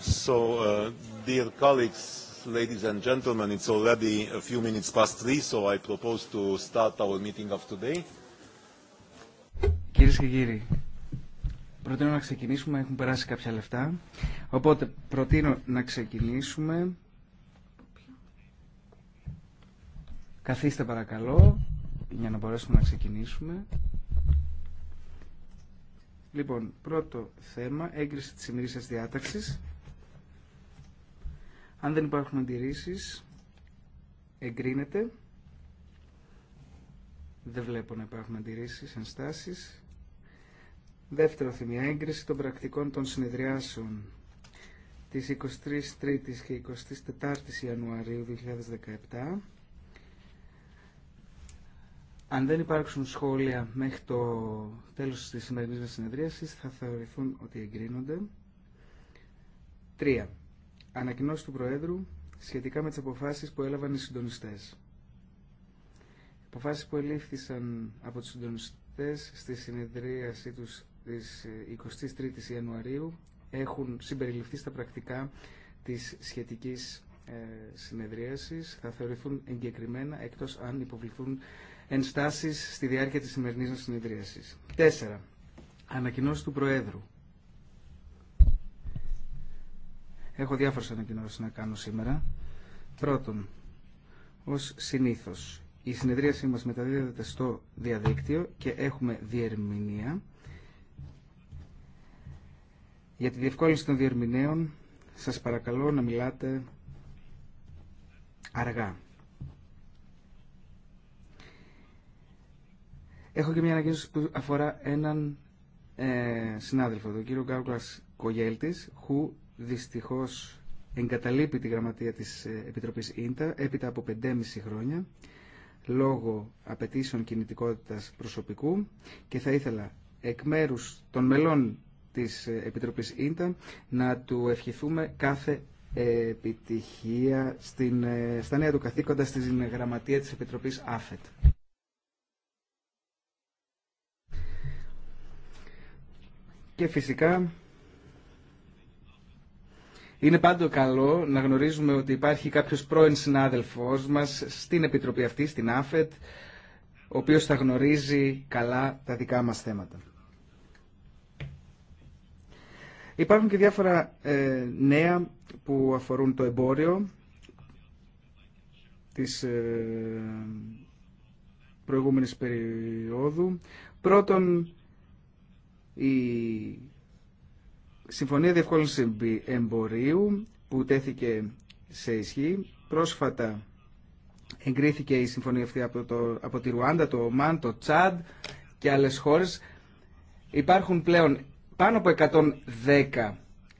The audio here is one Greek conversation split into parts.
So, uh, dear colleagues, ladies and gentlemen, it's already a few minutes past so I propose to start our meeting of today. Κυρίες και κύριοι, προτείνω να ξεκινήσουμε, έχουν περάσει κάποια λεφτά, οπότε προτείνω να ξεκινήσουμε. Καθίστε παρακαλώ, για να μπορέσουμε να ξεκινήσουμε. Λοιπόν, πρώτο θέμα, έγκριση της ημερήσιας διάταξης. Αν δεν υπάρχουν αντιρρήσεις, εγκρίνεται. Δεν βλέπω να υπάρχουν αντιρρήσεις, ενστάσεις. Δεύτερο θυμία, έγκριση των πρακτικών των συνεδριάσεων της 23 η και 24 η Ιανουαρίου 2017. Αν δεν υπάρξουν σχόλια μέχρι το τέλος της σημερινής μας συνεδρίασης θα θεωρηθούν ότι εγκρίνονται. Τρία. Ανακοινώσει του Προέδρου σχετικά με τις αποφάσεις που έλαβαν οι συντονιστές. Αποφάσεις που ελήφθησαν από τους συντονιστές στη συνεδρίαση τους της 23ης ε, Ιανουαρίου έχουν συμπεριληφθεί στα πρακτικά της σχετικής ε, συνεδρίασης. Θα θεωρηθούν εγκεκριμένα εκτός αν υποβληθούν ενστάσεις στη διάρκεια της σημερινής συνεδρίασης. 4. Ανακοινώσει του Προέδρου Έχω διάφορε ανακοινώσει να κάνω σήμερα. Πρώτον, ως συνήθως, η συνεδρίασή μας μεταδίδεται στο διαδίκτυο και έχουμε διερμηνία. Για τη διευκόλυνση των διερμηνέων, Σα παρακαλώ να μιλάτε αργά. Έχω και μια ανακοίνωση που αφορά έναν ε, συνάδελφο, τον κύριο Γκάουκλας Κογέλτη δυστυχώς εγκαταλείπει τη γραμματεία της ε, Επιτροπής ΙΝΤΑ έπειτα από 5,5 χρόνια λόγω απαιτήσεων κινητικότητας προσωπικού και θα ήθελα εκ μέρους των μελών της ε, Επιτροπής ΙΝΤΑ να του ευχηθούμε κάθε επιτυχία στην, ε, στα νέα του καθήκοντα στην γραμματεία της Επιτροπής ΑΦΕΤ. Και φυσικά είναι πάντοτε καλό να γνωρίζουμε ότι υπάρχει κάποιος πρώην συνάδελφός μας στην Επιτροπή αυτή, στην ΑΦΕΤ, ο οποίος θα γνωρίζει καλά τα δικά μας θέματα. Υπάρχουν και διάφορα ε, νέα που αφορούν το εμπόριο της ε, προηγούμενης περίοδου. Πρώτον, η Συμφωνία Διευκόλυνση Εμπορίου που τέθηκε σε ισχύ. Πρόσφατα εγκρίθηκε η συμφωνία αυτή από, το, από τη Ρουάντα, το ΟΜΑΝ, το Τσάντ και άλλες χώρες. Υπάρχουν πλέον πάνω από 110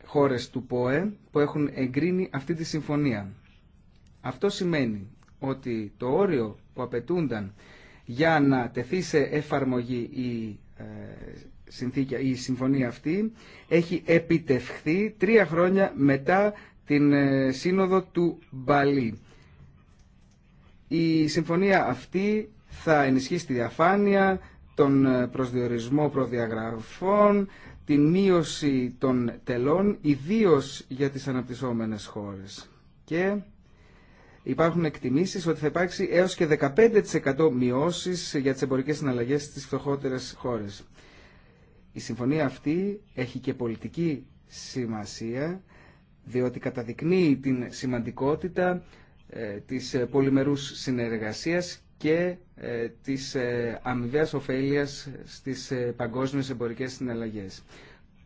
χώρες του ΠΟΕ που έχουν εγκρίνει αυτή τη συμφωνία. Αυτό σημαίνει ότι το όριο που απαιτούνταν για να τεθεί σε εφαρμογή η ε, συνθήκη, η συμφωνία αυτή έχει επιτευχθεί τρία χρόνια μετά την ε, σύνοδο του Μπαλί. Η συμφωνία αυτή θα ενισχύσει τη διαφάνεια, τον ε, προσδιορισμό προδιαγραφών, την μείωση των τελών, ιδίως για τις αναπτυσσόμενες χώρες. Και υπάρχουν εκτιμήσεις ότι θα υπάρξει έως και 15% μειώσεις για τις εμπορικές συναλλαγές στις φτωχότερες χώρες. Η συμφωνία αυτή έχει και πολιτική σημασία διότι καταδεικνύει την σημαντικότητα ε, της ε, πολυμερούς συνεργασίας και ε, της αμοιβαίας ωφέλειας στις παγκόσμιες εμπορικές συναλλαγές.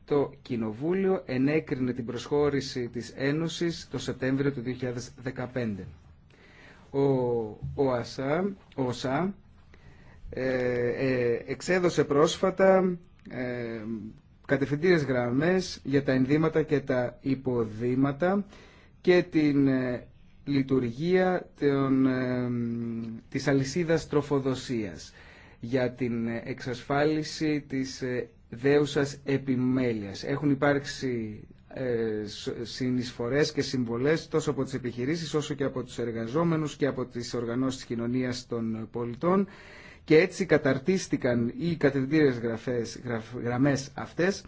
Το Κοινοβούλιο ενέκρινε την προσχώρηση της Ένωσης το Σεπτέμβριο του 2015. Ο, ο, εξέδωσε πρόσφατα ε, κατευθυντήρες γραμμές για τα ενδύματα και τα υποδήματα και την ε, λειτουργία των, της αλυσίδας τροφοδοσίας για την ε, εξασφάλιση της ε, δέουσας επιμέλειας. Έχουν υπάρξει συνεισφορές και συμβολές τόσο από τις επιχειρήσεις όσο και από τους εργαζόμενους και από τις οργανώσεις κοινωνίας των πολιτών και έτσι καταρτίστηκαν οι κατευθυντήριες γραφές, γραμμές αυτές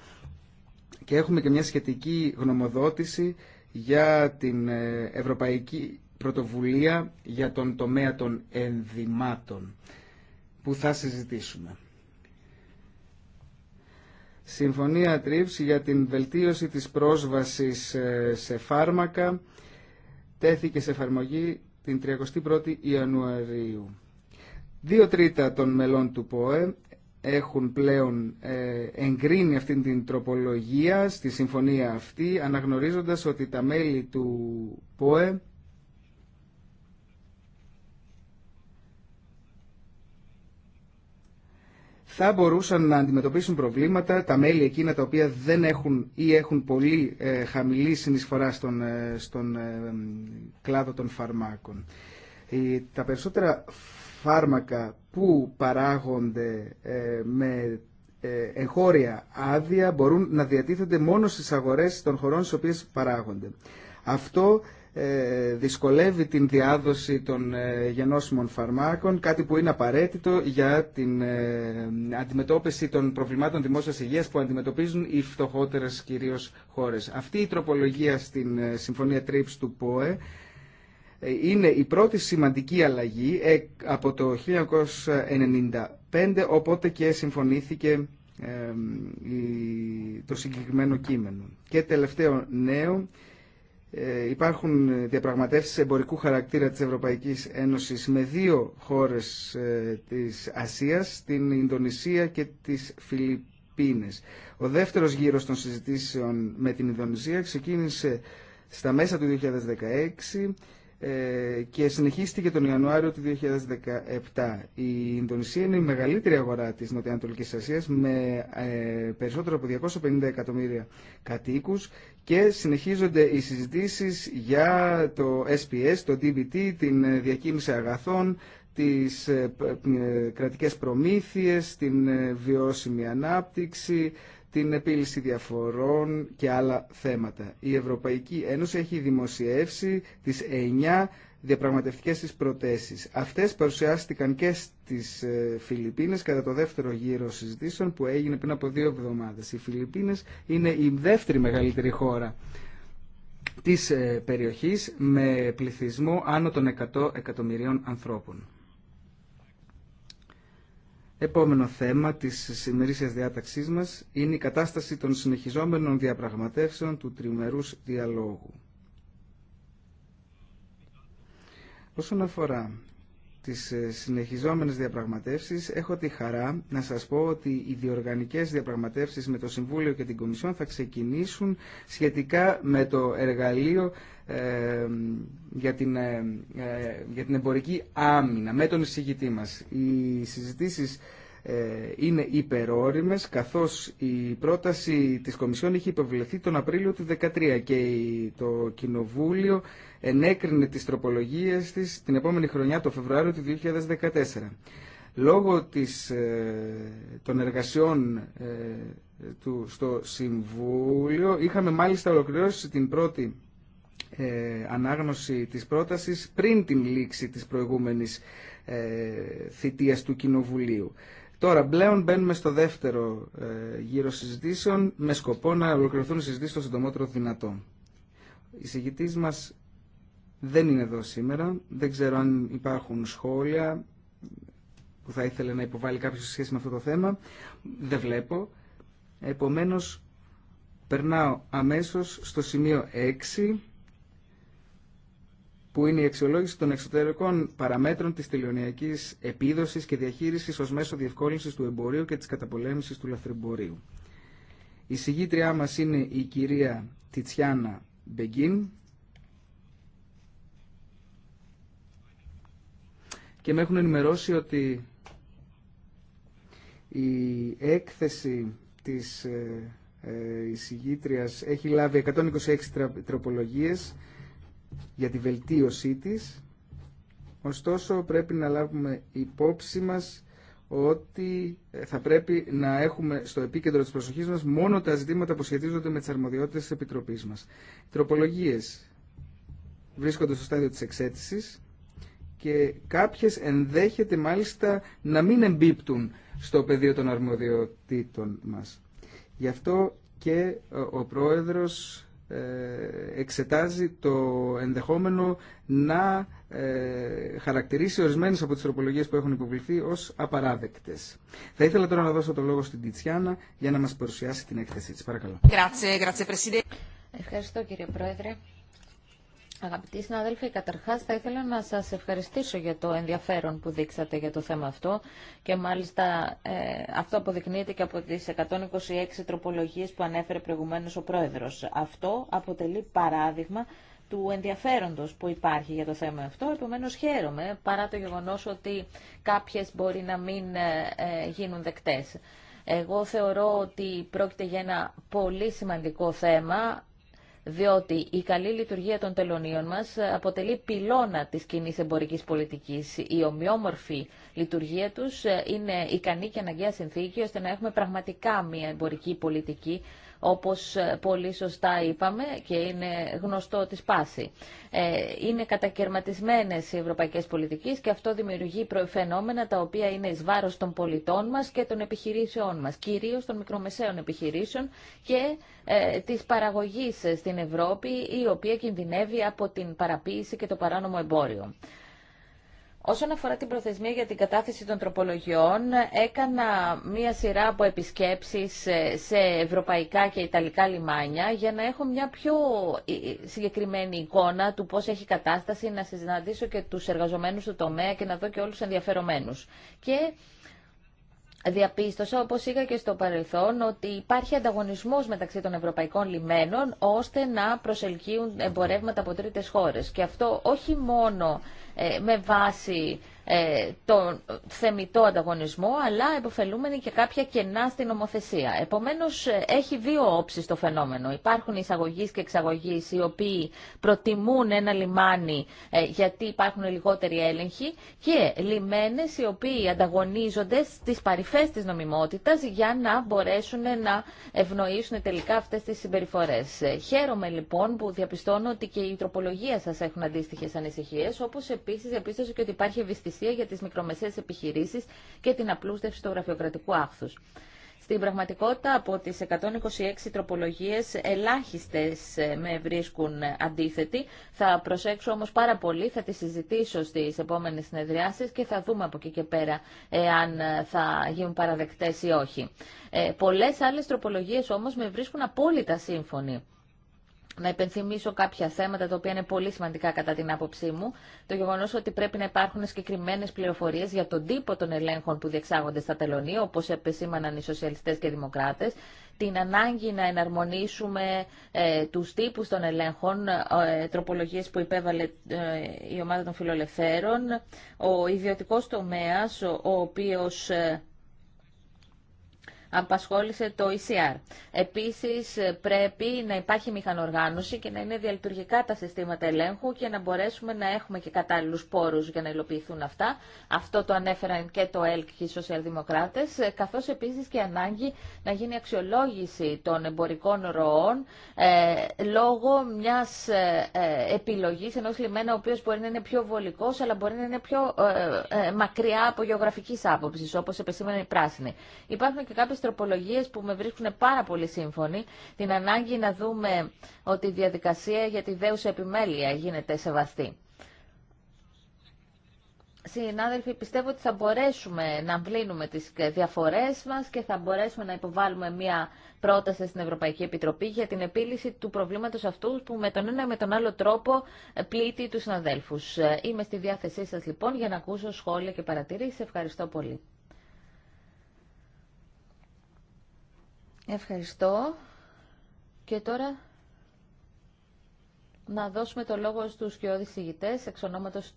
και έχουμε και μια σχετική γνωμοδότηση για την ε, Ευρωπαϊκή Πρωτοβουλία για τον τομέα των ενδυμάτων που θα συζητήσουμε. Συμφωνία Τρίψη για την βελτίωση της πρόσβασης ε, σε φάρμακα τέθηκε σε εφαρμογή την 31η Ιανουαρίου. Δύο τρίτα των μελών του ΠΟΕ έχουν πλέον ε, εγκρίνει αυτήν την τροπολογία στη συμφωνία αυτή, αναγνωρίζοντας ότι τα μέλη του ΠΟΕ θα μπορούσαν να αντιμετωπίσουν προβλήματα τα μέλη εκείνα τα οποία δεν έχουν ή έχουν πολύ ε, χαμηλή συνεισφορά στον, ε, κλάδο των φαρμάκων. τα περισσότερα φάρμακα που παράγονται ε, με ε, εγχώρια άδεια μπορούν να διατίθενται μόνο στις αγορές των χωρών στις οποίες παράγονται. Αυτό ε, δυσκολεύει την διάδοση των γενώσιμων φαρμάκων, κάτι που είναι απαραίτητο για την αντιμετώπιση των προβλημάτων δημόσιας υγείας που αντιμετωπίζουν οι φτωχότερες κυρίως χώρες. Αυτή η τροπολογία στην Συμφωνία TRIPS του ΠΟΕ ε, είναι η πρώτη σημαντική αλλαγή ε, από το 1995 οπότε και συμφωνήθηκε το συγκεκριμένο κείμενο. Και τελευταίο νέο, ε, υπάρχουν διαπραγματεύσεις εμπορικού χαρακτήρα της Ευρωπαϊκής Ένωσης με δύο χώρες της Ασίας, την Ινδονησία και τις Φιλιππίνες. Ο δεύτερος γύρος των συζητήσεων με την Ινδονησία ξεκίνησε στα μέσα του 2016 ε, και συνεχίστηκε τον Ιανουάριο του 2017. Η Ινδονησία είναι η μεγαλύτερη αγορά της Νοτιοανατολικής Ασίας με ε, περισσότερο από 250 εκατομμύρια κατοίκους και συνεχίζονται οι συζητήσεις για το SPS, το DBT, την διακίνηση αγαθών, τις ε, κρατικές προμήθειες, την βιώσιμη ανάπτυξη, την επίλυση διαφορών και άλλα θέματα. Η Ευρωπαϊκή Ένωση έχει δημοσιεύσει τις 9 διαπραγματευτικές της προτέσεις. Αυτές παρουσιάστηκαν και στις ε, Φιλιππίνες κατά το δεύτερο γύρο συζητήσεων που έγινε πριν από δύο εβδομάδες. Οι Φιλιππίνες είναι η δεύτερη μεγαλύτερη χώρα της ε, περιοχής με πληθυσμό άνω των 100 εκατομμυρίων ανθρώπων. Επόμενο θέμα της σημερινής διάταξής μας είναι η κατάσταση των συνεχιζόμενων διαπραγματεύσεων του τριμερούς διαλόγου. Όσον αφορά τις ε, συνεχιζόμενες διαπραγματεύσεις έχω τη χαρά να σας πω ότι οι διοργανικές διαπραγματεύσεις με το Συμβούλιο και την Κομισιόν θα ξεκινήσουν σχετικά με το εργαλείο ε, για, την, ε, για την εμπορική άμυνα με τον εισηγητή μας. Οι συζητήσεις ε, είναι υπερόριμες καθώς η πρόταση της Κομισιόν είχε υποβληθεί τον Απρίλιο του 2013 και το Κοινοβούλιο ενέκρινε τις τροπολογίες της την επόμενη χρονιά το Φεβρουάριο του 2014. Λόγω της, ε, των εργασιών ε, του, στο Συμβούλιο είχαμε μάλιστα ολοκληρώσει την πρώτη ανάγνωση της πρότασης πριν την λήξη της προηγούμενης ε, του Κοινοβουλίου. Τώρα, πλέον μπαίνουμε στο δεύτερο ε, γύρο συζητήσεων με σκοπό να ολοκληρωθούν οι συζητήσει το συντομότερο δυνατό. Η συγκητή μα δεν είναι εδώ σήμερα. Δεν ξέρω αν υπάρχουν σχόλια που θα ήθελε να υποβάλει κάποιο σε σχέση με αυτό το θέμα. Δεν βλέπω. Επομένως, περνάω αμέσως στο σημείο 6 που είναι η αξιολόγηση των εξωτερικών παραμέτρων της τηλεονιακή επίδοση και διαχείρισης ω μέσο διευκόλυνση του εμπορίου και της καταπολέμησης του λαθρεμπορίου. Η συγγήτριά μα είναι η κυρία Τιτσιάνα Μπεγκίν και με έχουν ενημερώσει ότι η έκθεση της εισηγήτριας ε, έχει λάβει 126 τροπολογίες για τη βελτίωσή της. Ωστόσο πρέπει να λάβουμε υπόψη μας ότι ε, θα πρέπει να έχουμε στο επίκεντρο της προσοχής μας μόνο τα ζητήματα που σχετίζονται με τις αρμοδιότητες της Επιτροπής μας. τροπολογίες βρίσκονται στο στάδιο της εξέτησης και κάποιες ενδέχεται μάλιστα να μην εμπίπτουν στο πεδίο των αρμοδιοτήτων μας. Γι' αυτό και ο Πρόεδρος ε, εξετάζει το ενδεχόμενο να ε, χαρακτηρίσει ορισμένες από τις τροπολογίες που έχουν υποβληθεί ως απαράδεκτες. Θα ήθελα τώρα να δώσω το λόγο στην Τιτσιάνα για να μας παρουσιάσει την έκθεσή της. Παρακαλώ. Ευχαριστώ κύριε Πρόεδρε. Αγαπητοί συναδέλφοι, καταρχάς θα ήθελα να σας ευχαριστήσω για το ενδιαφέρον που δείξατε για το θέμα αυτό και μάλιστα ε, αυτό αποδεικνύεται και από τις 126 τροπολογίες που ανέφερε προηγουμένως ο Πρόεδρος. Αυτό αποτελεί παράδειγμα του ενδιαφέροντος που υπάρχει για το θέμα αυτό. Επομένως χαίρομαι παρά το γεγονός ότι κάποιες μπορεί να μην ε, ε, γίνουν δεκτές. Εγώ θεωρώ ότι πρόκειται για ένα πολύ σημαντικό θέμα διότι η καλή λειτουργία των τελωνίων μας ε, αποτελεί πυλώνα της κοινή εμπορικής πολιτικής. Η ομοιόμορφη λειτουργία τους ε, είναι ικανή και αναγκαία συνθήκη ώστε να έχουμε πραγματικά μια εμπορική πολιτική όπως ε, πολύ σωστά είπαμε και είναι γνωστό της πάση. Ε, είναι κατακαιρματισμένες οι ευρωπαϊκές πολιτικές και αυτό δημιουργεί προφαινόμενα τα οποία είναι εις βάρος των πολιτών μας και των επιχειρήσεών μας, κυρίως των μικρομεσαίων επιχειρήσεων και ε, της παραγωγής στην Ευρώπη, η οποία κινδυνεύει από την παραποίηση και το παράνομο εμπόριο. Όσον αφορά την προθεσμία για την κατάθεση των τροπολογιών, έκανα μία σειρά από επισκέψεις ε, σε ευρωπαϊκά και ιταλικά λιμάνια για να έχω μια πιο ε, ε, συγκεκριμένη εικόνα του πώς έχει κατάσταση, να συναντήσω και τους εργαζομένους του τομέα και να δω και όλους τους ενδιαφερομένους. Και Διαπίστωσα, όπως είχα και στο παρελθόν, ότι υπάρχει ανταγωνισμός μεταξύ των ευρωπαϊκών λιμένων ώστε να προσελκύουν εμπορεύματα από τρίτες χώρες. Και αυτό όχι μόνο ε, με βάση ε, τον θεμητό ανταγωνισμό, αλλά επωφελούμενοι και κάποια κενά στην νομοθεσία. Επομένως, ε, έχει δύο όψεις το φαινόμενο. Υπάρχουν εισαγωγείς και εξαγωγείς οι οποίοι προτιμούν ένα λιμάνι γιατί υπάρχουν λιγότεροι έλεγχοι και λιμένες οι οποίοι ανταγωνίζονται στις παρυφές της νομιμότητας για να μπορέσουν να ευνοήσουν τελικά αυτές τις συμπεριφορές. Χαίρομαι λοιπόν που διαπιστώνω ότι και η τροπολογία σας έχουν αντίστοιχες ανησυχίες, όπως Επίση, διαπίστωσε και ότι υπάρχει ευαισθησία για τις μικρομεσαίες επιχειρήσεις και την απλούστευση του γραφειοκρατικού άχθου. Στην πραγματικότητα από τις 126 τροπολογίες ελάχιστες ε, με βρίσκουν αντίθετη. Θα προσέξω όμως πάρα πολύ, θα τις συζητήσω στις επόμενες συνεδριάσεις και θα δούμε από εκεί και πέρα εάν ε, θα γίνουν παραδεκτές ή όχι. Ε, πολλές άλλες τροπολογίες όμως με βρίσκουν απόλυτα σύμφωνοι να υπενθυμίσω κάποια θέματα τα οποία είναι πολύ σημαντικά κατά την άποψή μου. Το γεγονό ότι πρέπει να υπάρχουν συγκεκριμένε πληροφορίε για τον τύπο των ελέγχων που διεξάγονται στα τελωνία, όπως επεσήμαναν οι σοσιαλιστές και οι δημοκράτες, την ανάγκη να εναρμονίσουμε ε, τους τύπους των ελέγχων, ε, τροπολογίες που υπέβαλε ε, η ομάδα των φιλολευθέρων. ο ιδιωτικό τομέα ο, ο οποίος... Ε, απασχόλησε το ECR. Επίσης πρέπει να υπάρχει μηχανοργάνωση και να είναι διαλειτουργικά τα συστήματα ελέγχου και να μπορέσουμε να έχουμε και κατάλληλους πόρους για να υλοποιηθούν αυτά. Αυτό το ανέφεραν και το ΕΛΚ και οι σοσιαλδημοκράτες, καθώς επίσης και ανάγκη να γίνει αξιολόγηση των εμπορικών ροών ε, λόγω μιας ε, ε, επιλογής ενός λιμένα ο οποίος μπορεί να είναι πιο βολικός αλλά μπορεί να είναι πιο ε, ε μακριά από γεωγραφικής άποψης όπως επεσήμενε οι πράσινη. Υπάρχουν και κάποιες τροπολογίες που με βρίσκουν πάρα πολύ σύμφωνοι. Την ανάγκη να δούμε ότι η διαδικασία για τη δέουσα επιμέλεια γίνεται σεβαστή. Συνάδελφοι, πιστεύω ότι θα μπορέσουμε να βλύνουμε τις διαφορές μας και θα μπορέσουμε να υποβάλουμε μία πρόταση στην Ευρωπαϊκή Επιτροπή για την επίλυση του προβλήματος αυτού που με τον ένα ή με τον άλλο τρόπο πλήττει τους συναδέλφους. Ε, είμαι στη διάθεσή σας λοιπόν για να ακούσω σχόλια και παρατηρήσεις. Ευχαριστώ πολύ. Ευχαριστώ. Και τώρα να δώσουμε το λόγο στους κοιόδης ηγητές, εξ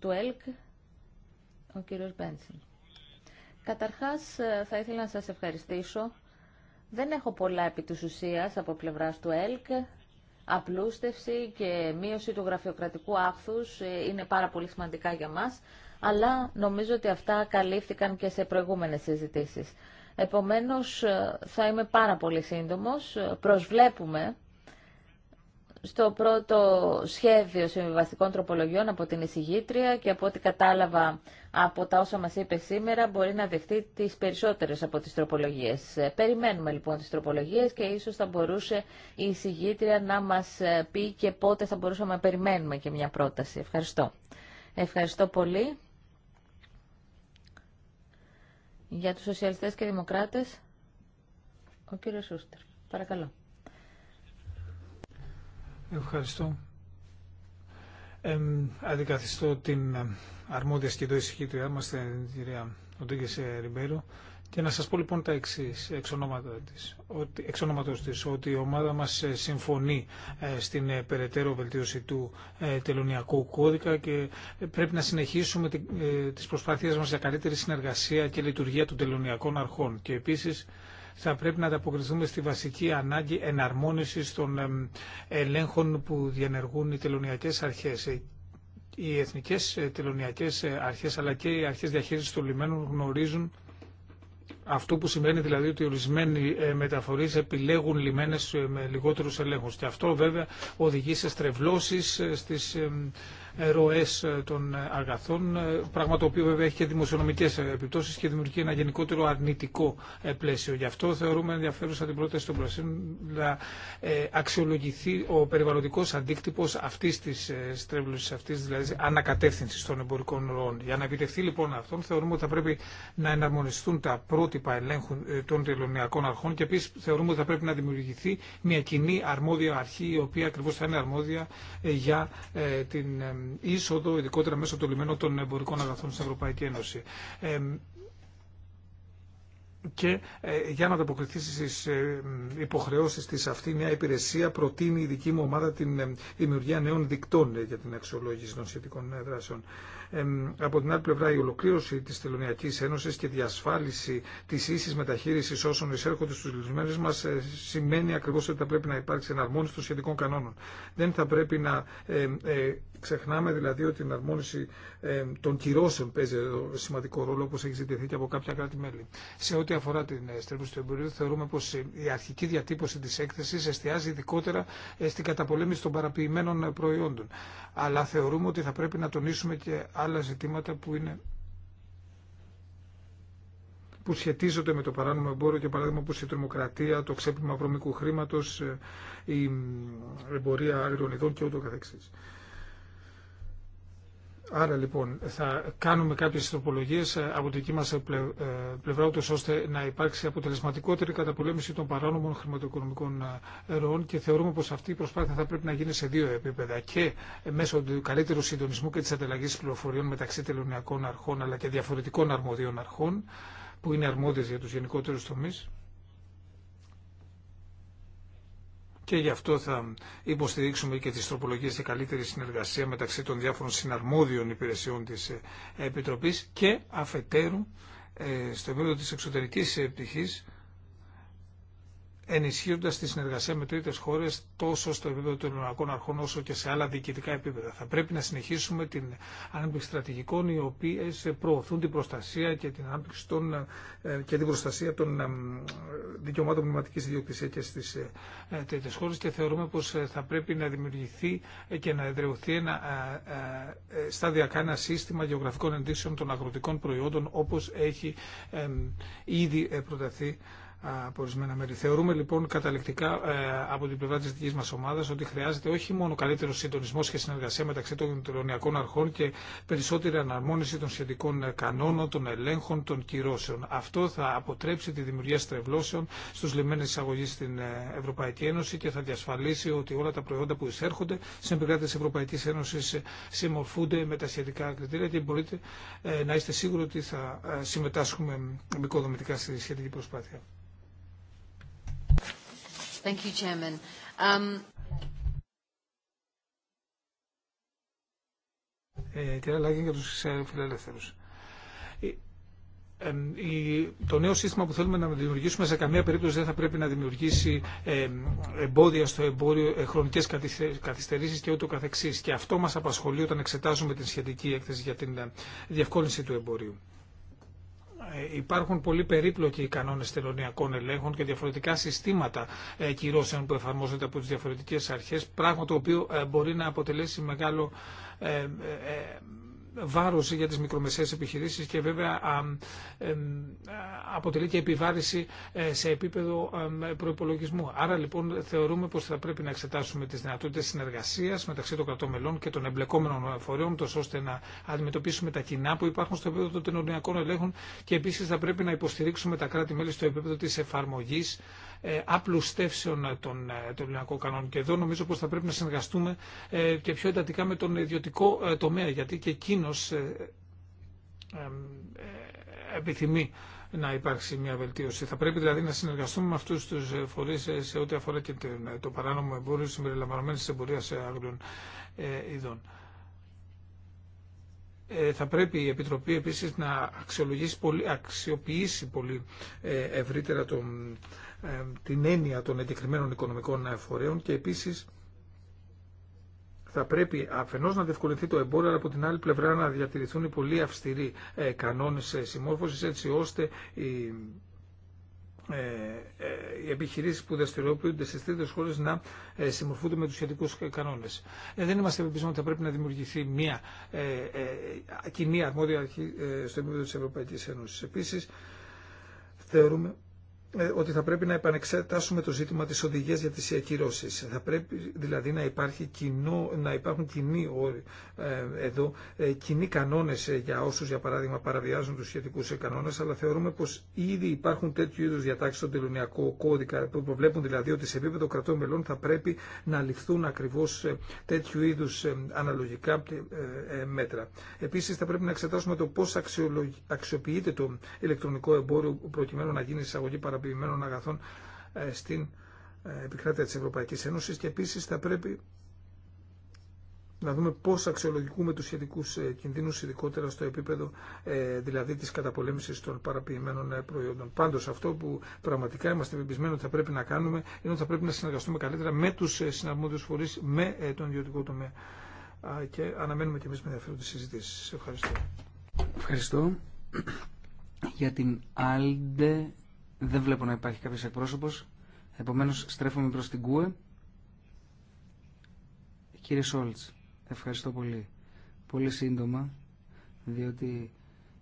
του ΕΛΚ, ο κύριος Μπένσιν. Καταρχάς, ε, θα ήθελα να σας ευχαριστήσω. Δεν έχω πολλά επί της από πλευράς του ΕΛΚ. Απλούστευση και μείωση του γραφειοκρατικού άχθους ε, είναι πάρα πολύ σημαντικά για μας, αλλά νομίζω ότι αυτά καλύφθηκαν και σε προηγούμενες συζητήσεις. Επομένως, ε, θα είμαι πάρα πολύ σύντομος. Ε, προσβλέπουμε στο πρώτο σχέδιο συμβιβαστικών τροπολογιών από την εισηγήτρια και από ό,τι κατάλαβα από τα όσα μας είπε σήμερα μπορεί να δεχτεί τις περισσότερες από τις τροπολογίες. Ε, περιμένουμε λοιπόν τις τροπολογίες και ίσως θα μπορούσε η εισηγήτρια να μας πει και πότε θα μπορούσαμε να περιμένουμε και μια πρόταση. Ευχαριστώ. Ευχαριστώ πολύ. Για τους σοσιαλιστές και δημοκράτες, ο κύριος Σούστερ. Παρακαλώ. Ευχαριστώ. Ε, αντικαθιστώ την ε, αρμόδια σχεδόν του μας, την κυρία Οντρίγκες Ριμπέρο, και να σας πω λοιπόν τα εξή εξ, της, ότι, εξ της, ότι η ομάδα μας ε, συμφωνεί ε, στην ε, περαιτέρω βελτίωση του τελωνιακού κώδικα και πρέπει να συνεχίσουμε τις προσπάθειές μας για καλύτερη συνεργασία και λειτουργία των τελωνιακών αρχών. Και επίσης θα πρέπει να ανταποκριθούμε στη βασική ανάγκη εναρμόνισης των ελέγχων που διενεργούν οι τελωνιακές αρχές οι εθνικές τελωνιακές αρχές αλλά και οι αρχές διαχείρισης των λιμένων γνωρίζουν αυτό που σημαίνει δηλαδή ότι ορισμένοι ε, μεταφορείς επιλέγουν λιμένες ε, με λιγότερους ελέγχους και αυτό βέβαια οδηγεί σε στρεβλώσεις ε, στις ροέ ε, των ε, αγαθών, ε, πράγμα το οποίο βέβαια έχει και δημοσιονομικέ επιπτώσει και δημιουργεί ένα γενικότερο αρνητικό πλαίσιο. Γι' αυτό θεωρούμε ενδιαφέρουσα την πρόταση των Πρασίνων να αξιολογηθεί ο περιβαλλοντικός αντίκτυπος αυτής της στρέβλωσης αυτής, δηλαδή ανακατεύθυνση των εμπορικών ροών. Για να επιτευχθεί λοιπόν αυτόν, θεωρούμε ότι θα πρέπει να εναρμονιστούν τα πρότυπα ελέγχου των τελωνιακών αρχών και επίση θεωρούμε ότι θα πρέπει να δημιουργηθεί μια κοινή αρμόδια αρχή, η οποία ακριβώ θα είναι αρμόδια για την είσοδο, ειδικότερα μέσω από το λιμένο των εμπορικών αγαθών στην Ευρωπαϊκή Ένωση. Ε, και ε, για να ανταποκριθεί στι ε, υποχρεώσει τη αυτή μια υπηρεσία προτείνει η δική μου ομάδα την ε, δημιουργία νέων δικτών για την αξιολόγηση των σχετικών δράσεων. Από την άλλη πλευρά η ολοκλήρωση τη Τελωνιακή Ένωση και διασφάλιση τη ίση μεταχείριση όσων εισέρχονται στου λιτουμένου μα σημαίνει ακριβώ ότι θα πρέπει να υπάρξει εναρμόνιση των σχετικών κανόνων. Δεν θα πρέπει να ξεχνάμε δηλαδή ότι η εναρμόνιση των κυρώσεων παίζει σημαντικό ρόλο όπω έχει ζητηθεί και από κάποια κράτη-μέλη ό,τι αφορά την ε, στρέβλωση του εμπορίου, θεωρούμε πω η αρχική διατύπωση τη έκθεση εστιάζει ειδικότερα ε, στην καταπολέμηση των παραποιημένων ε, προϊόντων. Αλλά θεωρούμε ότι θα πρέπει να τονίσουμε και άλλα ζητήματα που είναι που σχετίζονται με το παράνομο εμπόριο και παράδειγμα όπως η τρομοκρατία, το ξέπλυμα βρωμικού χρήματος, η εμπορία αγρονιδών και ούτω καθεξής. Άρα λοιπόν θα κάνουμε κάποιες τροπολογίες ε, από την δική μας ε, ε, πλευρά ούτως ώστε να υπάρξει αποτελεσματικότερη καταπολέμηση των παράνομων χρηματοοικονομικών ροών και θεωρούμε πως αυτή η προσπάθεια θα πρέπει να γίνει σε δύο επίπεδα και μέσω του καλύτερου συντονισμού και της ανταλλαγής πληροφοριών μεταξύ τελωνιακών αρχών αλλά και διαφορετικών αρμοδίων αρχών που είναι αρμόδιες για τους γενικότερους τομείς και γι' αυτό θα υποστηρίξουμε και τις τροπολογίες για καλύτερη συνεργασία μεταξύ των διάφορων συναρμόδιων υπηρεσιών της ε, Επιτροπής και αφετέρου ε, στο επίπεδο της εξωτερικής επιτυχής ενισχύοντα τη συνεργασία με τρίτες χώρε τόσο στο επίπεδο των ελληνικών αρχών όσο και σε άλλα διοικητικά επίπεδα. Θα πρέπει να συνεχίσουμε την ανάπτυξη στρατηγικών οι οποίε προωθούν την προστασία και την, ανάπτυξη των, ε, και την προστασία των ε, δικαιωμάτων πνευματική ιδιοκτησία και στις ε, τρίτε χώρε. και θεωρούμε πω θα πρέπει να δημιουργηθεί και να εδρεωθεί ένα, σταδιακά ένα σύστημα γεωγραφικών ενδύσεων των αγροτικών προϊόντων όπω έχει ήδη προταθεί από ορισμένα μέρη. Θεωρούμε λοιπόν καταληκτικά ε, από την πλευρά τη δική μα ομάδα ότι χρειάζεται όχι μόνο καλύτερο συντονισμό και συνεργασία μεταξύ των τελωνιακών αρχών και περισσότερη αναρμόνιση των σχετικών ε, κανόνων, των ελέγχων, των κυρώσεων. Αυτό θα αποτρέψει τη δημιουργία στρεβλώσεων στου λιμένε εισαγωγή στην ε, Ευρωπαϊκή Ένωση και θα διασφαλίσει ότι όλα τα προϊόντα που εισέρχονται στην επικράτηση τη Ευρωπαϊκή Ένωση συμμορφούνται με τα σχετικά κριτήρια και μπορείτε να είστε σίγουροι ότι θα συμμετάσχουμε μικροδομητικά στη σχετική προσπάθεια. Thank you, Chairman. Um... Ε, τους ε, Το νέο σύστημα που θέλουμε να δημιουργήσουμε σε καμία περίπτωση δεν θα πρέπει να δημιουργήσει εμπόδια στο εμπόριο, ε, χρονικές καθυστερήσεις και ούτω καθεξής. Και αυτό μας απασχολεί όταν εξετάζουμε την σχετική έκθεση για την διευκόλυνση του εμπόριου. Ε, υπάρχουν πολύ περίπλοκοι κανόνε τελωνιακών ελέγχων και διαφορετικά συστήματα ε, κυρώσεων που εφαρμόζονται από τι διαφορετικέ αρχέ, πράγμα το οποίο ε, μπορεί να αποτελέσει μεγάλο βάρος για τις μικρομεσαίες επιχειρήσεις και βέβαια αποτελεί και επιβάρηση ε, σε επίπεδο προϋπολογισμού. Άρα λοιπόν θεωρούμε πως θα πρέπει να εξετάσουμε τις δυνατότητες συνεργασίας μεταξύ των κρατών μελών και των εμπλεκόμενων φορέων τόσο ώστε να αντιμετωπίσουμε τα κοινά που υπάρχουν στο επίπεδο των τελωνιακών ελέγχων και επίσης θα πρέπει να υποστηρίξουμε τα κράτη-μέλη στο επίπεδο της εφαρμογής ε, απλουστεύσεων των ε, τελωνιακών κανόνων. Και εδώ νομίζω πως θα πρέπει να συνεργαστούμε και πιο εντατικά με τον ιδιωτικό τομέα γιατί και εκείνο ε, ε, ε, επιθυμεί να υπάρξει μια βελτίωση. Θα πρέπει δηλαδή να συνεργαστούμε με αυτού του φορεί σε ό,τι αφορά και ε, το παράνομο εμπόριο συμπεριλαμβανομένη τη εμπορία άγριων ειδών. Θα πρέπει η Επιτροπή επίσης να αξιολογήσει αξιοποιήσει πολύ ευρύτερα τον, την έννοια των εγκεκριμένων οικονομικών εφορέων και επίσης θα πρέπει αφενός να διευκολυνθεί το εμπόριο, αλλά από την άλλη πλευρά να διατηρηθούν οι πολύ αυστηροί ε, κανόνες ε, συμμόρφωσης, έτσι ώστε οι ε, οι επιχειρήσει που δραστηριοποιούνται στι τρίτε χώρε να συμμορφούνται με του σχετικού κανόνε. Δεν είμαστε πεπισμένοι ότι θα πρέπει να δημιουργηθεί μια κοινή αρμόδια αρχή στο επίπεδο τη Ευρωπαϊκή Ένωση. Επίση, θεωρούμε ε, ότι θα πρέπει να επανεξετάσουμε το ζήτημα της οδηγίας για τις ακυρώσεις. Θα πρέπει δηλαδή να, υπάρχει κοινό, να υπάρχουν κοινοί ε, εδώ, ε, κοινοί κανόνες ε, για όσους για παράδειγμα παραβιάζουν τους σχετικούς κανόνες, αλλά θεωρούμε πως ήδη υπάρχουν τέτοιου είδους διατάξεις στον τελωνιακό κώδικα που προβλέπουν δηλαδή ότι σε επίπεδο κρατών μελών θα πρέπει να ληφθούν ακριβώς τέτοιου είδους αναλογικά μέτρα. Επίσης θα πρέπει να εξετάσουμε το πώς αξιοποιείται το ηλεκτρονικό εμπόριο προκειμένου να γίνει εισαγωγή παραβιάζοντας παραποιημένων αγαθών ε, στην ε, επικράτεια της Ευρωπαϊκής Ένωσης και επίσης θα πρέπει να δούμε πώς αξιολογικούμε τους σχετικούς ε, κινδύνους, ειδικότερα στο επίπεδο δηλαδή της καταπολέμησης των παραποιημένων προϊόντων. Πάντως αυτό που πραγματικά είμαστε πεπισμένοι ότι θα πρέπει να κάνουμε είναι ότι θα πρέπει να συνεργαστούμε καλύτερα με τους συναρμόδιους φορείς, με τον ιδιωτικό τομέα και αναμένουμε και εμείς με ενδιαφέρον τις συζητήσεις. Ευχαριστώ. Ευχαριστώ. Για την δεν βλέπω να υπάρχει κάποιος εκπρόσωπος. Επομένως, στρέφομαι προς την ΚΟΕ. Κύριε Σόλτς, ευχαριστώ πολύ. Πολύ σύντομα, διότι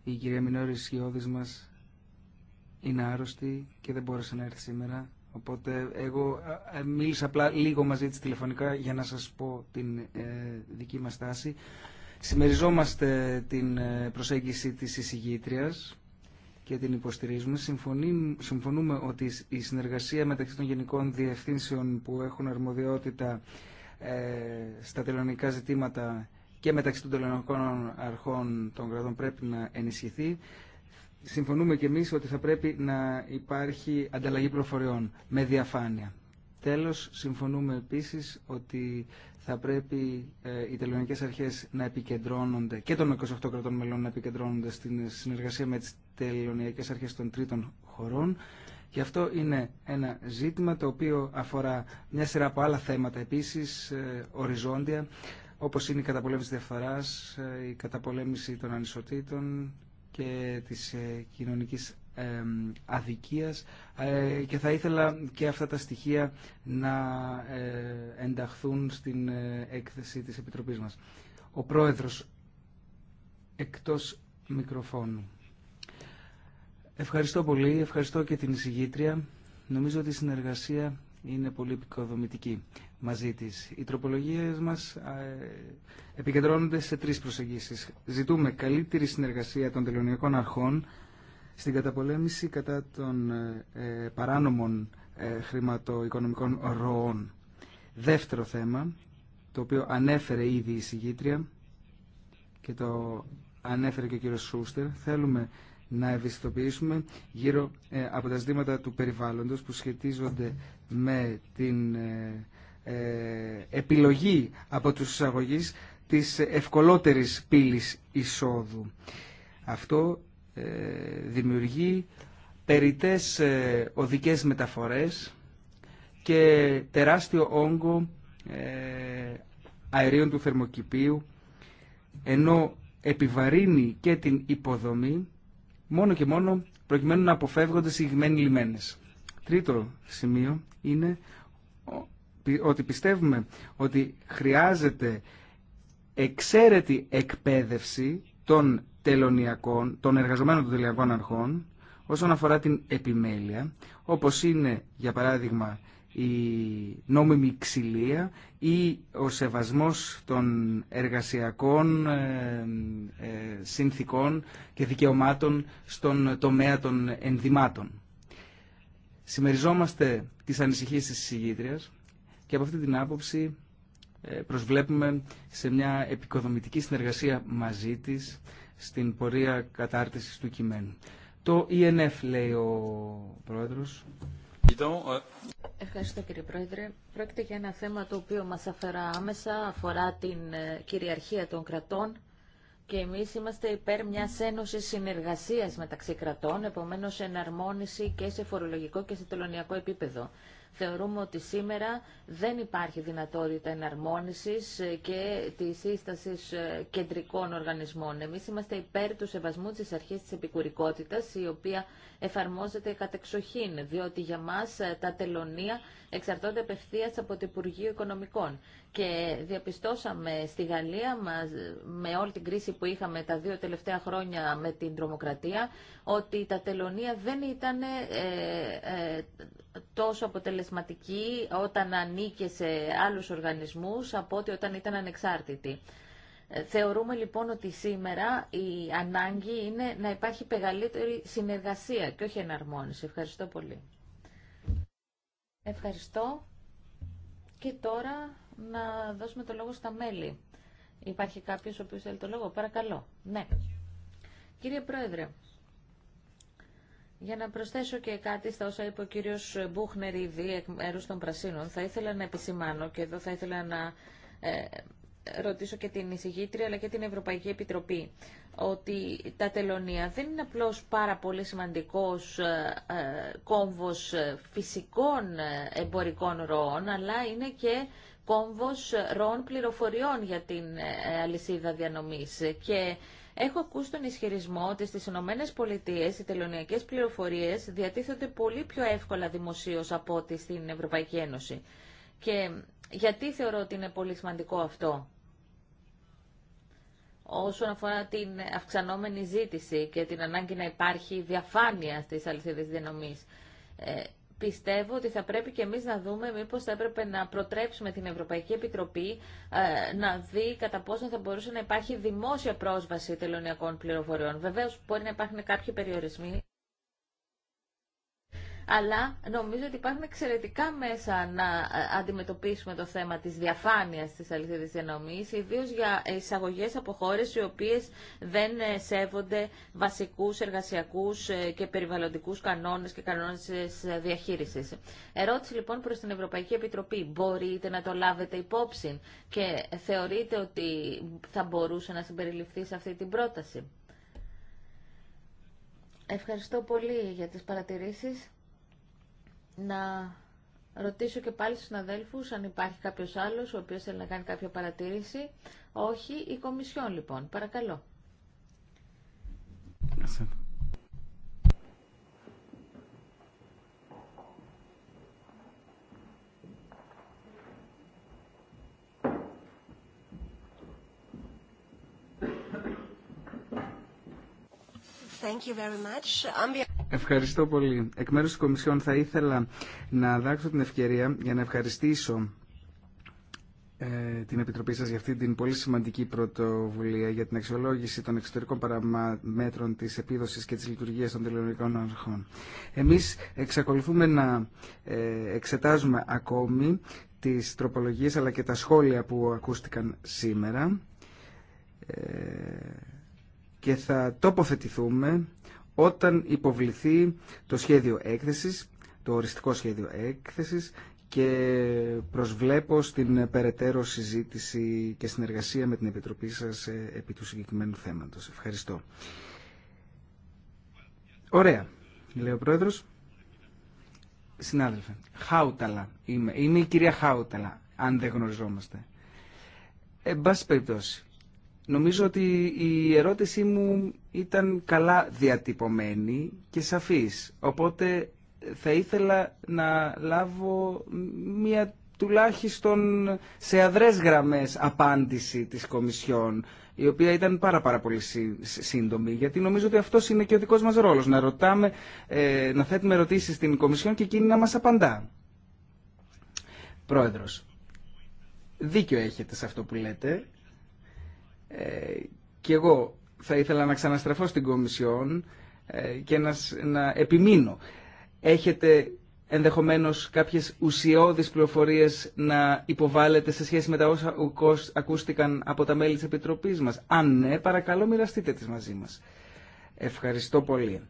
η κυρία Μινόρη Σιώδης μας είναι άρρωστη και δεν μπόρεσε να έρθει σήμερα. Οπότε εγώ μίλησα απλά λίγο μαζί της τηλεφωνικά για να σας πω την ε, δική μας τάση. Συμμεριζόμαστε την ε, προσέγγιση της εισηγήτριας και την υποστηρίζουμε. συμφωνούμε ότι η συνεργασία μεταξύ των γενικών διευθύνσεων που έχουν αρμοδιότητα ε, στα τελωνικά ζητήματα και μεταξύ των τελωνικών αρχών των κρατών πρέπει να ενισχυθεί. Συμφωνούμε και εμείς ότι θα πρέπει να υπάρχει ανταλλαγή προφοριών με διαφάνεια. Τέλος, συμφωνούμε επίσης ότι θα πρέπει ε, οι τελωνικές αρχές να επικεντρώνονται και των 28 κρατών μελών να επικεντρώνονται στην συνεργασία με τις τελωνιακές αρχές των τρίτων χωρών. Και αυτό είναι ένα ζήτημα το οποίο αφορά μια σειρά από άλλα θέματα επίσης, ε, οριζόντια, όπως είναι η καταπολέμηση διαφθοράς, ε, η καταπολέμηση των ανισοτήτων και της κοινωνικής αδικίας ε, και θα ήθελα και αυτά τα στοιχεία να ε, ενταχθούν στην ε, έκθεση της Επιτροπής μας. Ο Πρόεδρος, εκτός μικροφώνου. Ευχαριστώ πολύ, ευχαριστώ και την εισηγήτρια. Νομίζω ότι η συνεργασία είναι πολύ επικοδομητική μαζί της. Οι τροπολογίες μας επικεντρώνονται σε τρεις προσεγγίσεις. Ζητούμε καλύτερη συνεργασία των τελωνιακών αρχών στην καταπολέμηση κατά των ε, ε, παράνομων ε, χρηματοοικονομικών ροών. Δεύτερο θέμα, το οποίο ανέφερε ήδη η συγγήτρια και το ανέφερε και ο κύριος Σούστερ, θέλουμε να ευαισθητοποιήσουμε γύρω από τα ζητήματα του περιβάλλοντος που σχετίζονται με την επιλογή από τους εισαγωγείς της ευκολότερης πύλης εισόδου. Αυτό ε, δημιουργεί περιτές ε, οδικές μεταφορές και τεράστιο όγκο ε, αερίων του θερμοκηπίου ενώ επιβαρύνει και την υποδομή μόνο και μόνο προκειμένου να αποφεύγονται συγκεκριμένοι λιμένες. Τρίτο σημείο είναι ότι πιστεύουμε ότι χρειάζεται εξαίρετη εκπαίδευση των τελωνιακών, των εργαζομένων των τελωνιακών αρχών όσον αφορά την επιμέλεια, όπως είναι για παράδειγμα η νόμιμη ξυλία ή ο σεβασμός των εργασιακών ε, ε, συνθήκων και δικαιωμάτων στον τομέα των ενδυμάτων. Συμμεριζόμαστε τις ανησυχίες της συγγήτριας και από αυτή την άποψη ε, προσβλέπουμε σε μια επικοδομητική συνεργασία μαζί της στην πορεία κατάρτισης του κειμένου. Το ΙΕΝΕΦ e λέει ο Πρόεδρος. Ευχαριστώ κύριε Πρόεδρε. Πρόκειται για ένα θέμα το οποίο μας αφαιρά άμεσα, αφορά την ε, κυριαρχία των κρατών και εμείς είμαστε υπέρ μιας ένωσης συνεργασίας μεταξύ κρατών, επομένως εναρμόνιση και σε φορολογικό και σε τελωνιακό επίπεδο θεωρούμε ότι σήμερα δεν υπάρχει δυνατότητα εναρμόνισης ε, και τη σύσταση ε, κεντρικών οργανισμών. Εμείς είμαστε υπέρ του σεβασμού της αρχής της επικουρικότητας, η οποία εφαρμόζεται κατεξοχήν, διότι για μας ε, τα τελωνία εξαρτώνται απευθεία από το Υπουργείο Οικονομικών. Και διαπιστώσαμε στη Γαλλία, με όλη την κρίση που είχαμε τα δύο τελευταία χρόνια με την τρομοκρατία, ότι τα τελωνία δεν ήταν τόσο αποτελεσματικά αποτελεσματική όταν ανήκε σε άλλους οργανισμούς από ότι όταν ήταν ανεξάρτητη. Ε, θεωρούμε λοιπόν ότι σήμερα η ανάγκη είναι να υπάρχει μεγαλύτερη συνεργασία και όχι εναρμόνιση. Ευχαριστώ πολύ. Ευχαριστώ. Και τώρα να δώσουμε το λόγο στα μέλη. Υπάρχει κάποιος ο οποίος θέλει το λόγο. Παρακαλώ. Ναι. Κύριε Πρόεδρε, για να προσθέσω και κάτι στα όσα είπε ο κύριος Μπούχνερ ήδη εκ μέρου των Πρασίνων, θα ήθελα να επισημάνω και εδώ θα ήθελα να ε, ρωτήσω και την εισηγήτρια αλλά και την Ευρωπαϊκή Επιτροπή ότι τα τελωνία δεν είναι απλώς πάρα πολύ σημαντικός ε, ε κόμβος φυσικών ε, εμπορικών ροών, αλλά είναι και κόμβος ροών πληροφοριών για την αλυσίδα διανομής. Και Έχω ακούσει τον ισχυρισμό ότι στις Ηνωμένε Πολιτείε οι τελωνιακέ πληροφορίε, διατίθεται πολύ πιο εύκολα δημοσίως από ό,τι στην Ευρωπαϊκή Ένωση. Και γιατί θεωρώ ότι είναι πολύ σημαντικό αυτό όσον αφορά την αυξανόμενη ζήτηση και την ανάγκη να υπάρχει διαφάνεια στις αληθίδες διανομής. Ε, πιστεύω ότι θα πρέπει και εμείς να δούμε μήπως θα έπρεπε να προτρέψουμε την Ευρωπαϊκή Επιτροπή ε, να δει κατά πόσο θα μπορούσε να υπάρχει δημόσια πρόσβαση τελωνιακών πληροφοριών. Βεβαίως μπορεί να υπάρχουν κάποιοι περιορισμοί αλλά νομίζω ότι υπάρχουν εξαιρετικά μέσα να ε, αντιμετωπίσουμε το θέμα της διαφάνειας της αληθινής διανομής, ιδίω για εισαγωγές από χώρε οι οποίες δεν ε, σέβονται βασικούς εργασιακούς ε, και περιβαλλοντικούς κανόνες και κανόνες διαχείριση. διαχείρισης. Ερώτηση λοιπόν προς την Ευρωπαϊκή Επιτροπή. Μπορείτε να το λάβετε υπόψη και θεωρείτε ότι θα μπορούσε να συμπεριληφθεί σε αυτή την πρόταση. Ευχαριστώ πολύ για τις παρατηρήσεις να ρωτήσω και πάλι στους συναδέλφους αν υπάρχει κάποιος άλλος ο οποίος θέλει να κάνει κάποια παρατήρηση. Όχι, η Κομισιόν λοιπόν. Παρακαλώ. Thank you very much. Ευχαριστώ πολύ. Εκ μέρους της Κομισιόν θα ήθελα να δάξω την ευκαιρία για να ευχαριστήσω ε, την Επιτροπή σας για αυτή την πολύ σημαντική πρωτοβουλία για την αξιολόγηση των εξωτερικών παραμέτρων της επίδοσης και της λειτουργίας των τελευταίων αρχών. Εμείς εξακολουθούμε να ε, εξετάζουμε ακόμη τις τροπολογίες αλλά και τα σχόλια που ακούστηκαν σήμερα ε, και θα τοποθετηθούμε όταν υποβληθεί το σχέδιο έκθεσης, το οριστικό σχέδιο έκθεσης και προσβλέπω στην περαιτέρω συζήτηση και συνεργασία με την Επιτροπή σας ε, επί του συγκεκριμένου θέματος. Ευχαριστώ. Ωραία, λέει ο Πρόεδρος. Συνάδελφε, Χάουταλα είμαι. Είμαι η κυρία Χάουταλα, αν δεν γνωριζόμαστε. Εν πάση περιπτώσει, Νομίζω ότι η ερώτησή μου ήταν καλά διατυπωμένη και σαφής. Οπότε θα ήθελα να λάβω μία τουλάχιστον σε αδρές γραμμές απάντηση της Κομισιόν, η οποία ήταν πάρα πάρα πολύ σύντομη, γιατί νομίζω ότι αυτός είναι και ο δικός μας ρόλος, να ρωτάμε, ε, να θέτουμε ερωτήσεις στην Κομισιόν και εκείνη να μας απαντά. Πρόεδρος, δίκιο έχετε σε αυτό που λέτε. Ε, και εγώ θα ήθελα να ξαναστραφώ στην Κομισιόν ε, και να, να επιμείνω. Έχετε ενδεχομένως κάποιες ουσιώδεις πληροφορίες να υποβάλλετε σε σχέση με τα όσα ακούστηκαν από τα μέλη της Επιτροπής μας. Αν ναι, παρακαλώ μοιραστείτε τις μαζί μας. Ευχαριστώ πολύ.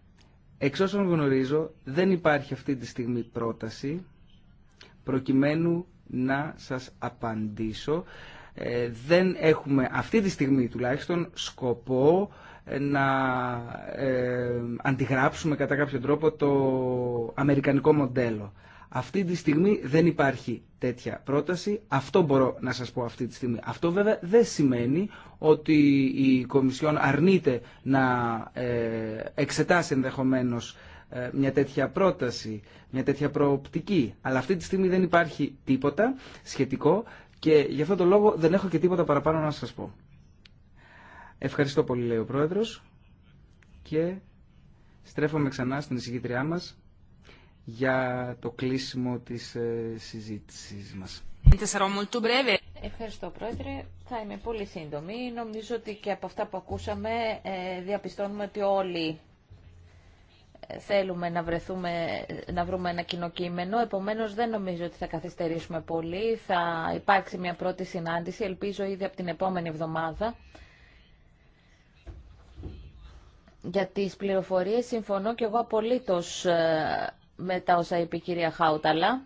Εξ όσων γνωρίζω, δεν υπάρχει αυτή τη στιγμή πρόταση προκειμένου να σας απαντήσω. Ε, δεν έχουμε αυτή τη στιγμή τουλάχιστον σκοπό ε, να ε, αντιγράψουμε κατά κάποιο τρόπο το αμερικανικό μοντέλο. Αυτή τη στιγμή δεν υπάρχει τέτοια πρόταση. Αυτό μπορώ να σας πω αυτή τη στιγμή. Αυτό βέβαια δεν σημαίνει ότι η Κομισιόν αρνείται να εξετάσει ενδεχομένως μια τέτοια πρόταση, μια τέτοια προοπτική. Αλλά αυτή τη στιγμή δεν υπάρχει τίποτα σχετικό και γι' αυτόν τον λόγο δεν έχω και τίποτα παραπάνω να σας πω. Ευχαριστώ πολύ, λέει ο Πρόεδρος. Και στρέφομαι ξανά στην εισηγήτριά μας για το κλείσιμο της ε, συζήτησης μας. Ευχαριστώ Πρόεδρε. Θα είμαι πολύ σύντομη. Νομίζω ότι και από αυτά που ακούσαμε ε, διαπιστώνουμε ότι όλοι θέλουμε να, βρεθούμε, να βρούμε ένα κοινό κείμενο, επομένως δεν νομίζω ότι θα καθυστερήσουμε πολύ. Θα υπάρξει μια πρώτη συνάντηση, ελπίζω ήδη από την επόμενη εβδομάδα. Για τις πληροφορίες συμφωνώ και εγώ απολύτως ε, με τα όσα είπε η κυρία Χάουταλα.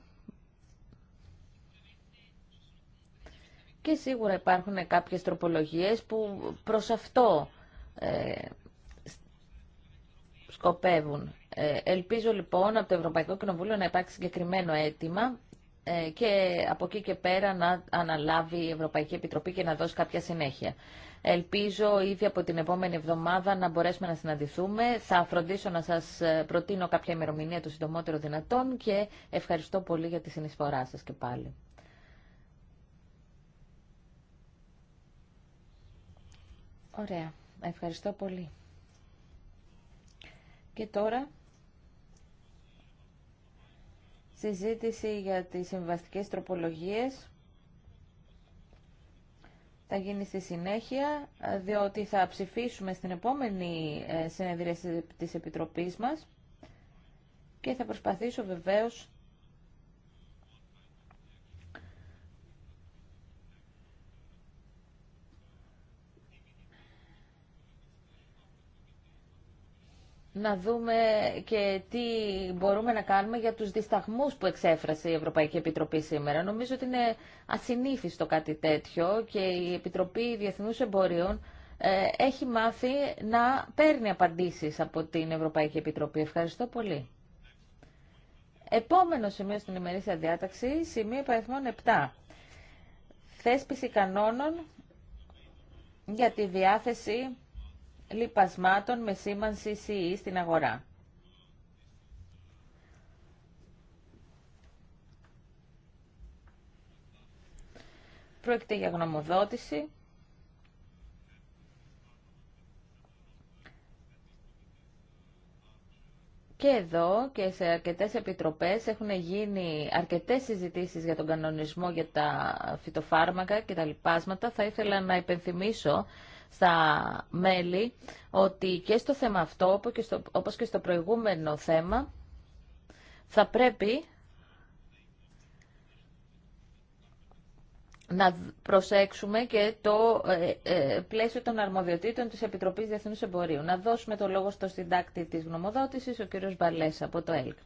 Και σίγουρα υπάρχουν κάποιες τροπολογίες που προς αυτό ε, σκοπεύουν. Ε, ελπίζω λοιπόν από το Ευρωπαϊκό Κοινοβούλιο να υπάρξει συγκεκριμένο αίτημα ε, και από εκεί και πέρα να αναλάβει η Ευρωπαϊκή Επιτροπή και να δώσει κάποια συνέχεια. Ελπίζω ήδη από την επόμενη εβδομάδα να μπορέσουμε να συναντηθούμε. Θα φροντίσω να σας ε, προτείνω κάποια ημερομηνία το συντομότερο δυνατόν και ευχαριστώ πολύ για τη συνεισφορά σας και πάλι. Ωραία. Ευχαριστώ πολύ. Και τώρα συζήτηση για τις συμβαστικές τροπολογίες θα γίνει στη συνέχεια, διότι θα ψηφίσουμε στην επόμενη ε, συνεδρία της Επιτροπής μας και θα προσπαθήσω βεβαίως να δούμε και τι μπορούμε να κάνουμε για τους δισταγμούς που εξέφρασε η Ευρωπαϊκή Επιτροπή σήμερα. Νομίζω ότι είναι ασυνήθιστο κάτι τέτοιο και η Επιτροπή Διεθνούς Εμπορίων ε, έχει μάθει να παίρνει απαντήσεις από την Ευρωπαϊκή Επιτροπή. Ευχαριστώ πολύ. Επόμενο σημείο στην ημερήσια διάταξη, σημείο υπαριθμών 7. Θέσπιση κανόνων για τη διάθεση λιπασμάτων με σήμανση CE στην αγορά. Πρόκειται για γνωμοδότηση. Και εδώ και σε αρκετές επιτροπές έχουν γίνει αρκετές συζητήσεις για τον κανονισμό για τα φυτοφάρμακα και τα λοιπάσματα. Θα ήθελα να υπενθυμίσω στα μέλη ότι και στο θέμα αυτό, όπως και στο προηγούμενο θέμα, θα πρέπει να προσέξουμε και το ε, ε, πλαίσιο των αρμοδιοτήτων της Επιτροπής Διεθνούς Εμπορίου. Να δώσουμε το λόγο στο συντάκτη της γνωμοδότησης, ο κύριος Μπαλές από το ΕΛΚ.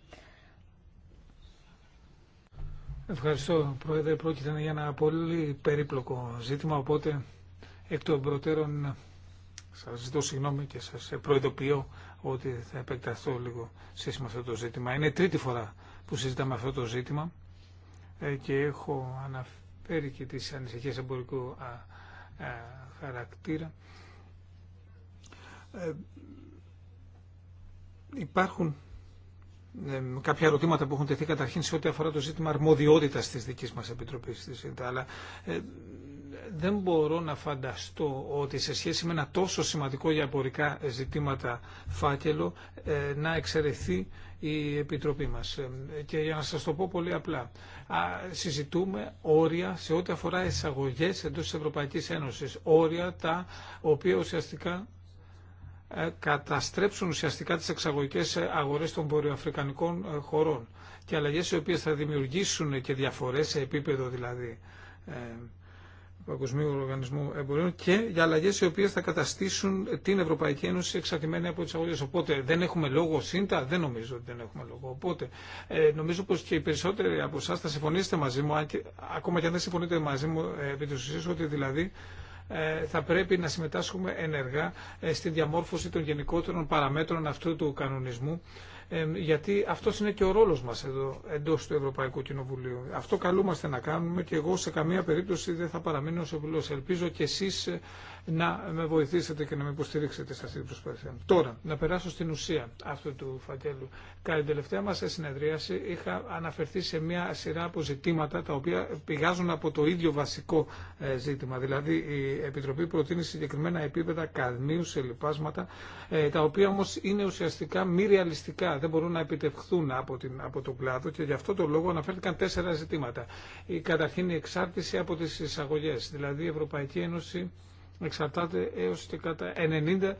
Ευχαριστώ, Πρόεδρε. Πρόκειται για ένα πολύ περίπλοκο ζήτημα, οπότε εκ των προτέρων σας ζητώ συγγνώμη και σας προειδοποιώ ότι θα επεκταθώ λίγο σε με αυτό το ζήτημα. Είναι τρίτη φορά που συζητάμε αυτό το ζήτημα ε, και έχω αναφέρει και τις ανησυχίες εμπορικού χαρακτήρα. Ε, υπάρχουν ε, κάποια ερωτήματα που έχουν τεθεί καταρχήν σε ό,τι αφορά το ζήτημα αρμοδιότητας της δικής μας Επιτροπής της αλλά δεν μπορώ να φανταστώ ότι σε σχέση με ένα τόσο σημαντικό για εμπορικά ζητήματα φάκελο ε, να εξαιρεθεί η Επιτροπή μας. Ε, και για να σας το πω πολύ απλά, συζητούμε όρια σε ό,τι αφορά εισαγωγές εντός της Ευρωπαϊκής Ένωσης, όρια τα οποία ουσιαστικά ε, καταστρέψουν ουσιαστικά τις εξαγωγικές αγορές των βορειοαφρικανικών χωρών και αλλαγές οι οποίες θα δημιουργήσουν και διαφορές σε επίπεδο δηλαδή Παγκοσμίου Οργανισμού Εμπορίων και για αλλαγέ οι οποίε θα καταστήσουν την Ευρωπαϊκή Ένωση εξαρτημένη από τι αγωγέ. Οπότε δεν έχουμε λόγο σύντα, δεν νομίζω ότι δεν έχουμε λόγο. Οπότε ε, νομίζω πω και οι περισσότεροι από εσά θα συμφωνήσετε μαζί μου, ακόμα και αν δεν συμφωνείτε μαζί μου ε, επί του ότι δηλαδή ε, θα πρέπει να συμμετάσχουμε ενεργά στη διαμόρφωση των γενικότερων παραμέτρων αυτού του κανονισμού γιατί αυτό είναι και ο ρόλος μας εδώ εντός του Ευρωπαϊκού Κοινοβουλίου. Αυτό καλούμαστε να κάνουμε και εγώ σε καμία περίπτωση δεν θα παραμείνω σε βουλός. Ελπίζω και εσείς ε, να με βοηθήσετε και να με υποστηρίξετε σε αυτή την προσπάθεια. Τώρα, να περάσω στην ουσία αυτού του φακέλου. Κατά την τελευταία μα συνεδρίαση είχα αναφερθεί σε μια σειρά από ζητήματα τα οποία πηγάζουν από το ίδιο βασικό ε, ζήτημα. Δηλαδή, η Επιτροπή προτείνει συγκεκριμένα επίπεδα καδμίου σε λοιπάσματα, ε, τα οποία όμω είναι ουσιαστικά μη ρεαλιστικά, δεν μπορούν να επιτευχθούν από, την, από τον κλάδο και γι' αυτό το λόγο αναφέρθηκαν τέσσερα ζητήματα. Η, καταρχήν η εξάρτηση από τι εισαγωγέ. Δηλαδή, η Ευρωπαϊκή Ένωση εξαρτάται έως και κατά 90%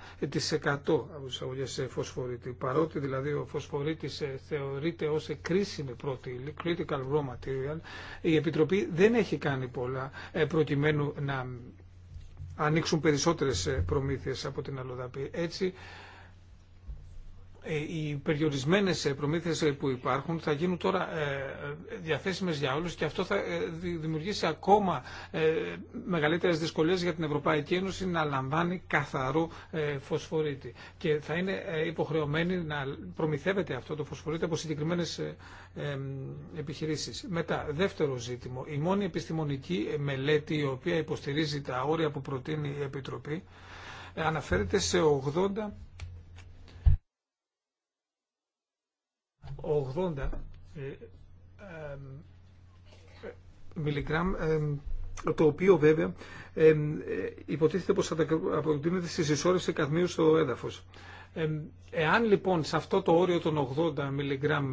από τις αγωγές φωσφορίτη. Παρότι δηλαδή ο φωσφορίτης ε, θεωρείται ως κρίσιμη πρώτη, critical raw material, η Επιτροπή δεν έχει κάνει πολλά ε, προκειμένου να ανοίξουν περισσότερες ε, προμήθειες από την αλλοδαπή. Έτσι ε, οι περιορισμένες ε, προμήθειες ε, που υπάρχουν θα γίνουν τώρα διαθέσιμες για όλου και αυτό θα δημιουργήσει ακόμα μεγαλύτερες δυσκολίες για την Ευρωπαϊκή Ένωση να λαμβάνει καθαρό φωσφορίτη και θα είναι υποχρεωμένη να προμηθεύεται αυτό το φωσφορίτη από συγκεκριμένες επιχειρήσεις. Μετά, δεύτερο ζήτημα, η μόνη επιστημονική μελέτη η οποία υποστηρίζει τα όρια που προτείνει η Επιτροπή αναφέρεται σε 80 80 ε, μιλιγκράμμ, το οποίο βέβαια ε, υποτίθεται πως αποκρίνεται στη συσσόρευση καθμίου στο έδαφος. Εάν λοιπόν σε αυτό το όριο των 80 μιλιγκράμμ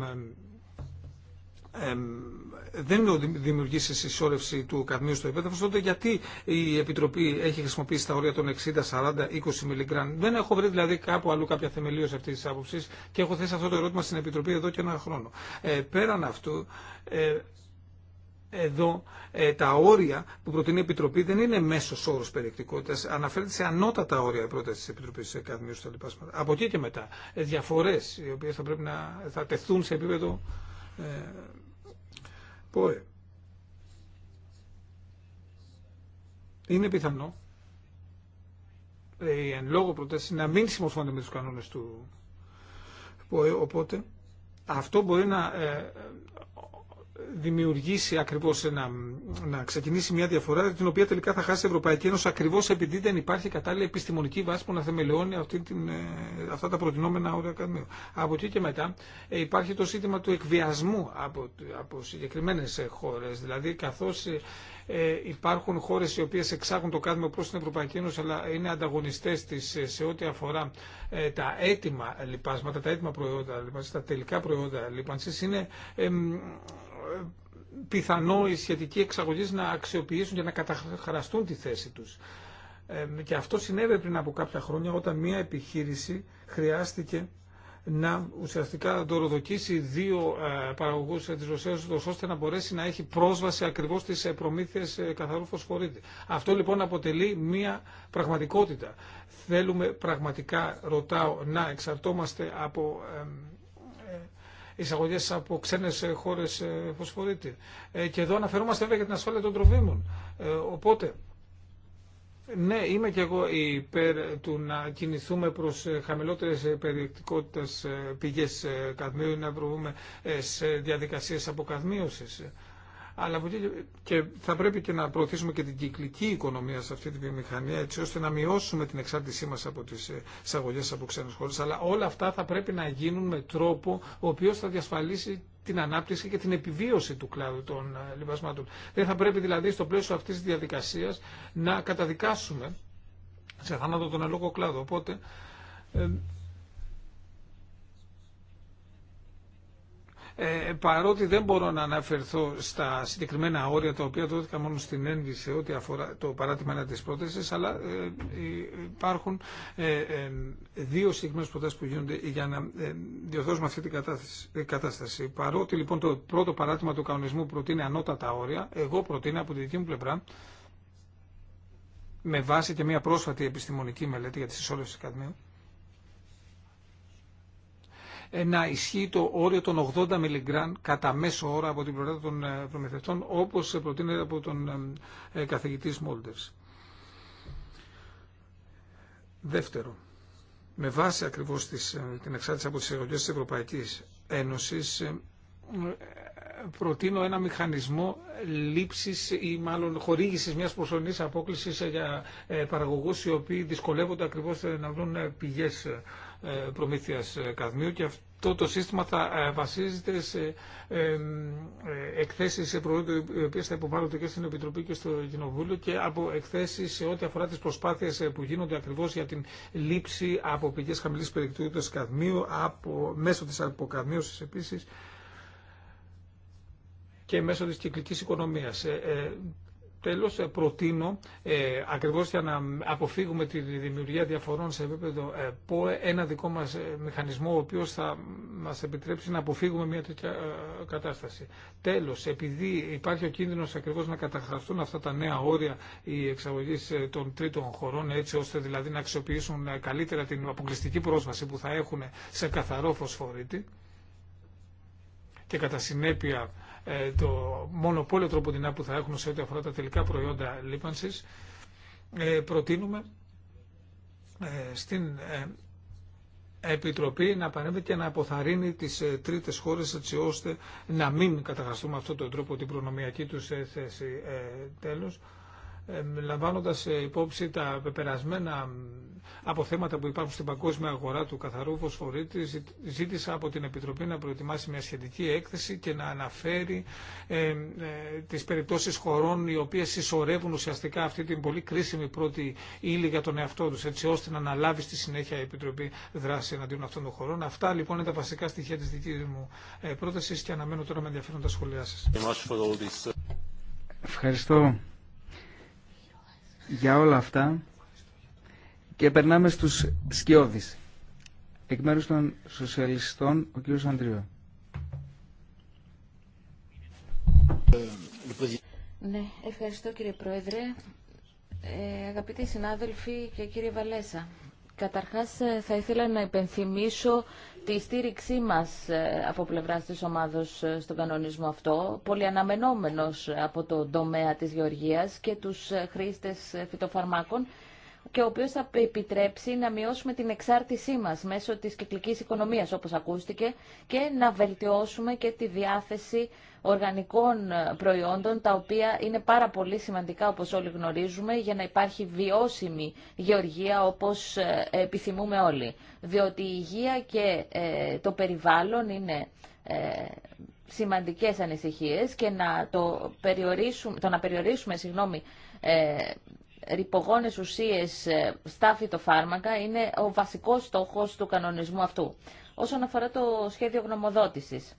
δεν δημιουργήσει συσσόρευση του καρμίου στο επέδαφο, τότε γιατί η Επιτροπή έχει χρησιμοποιήσει τα όρια των 60, 40, 20 μιλιγκράν. Δεν έχω βρει δηλαδή κάπου αλλού κάποια θεμελίωση αυτή τη άποψη και έχω θέσει αυτό το ερώτημα στην Επιτροπή εδώ και ένα χρόνο. Ε, πέραν αυτού, ε, εδώ ε, τα όρια που προτείνει η Επιτροπή δεν είναι μέσο όρο περιεκτικότητα. Αναφέρεται σε ανώτατα όρια η πρόταση τη Επιτροπή σε καδμίου στα λοιπάσματα. Από εκεί και μετά, ε, διαφορέ οι οποίε θα πρέπει να θα τεθούν σε επίπεδο. Ε, ΠΟΕ. Είναι πιθανό οι ε, εν λόγω προτάσει να μην συμμορφώνεται με τους κανόνες του ΠΟΕ, οπότε αυτό μπορεί να ε, δημιουργήσει ακριβώς ένα, να ξεκινήσει μια διαφορά την οποία τελικά θα χάσει η Ευρωπαϊκή Ένωση ακριβώς επειδή δεν υπάρχει κατάλληλη επιστημονική βάση που να θεμελιώνει αυτή την, ε, αυτά τα προτινόμενα όρια καρμίου. Από εκεί και μετά ε, υπάρχει το σύστημα του εκβιασμού από, από συγκεκριμένες ε, χώρες, δηλαδή καθώς υπάρχουν χώρε οι οποίε εξάγουν το κάδμιο προ την Ευρωπαϊκή Ένωση, αλλά είναι ανταγωνιστέ τη σε ό,τι αφορά τα έτοιμα λιπάσματα, τα έτοιμα προϊόντα λοιπόν, τα τελικά προϊόντα λίπανση, είναι πιθανό οι σχετικοί εξαγωγείς να αξιοποιήσουν και να καταχραστούν τη θέση τους. Και αυτό συνέβη πριν από κάποια χρόνια όταν μια επιχείρηση χρειάστηκε να ουσιαστικά δωροδοκίσει δύο ε, παραγωγούς της Ρωσίας ώστε να μπορέσει να έχει πρόσβαση ακριβώς στις ε, προμήθειες ε, καθαρού φωσφορίτη. Αυτό λοιπόν αποτελεί μια πραγματικότητα. Θέλουμε πραγματικά, ρωτάω, να εξαρτώμαστε από εισαγωγέ από ξένε χώρε φωσφορίτη. Ε, ε, και εδώ αναφερόμαστε βέβαια για την ασφάλεια των τροφίμων. Ε, οπότε, ναι, είμαι και εγώ υπέρ του να κινηθούμε προς χαμηλότερες περιεκτικότητες πηγές καδμίου, να βρούμε σε διαδικασίες αποκαδμίωση αλλά και θα πρέπει και να προωθήσουμε και την κυκλική οικονομία σε αυτή τη βιομηχανία, έτσι ώστε να μειώσουμε την εξάρτησή μα από τι ε, εισαγωγέ από ξένε χώρε. Αλλά όλα αυτά θα πρέπει να γίνουν με τρόπο ο οποίο θα διασφαλίσει την ανάπτυξη και την επιβίωση του κλάδου των ε, λιβασμάτων. Δεν θα πρέπει δηλαδή στο πλαίσιο αυτή τη διαδικασία να καταδικάσουμε σε θάνατο τον ελόγο κλάδο. Οπότε ε, Ε, παρότι δεν μπορώ να αναφερθώ στα συγκεκριμένα όρια τα οποία δόθηκα μόνο στην ένδυση ό,τι αφορά το παράτημα της πρότασης, αλλά ε, υπάρχουν ε, ε δύο συγκεκριμένε προτάσεις που γίνονται για να ε, διορθώσουμε αυτή την κατάσταση. Παρότι λοιπόν το πρώτο παράτημα του κανονισμού προτείνει ανώτατα όρια, εγώ προτείνω από τη δική μου πλευρά με βάση και μια πρόσφατη επιστημονική μελέτη για τη συσσόρευση κατμίου, να ισχύει το όριο των 80 μιλιγκράν κατά μέσο ώρα από την πλευρά των ε, προμηθευτών όπως προτείνεται από τον ε, ε, καθηγητή Σμόλτερς. Δεύτερο, με βάση ακριβώς τις, την εξάρτηση από τις εγωγές της Ευρωπαϊκής Ένωσης προτείνω ένα μηχανισμό λήψης ή μάλλον χορήγησης μιας προσωρινής απόκλησης για παραγωγούς οι οποίοι δυσκολεύονται ακριβώς να βρουν πηγές ε, προμήθειας ε, καδμίου και αυτό το σύστημα θα ε, βασίζεται σε εκθέσεις σε προϊόντα οι οποίες θα υποβάλλονται και στην Επιτροπή και στο Κοινοβούλιο και από εκθέσεις σε ό,τι αφορά τις προσπάθειες που γίνονται ακριβώς για την λήψη από πηγές χαμηλής περιεκτικότητας καδμίου από, μέσω της αποκαδμίωσης επίσης και μέσω της κυκλικής οικονομίας τέλος ε, προτείνω ε, ακριβώς για να αποφύγουμε τη δημιουργία διαφορών σε επίπεδο ε, ΠΟΕ ένα δικό μας ε, μηχανισμό ο οποίος θα μας επιτρέψει να αποφύγουμε μια τέτοια ε, κατάσταση. Τέλος, επειδή υπάρχει ο κίνδυνος ακριβώς να καταχραστούν αυτά τα νέα όρια οι εξαγωγής των τρίτων χωρών έτσι ώστε δηλαδή να αξιοποιήσουν καλύτερα την αποκλειστική πρόσβαση που θα έχουν σε καθαρό φωσφορίτη και κατά συνέπεια ε, το μονοπόλιο τρόπο που θα έχουν σε ό,τι αφορά τα τελικά προϊόντα λίπανσης, ε, προτείνουμε ε, στην Επιτροπή να παρέμβει και να αποθαρρύνει τις τρίτες χώρες έτσι ώστε να μην καταχαστούμε αυτόν τον τρόπο την προνομιακή τους θέση τέλος λαμβάνοντας υπόψη τα πεπερασμένα από θέματα που υπάρχουν στην παγκόσμια αγορά του καθαρού φωσφορίτη, ζήτησα από την Επιτροπή να προετοιμάσει μια σχετική έκθεση και να αναφέρει ε, ε, τι περιπτώσει χωρών οι οποίε συσσωρεύουν ουσιαστικά αυτή την πολύ κρίσιμη πρώτη ύλη για τον εαυτό του, έτσι ώστε να αναλάβει στη συνέχεια η Επιτροπή δράση εναντίον αυτών των χωρών. Αυτά λοιπόν είναι τα βασικά στοιχεία τη δική μου ε, πρόταση και αναμένω τώρα με ενδιαφέρον τα σχόλιά σα. Ευχαριστώ για όλα αυτά και περνάμε στους σκιώδεις. Εκ μέρους των σοσιαλιστών, ο κύριος Αντριώ. Ναι, ευχαριστώ κύριε Πρόεδρε. Ε, αγαπητοί συνάδελφοι και κύριε Βαλέσα, καταρχάς ε, θα ήθελα να υπενθυμίσω τη στήριξή μας ε, από πλευράς της ομάδος ε, στον κανονισμό αυτό, πολύ αναμενόμενος από το τομέα της γεωργίας και τους χρήστες φυτοφαρμάκων, και ο οποίο θα επιτρέψει να μειώσουμε την εξάρτησή μας μέσω της κυκλικής οικονομίας όπως ακούστηκε και να βελτιώσουμε και τη διάθεση οργανικών ε, προϊόντων τα οποία είναι πάρα πολύ σημαντικά όπως όλοι γνωρίζουμε για να υπάρχει βιώσιμη γεωργία όπως ε, επιθυμούμε όλοι. Διότι η υγεία και ε, το περιβάλλον είναι σημαντικές ανησυχίες και να το, περιορίσουμε, το να περιορίσουμε συγγνώμη, ρηπογόνες ουσίες ε, στα φυτοφάρμακα είναι ο βασικός στόχος του κανονισμού αυτού. Όσον αφορά το σχέδιο γνωμοδότησης,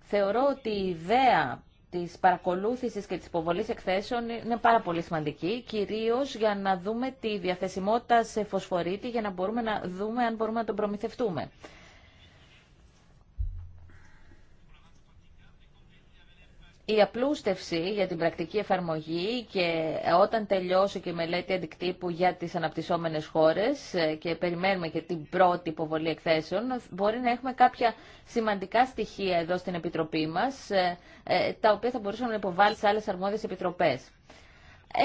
θεωρώ ότι η ιδέα της παρακολούθησης και της υποβολής εκθέσεων είναι πάρα πολύ σημαντική, κυρίως για να δούμε τη διαθεσιμότητα σε φωσφορίτη, για να μπορούμε να δούμε αν μπορούμε να τον προμηθευτούμε. η απλούστευση για την πρακτική εφαρμογή και όταν τελειώσει και η μελέτη αντικτύπου για τις αναπτυσσόμενες χώρες ε, και περιμένουμε και την πρώτη υποβολή εκθέσεων, μπορεί να έχουμε κάποια σημαντικά στοιχεία εδώ στην Επιτροπή μας, ε, ε, τα οποία θα μπορούσαμε να υποβάλει σε άλλες αρμόδιες επιτροπές.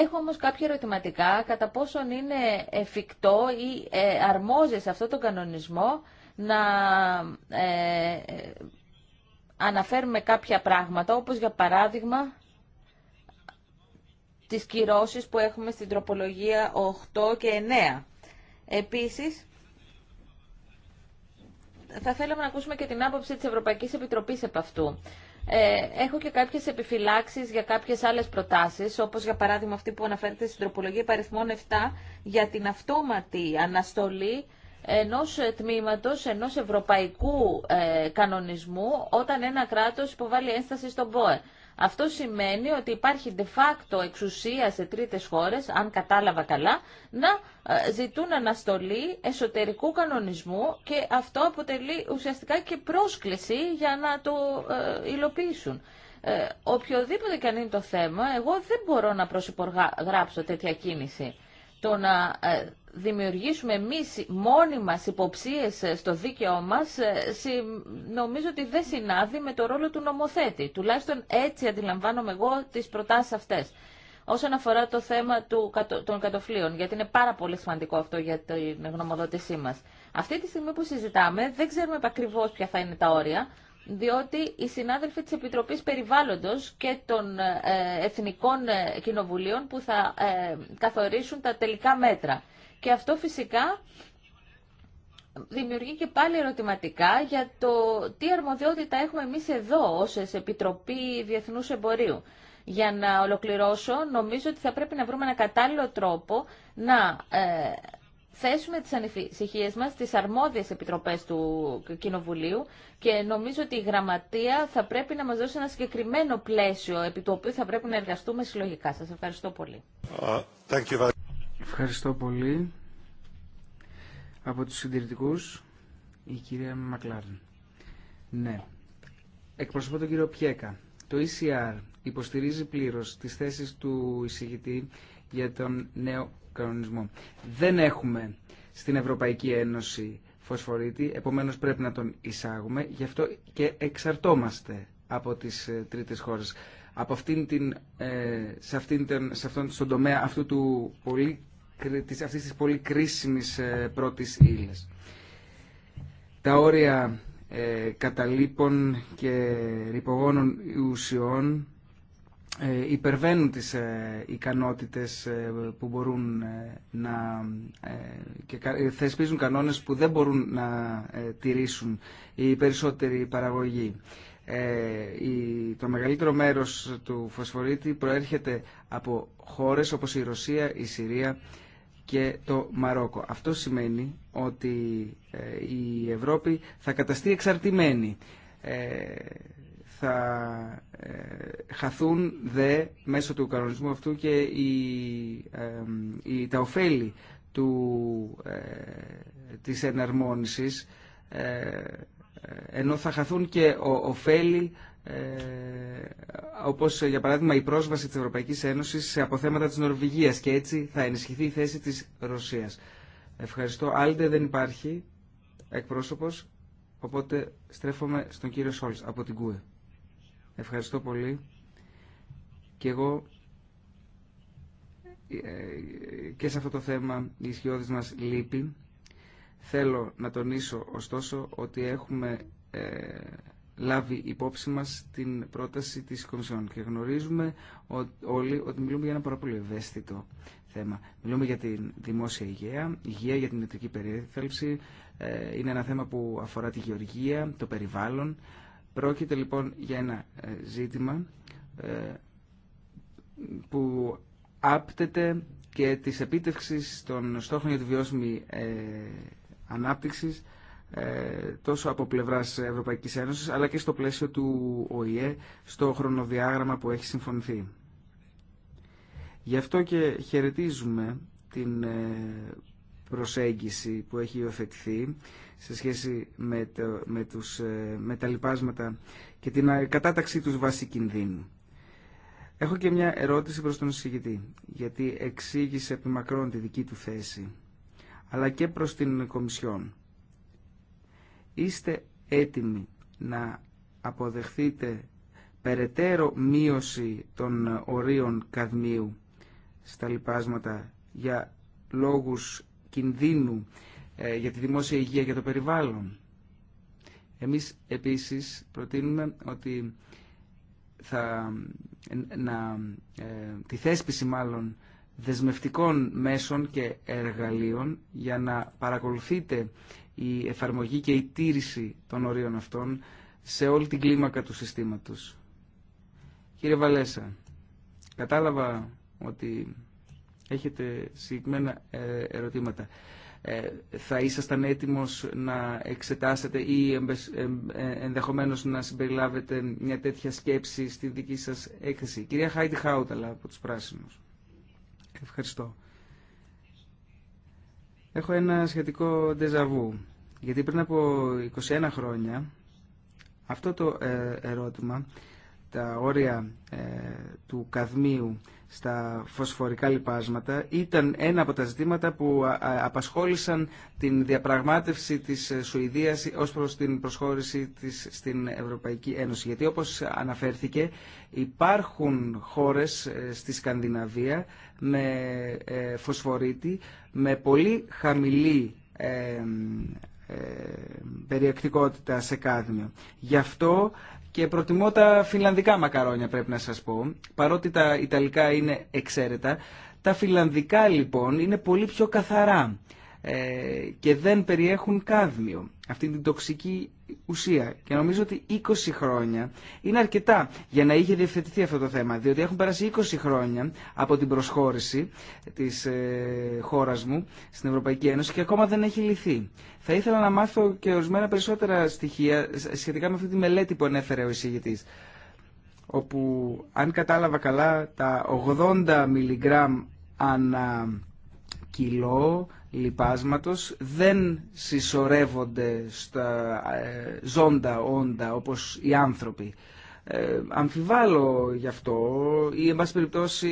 Έχω όμως κάποια ερωτηματικά κατά πόσον είναι εφικτό ή αρμόζει σε αυτόν τον κανονισμό να αναφέρουμε κάποια πράγματα, όπως για παράδειγμα τις κυρώσεις που έχουμε στην τροπολογία 8 και 9. Επίσης, θα θέλαμε να ακούσουμε και την άποψη της Ευρωπαϊκής Επιτροπής επ' αυτού. Ε, έχω και κάποιες επιφυλάξεις για κάποιες άλλες προτάσεις, όπως για παράδειγμα αυτή που αναφέρεται στην τροπολογία παριθμών 7 για την αυτόματη αναστολή ενός ε, τμήματος, ενός ευρωπαϊκού ε, κανονισμού όταν ένα κράτος υποβάλλει ένσταση στον ΠΟΕ. Αυτό σημαίνει ότι υπάρχει de facto εξουσία σε τρίτες χώρες, αν κατάλαβα καλά, να ε, ζητούν αναστολή εσωτερικού κανονισμού και αυτό αποτελεί ουσιαστικά και πρόσκληση για να το υλοποιήσουν. Ε, οποιοδήποτε και αν είναι το θέμα, εγώ δεν μπορώ να προσυπογράψω τέτοια κίνηση. Το δημιουργήσουμε εμείς μόνοι μα υποψίες στο δίκαιό μας, ε, νομίζω ότι δεν συνάδει με το ρόλο του νομοθέτη. Τουλάχιστον έτσι αντιλαμβάνομαι εγώ τις προτάσεις αυτές. Όσον αφορά το θέμα του, των κατοφλίων, γιατί είναι πάρα πολύ σημαντικό αυτό για την γνωμοδότησή μας. Αυτή τη στιγμή που συζητάμε δεν ξέρουμε ακριβώ ποια θα είναι τα όρια, διότι οι συνάδελφοι της Επιτροπής Περιβάλλοντος και των ε, Εθνικών ε, Κοινοβουλίων που θα καθορίσουν τα τελικά μέτρα. Και αυτό φυσικά δημιουργεί και πάλι ερωτηματικά για το τι αρμοδιότητα έχουμε εμείς εδώ ως Επιτροπή Διεθνούς Εμπορίου. Για να ολοκληρώσω, νομίζω ότι θα πρέπει να βρούμε ένα κατάλληλο τρόπο να ε, θέσουμε τις ανησυχίε μας στις αρμόδιες επιτροπές του Κοινοβουλίου και νομίζω ότι η Γραμματεία θα πρέπει να μας δώσει ένα συγκεκριμένο πλαίσιο επί το οποίο θα πρέπει να εργαστούμε συλλογικά. Σας ευχαριστώ πολύ. Uh, Ευχαριστώ πολύ. Από τους συντηρητικούς, η κυρία Μακλάρν. Ναι. Εκπροσωπώ τον κύριο Πιέκα. Το ECR υποστηρίζει πλήρως τις θέσεις του εισηγητή για τον νέο κανονισμό. Δεν έχουμε στην Ευρωπαϊκή Ένωση φωσφορίτη, επομένως πρέπει να τον εισάγουμε, γι' αυτό και εξαρτόμαστε από τις ε, τρίτες χώρες. Από αυτήν την, ε, σε, αυτήν, σε αυτόν τον τομέα αυτού του πολύ της, αυτής της πολύ κρίσιμης ε, πρώτης ύλης. Τα όρια ε, καταλήπων και ρηπογόνων ουσιών ε, υπερβαίνουν τις ε, ικανότητες που μπορούν να και θεσπίζουν κανόνες που δεν μπορούν να τηρήσουν οι περισσότεροι παραγωγοί. Το μεγαλύτερο μέρος του φωσφορίτη προέρχεται από χώρες όπως η Ρωσία, η Συρία και το Μαρόκο. Αυτό σημαίνει ότι ε, η Ευρώπη θα καταστεί εξαρτημένη. Ε, θα ε, χαθούν δε μέσω του κανονισμού αυτού και τα ωφέλη του, της εναρμόνισης ενώ θα χαθούν και οφέλη ε, όπως για παράδειγμα η πρόσβαση της Ευρωπαϊκής Ένωσης σε αποθέματα της Νορβηγίας και έτσι θα ενισχυθεί η θέση της Ρωσίας. Ευχαριστώ. Άλντε δεν υπάρχει εκπρόσωπος, οπότε στρέφομαι στον κύριο Σόλτ από την ΚΟΥΕ. Ευχαριστώ πολύ. Και εγώ ε, και σε αυτό το θέμα η ισχυρότητα μας λείπει. Θέλω να τονίσω ωστόσο ότι έχουμε ε, λάβει υπόψη μας την πρόταση της Κομισιόν και γνωρίζουμε όλοι ότι μιλούμε για ένα πάρα πολύ ευαίσθητο θέμα. Μιλούμε για τη δημόσια υγεία, υγεία για την ιατρική περίθαλψη, ε, είναι ένα θέμα που αφορά τη γεωργία, το περιβάλλον. Πρόκειται λοιπόν για ένα ε, ζήτημα ε, που άπτεται και της επίτευξης των στόχων για τη βιώσιμη ανάπτυξη ε, τόσο από πλευρά Ευρωπαϊκή Ένωση, αλλά και στο πλαίσιο του ΟΗΕ στο χρονοδιάγραμμα που έχει συμφωνηθεί. Γι' αυτό και χαιρετίζουμε την ε, προσέγγιση που έχει υιοθετηθεί σε σχέση με, με, τους, ε, με τα λοιπάσματα και την κατάταξή τους βάση κινδύνου. Έχω και μια ερώτηση προς τον συζητητή, γιατί εξήγησε επιμακρών τη δική του θέση, αλλά και προς την Κομισιόν είστε έτοιμοι να αποδεχθείτε περαιτέρω μείωση των ορίων καδμίου στα λοιπάσματα για λόγους κινδύνου ε, για τη δημόσια υγεία και το περιβάλλον. Εμείς επίσης προτείνουμε ότι θα, να, ε, τη θέσπιση μάλλον δεσμευτικών μέσων και εργαλείων για να παρακολουθείτε η εφαρμογή και η τήρηση των ορίων αυτών σε όλη την κλίμακα του συστήματος. Κύριε Βαλέσα, κατάλαβα ότι έχετε συγκεκριμένα ε, ερωτήματα. Ε, θα ήσασταν έτοιμος να εξετάσετε ή ε, ενδεχομένως να συμπεριλάβετε μια τέτοια σκέψη στη δική σας έκθεση. Κυρία Χάιντι Χάουταλα από τους Πράσινους. Ευχαριστώ. Έχω ένα σχετικό ντεζαβού. Γιατί πριν από 21 χρόνια αυτό το ε, ερώτημα τα όρια ε, του καδμίου στα φωσφορικά λιπάσματα ήταν ένα από τα ζητήματα που απασχόλησαν την διαπραγμάτευση της Σουηδίας ως προς την προσχώρηση της στην Ευρωπαϊκή Ένωση. Γιατί όπως αναφέρθηκε υπάρχουν χώρες ε, στη Σκανδιναβία με ε, φωσφορίτη με πολύ χαμηλή περιεκτικότητα σε κάδμιο. Γι' αυτό και προτιμώ τα φιλανδικά μακαρόνια πρέπει να σας πω, παρότι τα ιταλικά είναι εξαίρετα. Τα φιλανδικά λοιπόν είναι πολύ πιο καθαρά ε, και δεν περιέχουν κάδμιο, αυτή την τοξική ουσία. Και νομίζω ότι 20 χρόνια είναι αρκετά για να είχε διευθετηθεί αυτό το θέμα. Διότι έχουν περάσει 20 χρόνια από την προσχώρηση τη ε, χώρα μου στην Ευρωπαϊκή Ένωση και ακόμα δεν έχει λυθεί. Θα ήθελα να μάθω και ορισμένα περισσότερα στοιχεία σχετικά με αυτή τη μελέτη που ανέφερε ο εισηγητή. Όπου, αν κατάλαβα καλά, τα 80 μιλιγκράμμ ανά κιλό λιπάσματος δεν συσσωρεύονται στα ε, ζώντα όντα όπως οι άνθρωποι. Ε, αμφιβάλλω γι' αυτό ή εν πάση περιπτώσει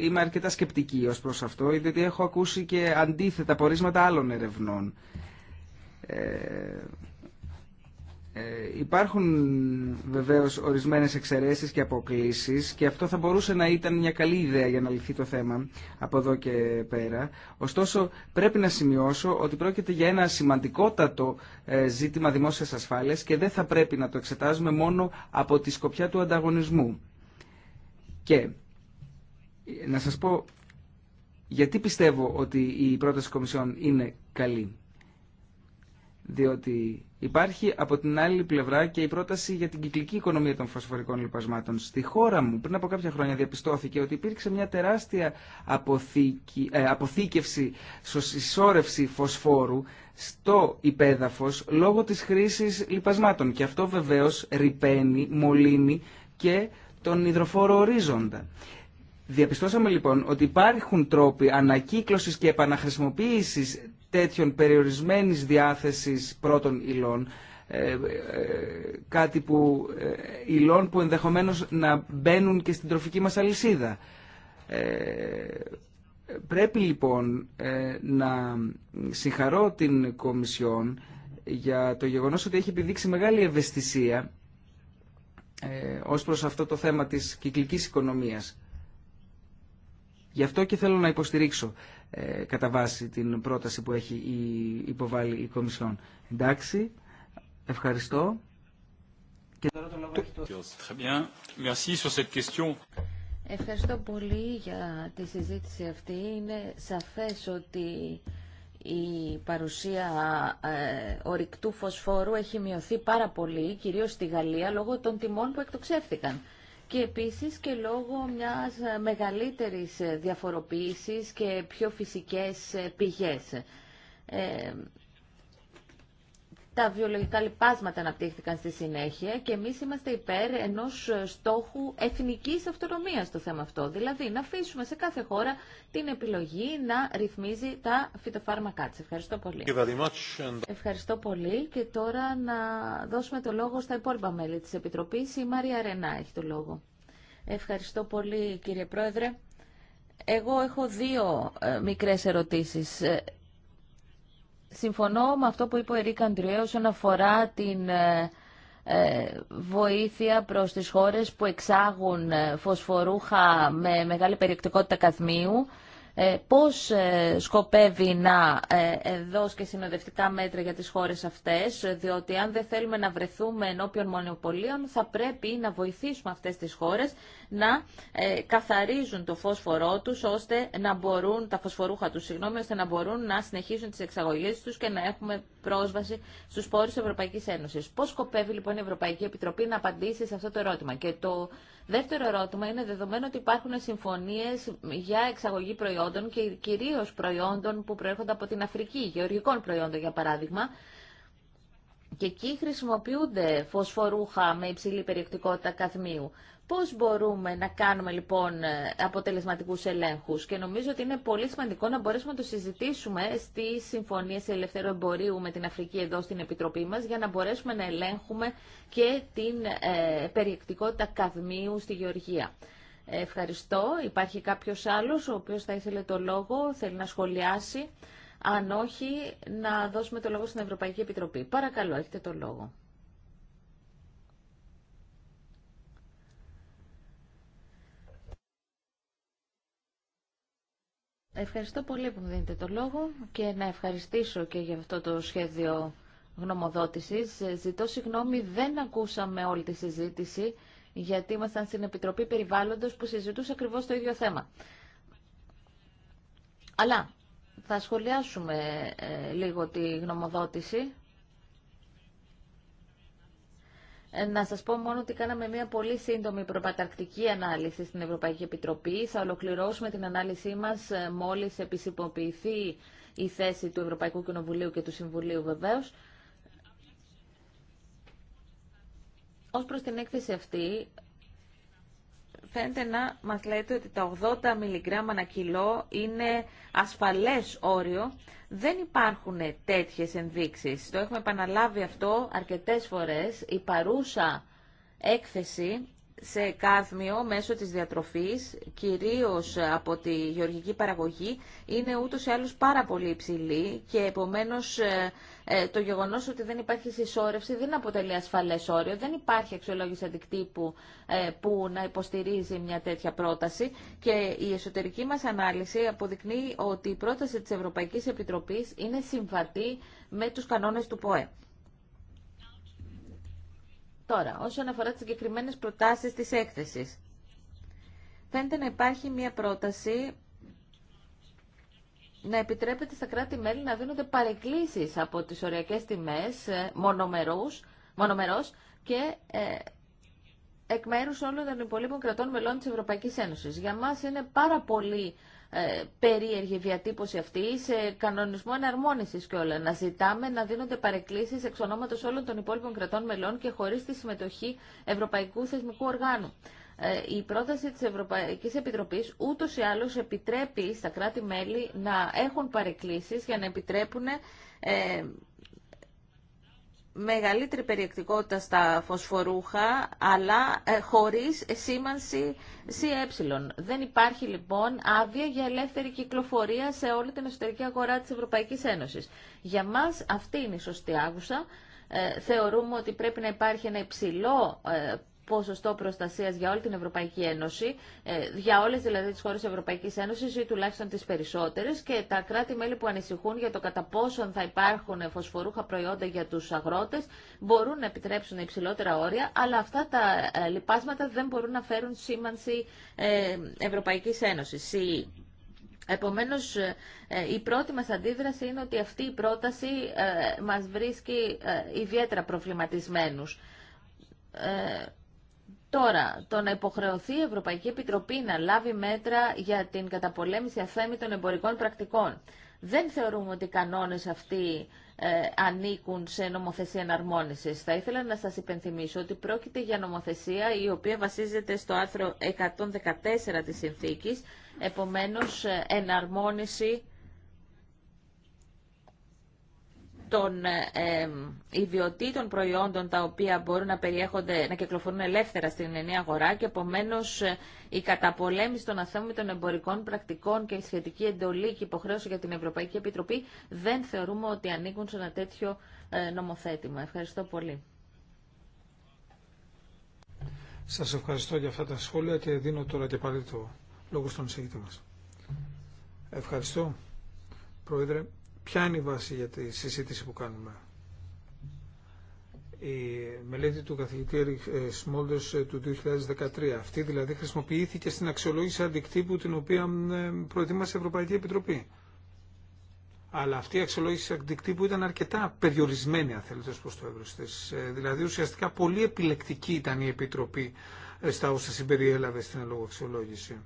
είμαι αρκετά σκεπτική ως προς αυτό γιατί έχω ακούσει και αντίθετα πορίσματα άλλων ερευνών. Ε, ε, υπάρχουν βεβαίως ορισμένες εξαιρέσεις και αποκλήσεις και αυτό θα μπορούσε να ήταν μια καλή ιδέα για να λυθεί το θέμα από εδώ και πέρα. Ωστόσο πρέπει να σημειώσω ότι πρόκειται για ένα σημαντικότατο ε, ζήτημα δημόσιας ασφάλειας και δεν θα πρέπει να το εξετάζουμε μόνο από τη σκοπιά του ανταγωνισμού. Και να σας πω γιατί πιστεύω ότι η πρόταση Κομισιόν είναι καλή. Διότι Υπάρχει από την άλλη πλευρά και η πρόταση για την κυκλική οικονομία των φωσφορικών λιπασμάτων. Στη χώρα μου πριν από κάποια χρόνια διαπιστώθηκε ότι υπήρξε μια τεράστια αποθήκη, ε, αποθήκευση, συσσόρευση φωσφόρου στο υπέδαφος λόγω της χρήσης λιπασμάτων. Και αυτό βεβαίως ρηπαίνει, μολύνει και τον υδροφόρο ορίζοντα. Διαπιστώσαμε λοιπόν ότι υπάρχουν τρόποι ανακύκλωσης και επαναχρησιμοποίησης τέτοιων περιορισμένης διάθεσης πρώτων υλών, ε, ε, κάτι που ε, υλών που ενδεχομένως να μπαίνουν και στην τροφική μας αλυσίδα. Ε, πρέπει λοιπόν ε, να συγχαρώ την Κομισιόν για το γεγονός ότι έχει επιδείξει μεγάλη ευαισθησία ως προς αυτό το θέμα της κυκλικής οικονομίας. Γι' αυτό και θέλω να υποστηρίξω ε, κατά βάση την πρόταση που έχει υποβάλει η Κομισιόν. Εντάξει, ευχαριστώ. Και... Ευχαριστώ πολύ για τη συζήτηση αυτή. Είναι σαφές ότι η παρουσία ε, ορυκτού φωσφόρου έχει μειωθεί πάρα πολύ, κυρίως στη Γαλλία, λόγω των τιμών που εκτοξεύθηκαν και επίσης και λόγω μιας μεγαλύτερης διαφοροποίησης και πιο φυσικές πηγές. Ε, τα βιολογικά λοιπάσματα αναπτύχθηκαν στη συνέχεια και εμείς είμαστε υπέρ ενός στόχου εθνικής αυτονομίας στο θέμα αυτό. Δηλαδή να αφήσουμε σε κάθε χώρα την επιλογή να ρυθμίζει τα φυτοφάρμακά της. Ευχαριστώ πολύ. Ευχαριστώ πολύ και τώρα να δώσουμε το λόγο στα υπόλοιπα μέλη της Επιτροπής. Η Μαρία Ρενά έχει το λόγο. Ευχαριστώ πολύ κύριε Πρόεδρε. Εγώ έχω δύο ε, μικρές ερωτήσεις. Ε, συμφωνώ με αυτό που είπε ο Ερίκ Αντριέ όσον αφορά την ε, ε, βοήθεια προς τις χώρες που εξάγουν ε, φωσφορούχα με μεγάλη περιεκτικότητα καθμίου ε, πώς ε, σκοπεύει να ε, δώσει και συνοδευτικά μέτρα για τις χώρες αυτές, διότι αν δεν θέλουμε να βρεθούμε ενώπιον μονοπωλίων, θα πρέπει να βοηθήσουμε αυτές τις χώρες να καθαρίζουν το φωσφορό τους, ώστε να μπορούν, τα φωσφορούχα τους, συγγνώμη, ώστε να μπορούν να συνεχίσουν τις εξαγωγές τους και να έχουμε πρόσβαση στους πόρους της Ευρωπαϊκής Ένωσης. Πώς σκοπεύει λοιπόν η Ευρωπαϊκή Επιτροπή να απαντήσει σε αυτό το ερώτημα. Και το Δεύτερο ερώτημα είναι δεδομένο ότι υπάρχουν συμφωνίες για εξαγωγή προϊόντων και κυρίως προϊόντων που προέρχονται από την Αφρική, γεωργικών προϊόντων για παράδειγμα, και εκεί χρησιμοποιούνται φωσφορούχα με υψηλή περιεκτικότητα καθμίου. Πώς μπορούμε να κάνουμε λοιπόν ε, αποτελεσματικούς ελέγχους και νομίζω ότι είναι πολύ σημαντικό να μπορέσουμε να το συζητήσουμε συμφωνία σε ελεύθερο εμπορίου με την Αφρική εδώ στην Επιτροπή μας για να μπορέσουμε να ελέγχουμε και την ε, περιεκτικότητα καδμίου στη Γεωργία. Ευχαριστώ. Υπάρχει κάποιος άλλος ο οποίος θα ήθελε το λόγο, θέλει να σχολιάσει. Αν όχι, να δώσουμε το λόγο στην Ευρωπαϊκή Επιτροπή. Παρακαλώ, έχετε το λόγο. Ευχαριστώ πολύ που μου δίνετε το λόγο και να ευχαριστήσω και για αυτό το σχέδιο γνωμοδότησης. Ζητώ συγγνώμη, δεν ακούσαμε όλη τη συζήτηση, γιατί ήμασταν στην Επιτροπή Περιβάλλοντος που συζητούσε ακριβώς το ίδιο θέμα. Αλλά θα σχολιάσουμε ε, λίγο τη γνωμοδότηση. Ε, να σας πω μόνο ότι κάναμε μια πολύ σύντομη προπαταρκτική ανάλυση στην Ευρωπαϊκή Επιτροπή. Θα ολοκληρώσουμε την ανάλυση μας ε, μόλις επισυποποιηθεί η θέση του Ευρωπαϊκού Κοινοβουλίου και του Συμβουλίου βεβαίως. Ως προς την έκθεση αυτή, φαίνεται να μας λέτε ότι τα 80 μιλιγκράμμα ανά κιλό είναι ασφαλές όριο. Δεν υπάρχουν τέτοιες ενδείξεις. Το έχουμε επαναλάβει αυτό αρκετές φορές. Η παρούσα έκθεση σε κάθμιο, μέσω της διατροφής, κυρίως από τη γεωργική παραγωγή, είναι ούτως ή άλλως πάρα πολύ υψηλή και επομένως ε, ε, το γεγονός ότι δεν υπάρχει συσσόρευση δεν αποτελεί ασφαλές όριο, δεν υπάρχει αξιολόγηση αντικτύπου ε, που να υποστηρίζει μια τέτοια πρόταση και η εσωτερική μας ανάλυση αποδεικνύει ότι η πρόταση της Ευρωπαϊκής Επιτροπής είναι συμβατή με τους κανόνες του ΠΟΕ. Τώρα, όσον αφορά τις συγκεκριμένες προτάσεις της έκθεσης, φαίνεται να υπάρχει μια πρόταση να επιτρέπεται στα κράτη-μέλη να δίνονται παρεκκλήσεις από τις οριακές τιμές ε, μονομερούς, και ε, εκ μέρου όλων των υπολείπων κρατών μελών της Ευρωπαϊκής Ένωσης. Για μας είναι πάρα πολύ ε, περίεργη διατύπωση αυτή σε κανονισμό εναρμόνισης και όλα. Να ζητάμε να δίνονται παρεκκλήσει εξ ονόματο όλων των υπόλοιπων κρατών μελών και χωρίς τη συμμετοχή Ευρωπαϊκού Θεσμικού Οργάνου. Ε, η πρόταση της Ευρωπαϊκής Επιτροπής ούτω ή άλλως επιτρέπει στα κράτη-μέλη να έχουν παρεκκλήσεις για να επιτρέπουν ε, μεγαλύτερη περιεκτικότητα στα φωσφορούχα, αλλά ε, χωρίς σήμανση ΣΕ. Δεν υπάρχει λοιπόν άδεια για ελεύθερη κυκλοφορία σε όλη την εσωτερική αγορά της Ευρωπαϊκής Ένωσης. Για μας αυτή είναι η σωστή άγουσα. Ε, θεωρούμε ότι πρέπει να υπάρχει ένα υψηλό ε, ποσοστό προστασία για όλη την Ευρωπαϊκή Ένωση, ε, για όλε δηλαδή χώρε χώρες Ευρωπαϊκή Ένωση ή τουλάχιστον τι περισσότερε και τα κράτη-μέλη που ανησυχούν για το κατά πόσον θα υπάρχουν φωσφορούχα προϊόντα για του αγρότε, μπορούν να επιτρέψουν υψηλότερα όρια, αλλά αυτά τα ε, λοιπάσματα δεν μπορούν να φέρουν σήμανση ε, Ευρωπαϊκή Ένωση. Επομένω, η πρώτη μα αντίδραση είναι ότι αυτή η πρόταση μα βρίσκει ιδιαίτερα προβληματισμένους. Τώρα, το να υποχρεωθεί η Ευρωπαϊκή Επιτροπή να λάβει μέτρα για την καταπολέμηση των εμπορικών πρακτικών. Δεν θεωρούμε ότι οι κανόνες αυτοί ε, ανήκουν σε νομοθεσία εναρμόνισης. Θα ήθελα να σας υπενθυμίσω ότι πρόκειται για νομοθεσία η οποία βασίζεται στο άρθρο 114 της συνθήκης, επομένως ε, εναρμόνιση των ε, ιδιωτήτων προϊόντων τα οποία μπορούν να περιέχονται, να κυκλοφορούν ελεύθερα στην ενιαία αγορά και επομένω ε, η καταπολέμηση των των εμπορικών πρακτικών και η σχετική εντολή και υποχρέωση για την Ευρωπαϊκή Επιτροπή δεν θεωρούμε ότι ανήκουν σε ένα τέτοιο ε, νομοθέτημα. Ευχαριστώ πολύ. Σας ευχαριστώ για αυτά τα σχόλια και δίνω τώρα και πάλι το λόγο στον εισηγητή μα. Ευχαριστώ, Πρόεδρε. Ποια είναι η βάση για τη συζήτηση που κάνουμε. Η μελέτη του καθηγητή Ερικ ε, του 2013. Αυτή δηλαδή χρησιμοποιήθηκε στην αξιολόγηση αντικτύπου την οποία ε, προετοίμασε η Ευρωπαϊκή Επιτροπή. Αλλά αυτή η αξιολόγηση αντικτύπου ήταν αρκετά περιορισμένη, αν θέλετε, προ το εύρο ε, Δηλαδή, ουσιαστικά πολύ επιλεκτική ήταν η Επιτροπή στα όσα συμπεριέλαβε στην λόγω αξιολόγηση.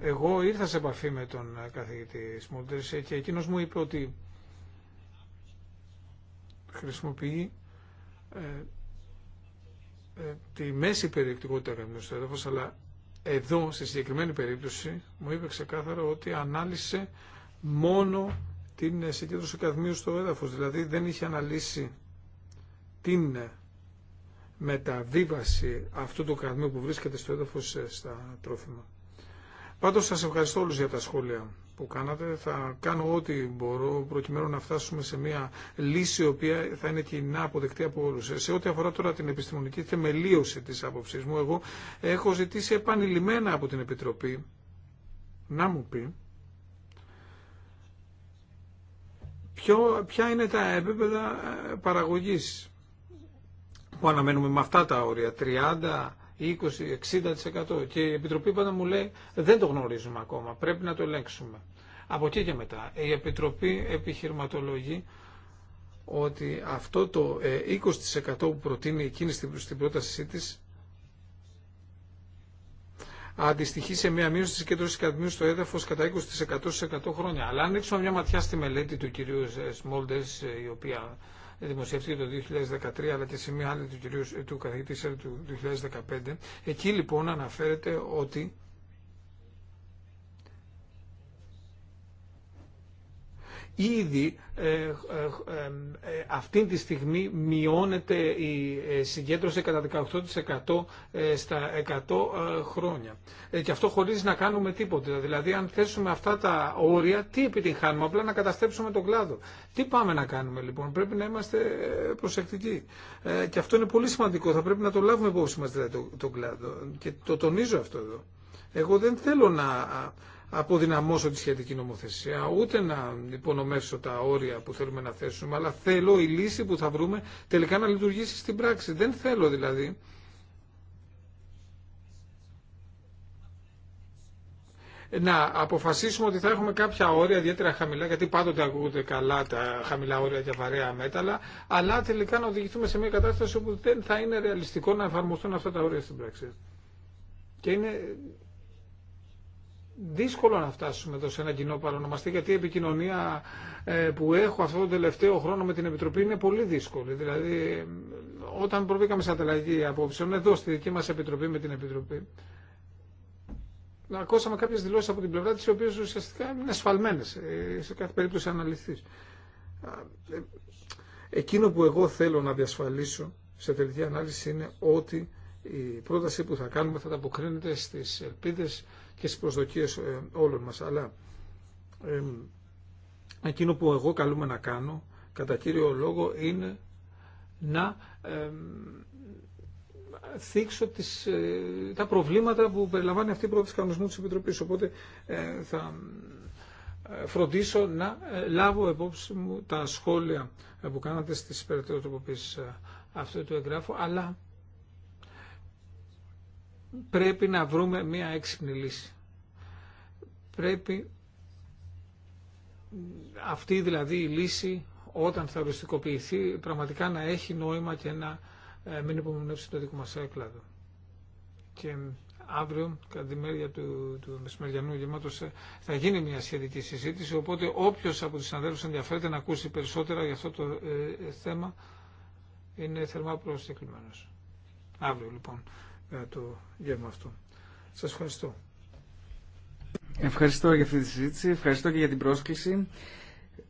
Εγώ ήρθα σε επαφή με τον ε, καθηγητή Σμούλτερς ε, και εκείνος μου είπε ότι χρησιμοποιεί ε, ε τη μέση περιεκτικότητα καθμίου στο έδαφος, αλλά εδώ, στη συγκεκριμένη περίπτωση, μου είπε ξεκάθαρα ότι ανάλυσε μόνο την συγκέντρωση καδμίου στο έδαφος, δηλαδή δεν είχε αναλύσει την μεταβίβαση αυτού του καδμίου που βρίσκεται στο έδαφος στα τρόφιμα. Πάντως σας ευχαριστώ όλους για τα σχόλια που κάνατε. Θα κάνω ό,τι μπορώ προκειμένου να φτάσουμε σε μια λύση η οποία θα είναι κοινά αποδεκτή από όλους. Σε ό,τι αφορά τώρα την επιστημονική θεμελίωση της άποψής μου, εγώ έχω ζητήσει επανειλημμένα από την Επιτροπή να μου πει ποια είναι τα επίπεδα παραγωγής που αναμένουμε με αυτά τα όρια. 30 20-60% και η Επιτροπή πάντα μου λέει δεν το γνωρίζουμε ακόμα, πρέπει να το ελέγξουμε. Από εκεί και μετά η Επιτροπή επιχειρηματολογεί ότι αυτό το 20% ε, που προτείνει εκείνη στην πρότασή της αντιστοιχεί σε μια μείωση τη κέντρωση κατμιου στο εδαφος κατά 20% σε 100 χρόνια. Αλλά αν ρίξουμε μια ματιά στη μελέτη του κυρίου Σμόλτες, ε, η οποία δημοσιεύτηκε το 2013 αλλά και σε μια άλλη του, κυρίου, ε, του καθηγητή ΣΕΡ του 2015. Εκεί λοιπόν αναφέρεται ότι ήδη ε, ε, ε, αυτή τη στιγμή μειώνεται η συγκέντρωση κατά 18% στα 100 χρόνια. Και αυτό χωρίς να κάνουμε τίποτα. Δηλαδή αν θέσουμε αυτά τα όρια, τι επιτυγχάνουμε, απλά να καταστρέψουμε τον κλάδο. Τι πάμε να κάνουμε λοιπόν, πρέπει να είμαστε προσεκτικοί. Και αυτό είναι πολύ σημαντικό, θα πρέπει να το λάβουμε υπόψη μας δηλαδή, τον κλάδο. Και το τονίζω αυτό εδώ. Εγώ δεν θέλω να αποδυναμώσω τη σχετική νομοθεσία, ούτε να υπονομεύσω τα όρια που θέλουμε να θέσουμε, αλλά θέλω η λύση που θα βρούμε τελικά να λειτουργήσει στην πράξη. Δεν θέλω δηλαδή να αποφασίσουμε ότι θα έχουμε κάποια όρια ιδιαίτερα χαμηλά, γιατί πάντοτε ακούγονται καλά τα χαμηλά όρια για βαρέα μέταλλα, αλλά τελικά να οδηγηθούμε σε μια κατάσταση όπου δεν θα είναι ρεαλιστικό να εφαρμοστούν αυτά τα όρια στην πράξη. Και είναι δύσκολο να φτάσουμε εδώ σε ένα κοινό παρονομαστή, γιατί η επικοινωνία ε, που έχω αυτό τον τελευταίο χρόνο με την Επιτροπή είναι πολύ δύσκολη. Δηλαδή, όταν προβήκαμε σε ανταλλαγή απόψεων, εδώ στη δική μας Επιτροπή με την Επιτροπή, ακούσαμε κάποιες δηλώσεις από την πλευρά της, οι οποίες ουσιαστικά είναι ασφαλμένες, ε, σε κάθε περίπτωση αναλυθείς. Ε, εκείνο που εγώ θέλω να διασφαλίσω σε τελική ανάλυση είναι ότι η πρόταση που θα κάνουμε θα τα αποκρίνεται στις ελπίδες και στις προσδοκίες ε, όλων μας. Αλλά εκείνο που εγώ καλούμε να κάνω, κατά κύριο λόγο, είναι να θίξω τις, ε, τα προβλήματα που περιλαμβάνει αυτή η πρόταση κανονισμού της Επιτροπής. Οπότε ε, θα φροντίσω να λάβω επόψη μου τα σχόλια που κάνατε στις περαιτέρω τροποποίησεις αυτού του εγγράφου, αλλά πρέπει να βρούμε μία έξυπνη λύση. Πρέπει αυτή δηλαδή η λύση όταν θα οριστικοποιηθεί πραγματικά να έχει νόημα και να ε, μην υπομονεύσει το δικό μας έκλαδο. Και αύριο, κατά τη μέρια του, του μεσημεριανού γεμάτος, ε, θα γίνει μια σχετική συζήτηση, οπότε όποιος από τους συναδέλφους ενδιαφέρεται να ακούσει περισσότερα για αυτό το ε, θέμα, είναι θερμά προσκεκλημένος. Αύριο λοιπόν. Ε, το γεύμα αυτό. Σας ευχαριστώ. Ευχαριστώ για αυτή τη συζήτηση. Ευχαριστώ και για την πρόσκληση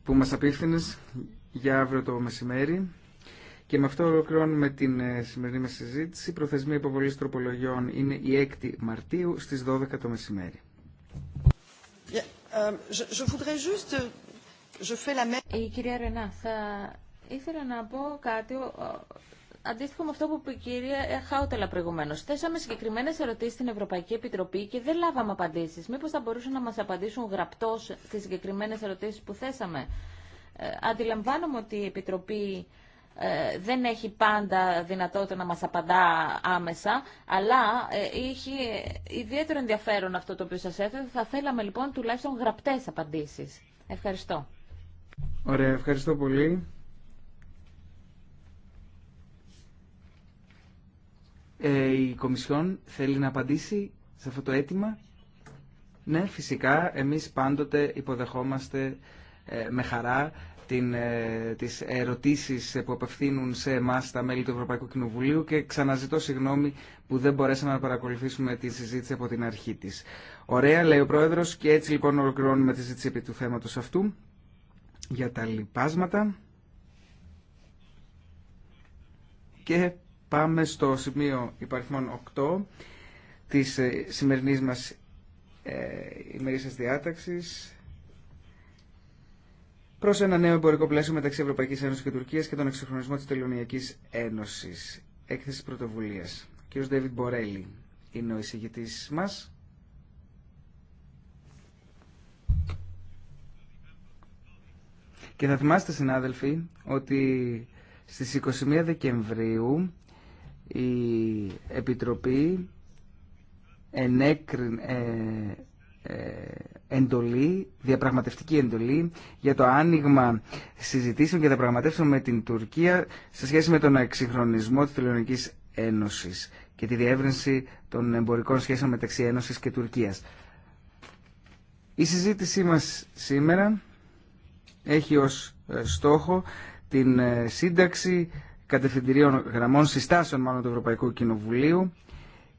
που μας απίφθηνες για αύριο το μεσημέρι. Και με αυτό ολοκληρώνουμε την ε, σημερινή μας συζήτηση. Η προθεσμία υποβολής τροπολογιών είναι η 6η Μαρτίου στις 12 το μεσημέρι. Euh, η κυρία Ρενά, θα ήθελα να πω κάτι αντίστοιχο με αυτό που είπε η κυρία Χάουτελα προηγουμένω. Θέσαμε συγκεκριμένε ερωτήσει στην Ευρωπαϊκή Επιτροπή και δεν λάβαμε απαντήσει. Μήπω θα μπορούσαν να μα απαντήσουν γραπτώ στι συγκεκριμένε ερωτήσει που θέσαμε. Ε, αντιλαμβάνομαι ότι η Επιτροπή ε, δεν έχει πάντα δυνατότητα να μας απαντά άμεσα, αλλά ε, έχει ιδιαίτερο ενδιαφέρον αυτό το οποίο σας έθετε. Θα θέλαμε λοιπόν τουλάχιστον γραπτές απαντήσεις. Ευχαριστώ. Ωραία, ευχαριστώ πολύ. Ε, η Κομισιόν θέλει να απαντήσει σε αυτό το αίτημα. Ναι, φυσικά, εμείς πάντοτε υποδεχόμαστε ε, με χαρά την, ε, τις ερωτήσεις που απευθύνουν σε εμάς τα μέλη του Ευρωπαϊκού Κοινοβουλίου και ξαναζητώ συγγνώμη που δεν μπορέσαμε να παρακολουθήσουμε τη συζήτηση από την αρχή της. Ωραία, λέει ο Πρόεδρος, και έτσι λοιπόν ολοκληρώνουμε τη συζήτηση επί του θέματος αυτού για τα λοιπάσματα. Και Πάμε στο σημείο υπαριθμών 8 της ε, σημερινής μας ε, ημερήσιας διάταξης προς ένα νέο εμπορικό πλαίσιο μεταξύ Ευρωπαϊκής Ένωσης και Τουρκίας και τον εξυγχρονισμό της Τελωνιακής Ένωσης. Έκθεση πρωτοβουλίας. Κύριος κ. Ντέβιτ Μπορέλη είναι ο εισηγητής μας. Και θα θυμάστε συνάδελφοι ότι στις 21 Δεκεμβρίου η Επιτροπή ενέκριν, ε, ε, εντολή, διαπραγματευτική εντολή για το άνοιγμα συζητήσεων και διαπραγματεύσεων με την Τουρκία σε σχέση με τον εξυγχρονισμό της Τελειονικής Ένωσης και τη διεύρυνση των εμπορικών σχέσεων μεταξύ Ένωσης και Τουρκίας. Η συζήτησή μας σήμερα έχει ως ε, στόχο την ε, σύνταξη κατευθυντηρίων γραμμών, συστάσεων μάλλον του Ευρωπαϊκού Κοινοβουλίου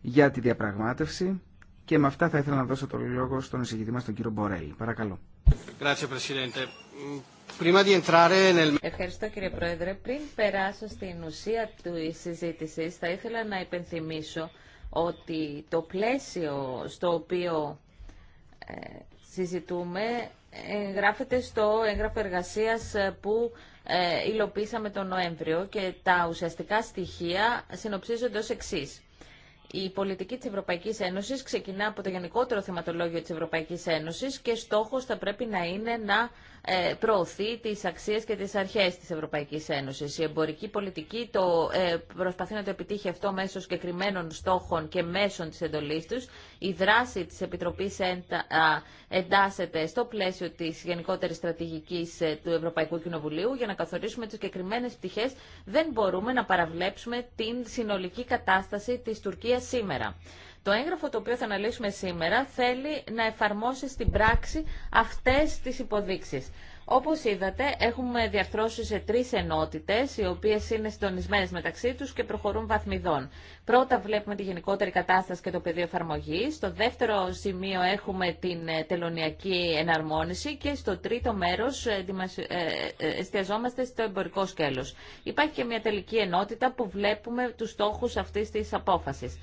για τη διαπραγμάτευση. Και με αυτά θα ήθελα να δώσω το λόγο στον εισηγητή μας, τον κύριο Μπορέλη. Παρακαλώ. Ευχαριστώ κύριε Πρόεδρε. Πριν περάσω στην ουσία του συζήτηση, θα ήθελα να υπενθυμίσω ότι το πλαίσιο στο οποίο ε, συζητούμε εγγράφεται στο έγγραφο εργασίας ε, που ε, υλοποίησαμε τον Νοέμβριο και τα ουσιαστικά στοιχεία συνοψίζονται ως εξής. Η πολιτική της Ευρωπαϊκής Ένωσης ξεκινά από το γενικότερο θεματολόγιο της Ευρωπαϊκής Ένωσης και στόχος θα πρέπει να είναι να ε, προωθεί τι αξίες και τις αρχές της Ευρωπαϊκής Ένωσης. Η εμπορική πολιτική το ε, προσπαθεί να το επιτύχει αυτό μέσω συγκεκριμένων στόχων και μέσων τη εντολή τους. Η δράση της Επιτροπής εντάσσεται στο πλαίσιο της γενικότερη στρατηγικής ε, του Ευρωπαϊκού Κοινοβουλίου για να καθορίσουμε τι συγκεκριμένε πτυχέ, Δεν μπορούμε να παραβλέψουμε την συνολική κατάσταση της Τουρκία σήμερα. Το έγγραφο το οποίο θα αναλύσουμε σήμερα θέλει να εφαρμόσει στην πράξη αυτές τις υποδείξεις. Όπως είδατε, έχουμε διαρθρώσει σε τρεις ενότητες, οι οποίες είναι συντονισμένες μεταξύ τους και προχωρούν βαθμιδών. Πρώτα βλέπουμε τη γενικότερη κατάσταση και το πεδίο εφαρμογή. Στο δεύτερο σημείο έχουμε την ε, τελωνιακή εναρμόνιση και στο τρίτο μέρος ε, ε, εστιαζόμαστε στο εμπορικό σκέλος. Υπάρχει και μια τελική ενότητα που βλέπουμε τους στόχους αυτής της απόφασης.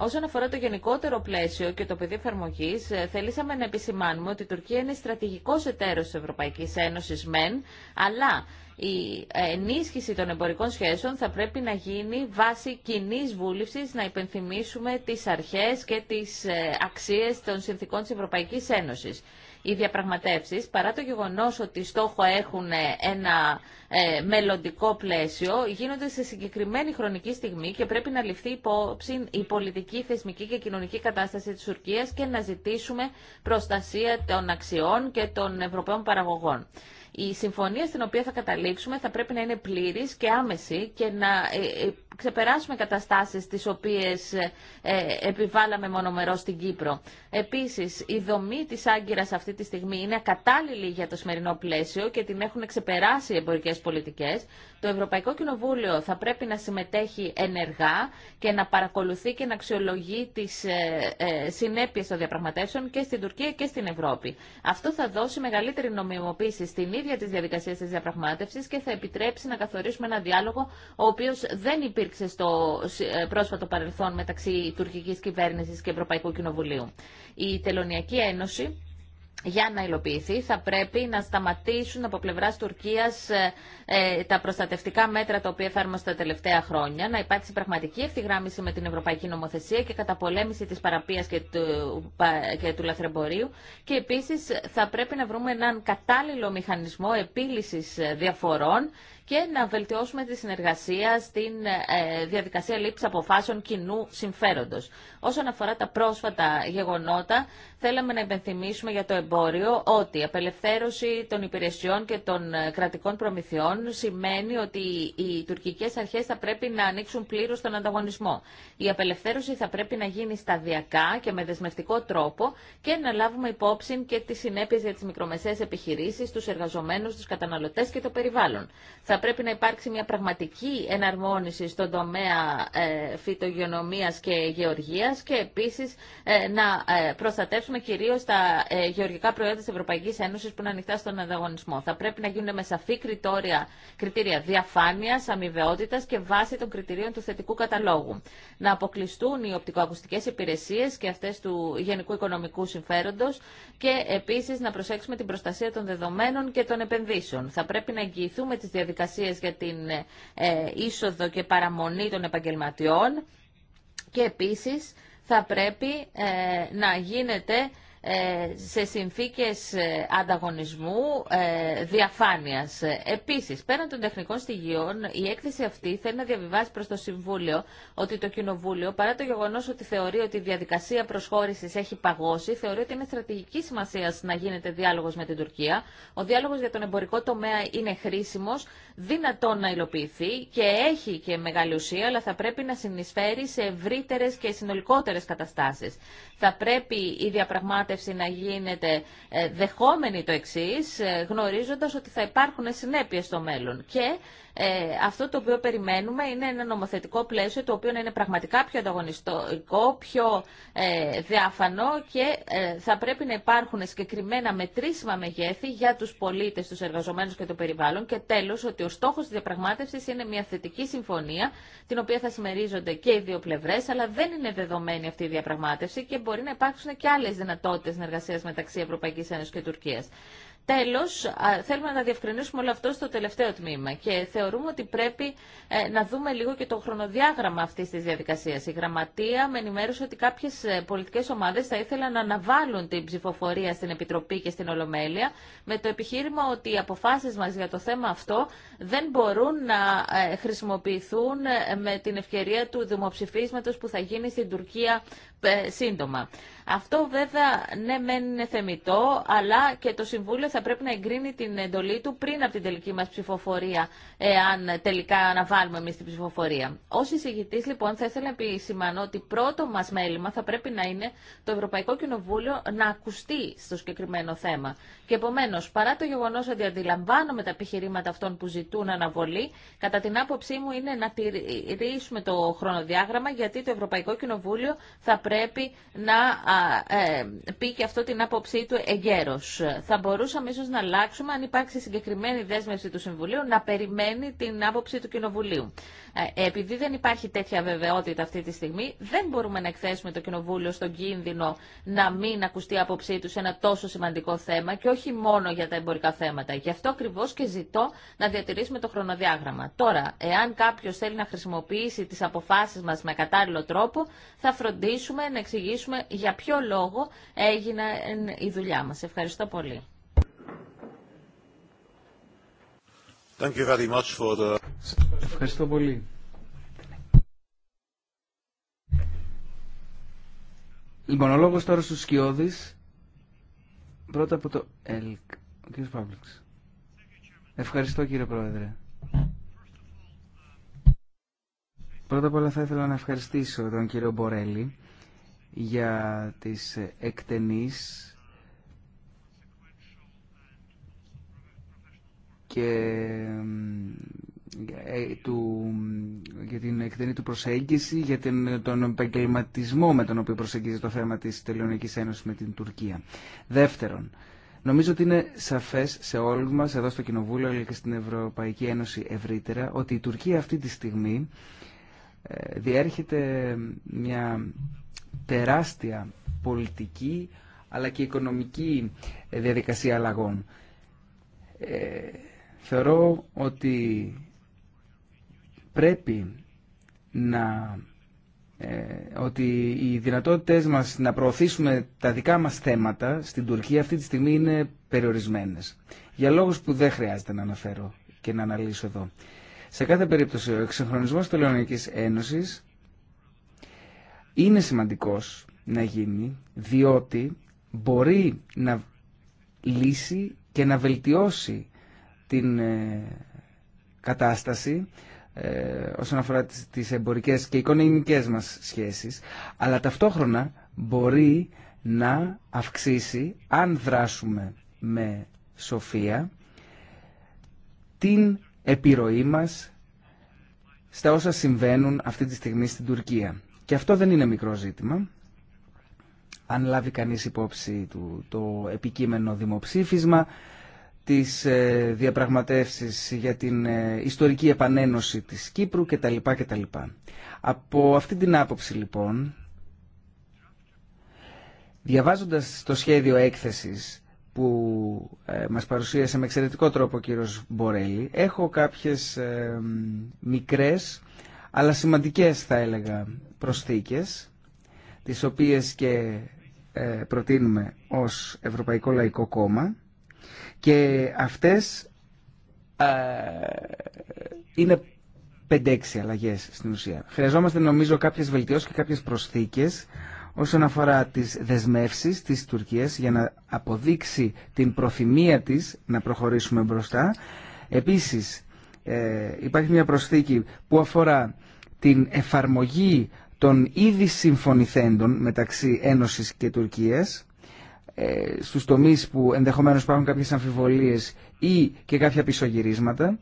Όσον αφορά το γενικότερο πλαίσιο και το πεδίο εφαρμογή, ε, θελήσαμε να επισημάνουμε ότι η Τουρκία είναι στρατηγικό εταίρο τη Ευρωπαϊκή Ένωση, μεν, αλλά η ενίσχυση των εμπορικών σχέσεων θα πρέπει να γίνει βάσει κοινή βούληση να υπενθυμίσουμε τι αρχέ και τι ε, αξίε των συνθήκων τη Ευρωπαϊκή Ένωση οι διαπραγματεύσεις, παρά το γεγονός ότι στόχο έχουν ε, ένα ε, μελλοντικό πλαίσιο, γίνονται σε συγκεκριμένη χρονική στιγμή και πρέπει να ληφθεί υπόψη η πολιτική, θεσμική και κοινωνική κατάσταση της Τουρκίας και να ζητήσουμε προστασία των αξιών και των Ευρωπαίων παραγωγών. Η συμφωνία στην οποία θα καταλήξουμε θα πρέπει να είναι πλήρης και άμεση και να ε, ε, ξεπεράσουμε καταστάσεις τις οποίες ε, ε, επιβάλαμε μονομερό στην Κύπρο. Επίσης, η δομή της Άγκυρας αυτή τη στιγμή είναι ακατάλληλη για το σημερινό πλαίσιο και την έχουν ξεπεράσει οι εμπορικές πολιτικές. Το Ευρωπαϊκό Κοινοβούλιο θα πρέπει να συμμετέχει ενεργά και να παρακολουθεί και να αξιολογεί τις ε, συνέπειες των διαπραγματεύσεων και στην Τουρκία και στην Ευρώπη. Αυτό θα δώσει μεγαλύτερη νομιμοποίηση στην ίδια της διαδικασία της διαπραγμάτευσης και θα επιτρέψει να καθορίσουμε ένα διάλογο ο οποίος δεν υπήρχε υπήρξε στο ε, πρόσφατο παρελθόν μεταξύ τουρκική κυβέρνηση και Ευρωπαϊκού Κοινοβουλίου. Η Τελωνιακή Ένωση για να υλοποιηθεί θα πρέπει να σταματήσουν από πλευρά Τουρκία ε, ε, τα προστατευτικά μέτρα τα οποία εφάρμοσαν τα τελευταία χρόνια, να υπάρξει πραγματική ευθυγράμμιση με την Ευρωπαϊκή Νομοθεσία και καταπολέμηση τη παραπία και, και του λαθρεμπορίου. Και επίση θα πρέπει να βρούμε έναν κατάλληλο μηχανισμό επίλυση διαφορών και να βελτιώσουμε τη συνεργασία στην ε, διαδικασία λήψη αποφάσεων κοινού συμφέροντο. Όσον αφορά τα πρόσφατα γεγονότα, θέλαμε να υπενθυμίσουμε για το εμπόριο ότι η απελευθέρωση των υπηρεσιών και των ε, κρατικών προμηθειών σημαίνει ότι οι τουρκικέ αρχέ θα πρέπει να ανοίξουν πλήρω τον ανταγωνισμό. Η απελευθέρωση θα πρέπει να γίνει σταδιακά και με δεσμευτικό τρόπο και να λάβουμε υπόψη και τι συνέπειε για τι μικρομεσαίε επιχειρήσει, του εργαζομένου, του καταναλωτέ και το περιβάλλον θα πρέπει να υπάρξει μια πραγματική εναρμόνιση στον τομέα ε, φυτογειονομίας και γεωργίας και επίσης ε, να ε, προστατεύσουμε κυρίως τα γεωργικά προϊόντα της Ευρωπαϊκής Ένωσης που είναι ανοιχτά στον ανταγωνισμό. Θα πρέπει να γίνουν με σαφή κριτήρια διαφάνειας, αμοιβαιότητας και βάση των κριτηρίων του θετικού καταλόγου. Να αποκλειστούν οι οπτικοακουστικές υπηρεσίες και αυτές του γενικού οικονομικού συμφέροντος και επίσης να προσέξουμε την προστασία των δεδομένων και των επενδύσεων. Θα πρέπει να εγγυηθούμε τις διαδικασίες για την ε, είσοδο και παραμονή των επαγγελματιών και επίσης θα πρέπει ε, να γίνεται ε, σε συνθήκες ε, ανταγωνισμού ε, διαφάνειας. Επίσης, πέραν των τεχνικών στοιχείων, η έκθεση αυτή θέλει να διαβιβάσει προς το Συμβούλιο ότι το Κοινοβούλιο, παρά το γεγονός ότι θεωρεί ότι η διαδικασία προσχώρησης έχει παγώσει, θεωρεί ότι είναι στρατηγική σημασία να γίνεται διάλογος με την Τουρκία. Ο διάλογος για τον εμπορικό τομέα είναι χρήσιμος, δυνατόν να υλοποιηθεί και έχει και μεγάλη ουσία, αλλά θα πρέπει να συνεισφέρει σε ευρύτερε και συνολικότερε καταστάσεις. Θα πρέπει η διαπραγμάτευση να γίνεται ε, δεχόμενη το εξή, ε, γνωρίζοντας ότι θα υπάρχουν συνέπειες στο μέλλον. Και ε, αυτό το οποίο περιμένουμε είναι ένα νομοθετικό πλαίσιο το οποίο να είναι πραγματικά πιο ανταγωνιστικό, πιο ε, διάφανο και ε, θα πρέπει να υπάρχουν συγκεκριμένα μετρήσιμα μεγέθη για τους πολίτες, τους εργαζομένους και το περιβάλλον και τέλος ότι ο στόχος της διαπραγμάτευσης είναι μια θετική συμφωνία την οποία θα συμμερίζονται και οι δύο πλευρές αλλά δεν είναι δεδομένη αυτή η διαπραγμάτευση και μπορεί να υπάρξουν και άλλες δυνατότητες συνεργασία μεταξύ Ευρωπαϊκή Ένωση και Τουρκίας. Τέλος, θέλουμε να διευκρινίσουμε όλο αυτό στο τελευταίο τμήμα και θεωρούμε ότι πρέπει ε, να δούμε λίγο και το χρονοδιάγραμμα αυτής της διαδικασίας. Η Γραμματεία με ενημέρωσε ότι κάποιες ε, πολιτικές ομάδες θα ήθελαν να αναβάλουν την ψηφοφορία στην Επιτροπή και στην Ολομέλεια με το επιχείρημα ότι οι αποφάσει μα για το θέμα αυτό δεν μπορούν να ε, χρησιμοποιηθούν με την ευκαιρία του δημοψηφίσματο που θα γίνει στην Τουρκία ε, σύντομα. Αυτό βέβαια ναι μεν είναι θεμητό, αλλά και το Συμβούλιο θα πρέπει να εγκρίνει την εντολή του πριν από την τελική μας ψηφοφορία, εάν τελικά αναβάλουμε εμείς την ψηφοφορία. Ως εισηγητής λοιπόν θα ήθελα να επισημανώ ότι πρώτο μας μέλημα θα πρέπει να είναι το Ευρωπαϊκό Κοινοβούλιο να ακουστεί στο συγκεκριμένο θέμα. Και επομένω, παρά το γεγονό ότι αντιλαμβάνομαι τα επιχειρήματα αυτών που ζητούν αναβολή, κατά την άποψή μου είναι να τηρήσουμε το χρονοδιάγραμμα, γιατί το Ευρωπαϊκό Κοινοβούλιο θα πρέπει να ε, πει και αυτό την άποψή του εγκαίρως. Θα μπορούσαμε ίσως να αλλάξουμε αν υπάρξει συγκεκριμένη δέσμευση του Συμβουλίου να περιμένει την άποψη του Κοινοβουλίου. Ε, επειδή δεν υπάρχει τέτοια βεβαιότητα αυτή τη στιγμή, δεν μπορούμε να εκθέσουμε το Κοινοβούλιο στον κίνδυνο να μην ακουστεί άποψή του σε ένα τόσο σημαντικό θέμα και όχι μόνο για τα εμπορικά θέματα. Γι' αυτό ακριβώ και ζητώ να διατηρήσουμε το χρονοδιάγραμμα. Τώρα, εάν κάποιο θέλει να χρησιμοποιήσει τι αποφάσει μα με κατάλληλο τρόπο, θα φροντίσουμε να εξηγήσουμε για ποιο λόγο έγινε η δουλειά μα. Ευχαριστώ πολύ. Ευχαριστώ πολύ. Λοιπόν, ο λόγος τώρα στους Σκιώδης. Πρώτα από το ΕΛΚ. Ο Ευχαριστώ κύριε Πρόεδρε. Πρώτα απ' όλα θα ήθελα να ευχαριστήσω τον κύριο Μπορέλη για τις εκτενείς και ε, του, για την εκτενή του προσέγγιση, για την, τον επαγγελματισμό με τον οποίο προσεγγίζει το θέμα της Τελειονικής Ένωσης με την Τουρκία. Δεύτερον, νομίζω ότι είναι σαφές σε όλους μας, εδώ στο Κοινοβούλιο αλλά και στην Ευρωπαϊκή Ένωση ευρύτερα, ότι η Τουρκία αυτή τη στιγμή ε, διέρχεται μια τεράστια πολιτική αλλά και οικονομική ε, διαδικασία αλλαγών. Θεωρώ ότι πρέπει να ε, ότι οι δυνατότητες μας να προωθήσουμε τα δικά μας θέματα στην Τουρκία αυτή τη στιγμή είναι περιορισμένες. Για λόγους που δεν χρειάζεται να αναφέρω και να αναλύσω εδώ. Σε κάθε περίπτωση ο εξυγχρονισμός της Ελληνικής Ένωσης είναι σημαντικός να γίνει διότι μπορεί να λύσει και να βελτιώσει την ε, κατάσταση ε, όσον αφορά τις εμπορικές και οικονομικές μας σχέσεις, αλλά ταυτόχρονα μπορεί να αυξήσει, αν δράσουμε με σοφία, την επιρροή μας στα όσα συμβαίνουν αυτή τη στιγμή στην Τουρκία. Και αυτό δεν είναι μικρό ζήτημα. Αν λάβει κανείς υπόψη του το επικείμενο δημοψήφισμα, τις ε, διαπραγματεύσεις για την ε, ιστορική επανένωση της Κύπρου κτλ. κτλ. Από αυτή την άποψη λοιπόν, διαβάζοντας το σχέδιο έκθεσης που ε, μας παρουσίασε με εξαιρετικό τρόπο ο κύριος Μπορέλη, έχω κάποιες μικρές αλλά σημαντικές θα έλεγα προσθήκες, τις οποίες και προτείνουμε ως Ευρωπαϊκό Λαϊκό Κόμμα και αυτές είναι 5-6 αλλαγές στην ουσία. Χρειαζόμαστε νομίζω κάποιες βελτιώσεις και κάποιες προσθήκες όσον αφορά τις δεσμεύσεις της Τουρκίας για να αποδείξει την προθυμία της να προχωρήσουμε μπροστά. Επίσης ε, υπάρχει μια προσθήκη που αφορά την εφαρμογή των ήδη συμφωνηθέντων μεταξύ Ένωσης και Τουρκίας ε, στους τομείς που ενδεχομένως υπάρχουν κάποιες αμφιβολίες ή και κάποια πισωγυρίσματα.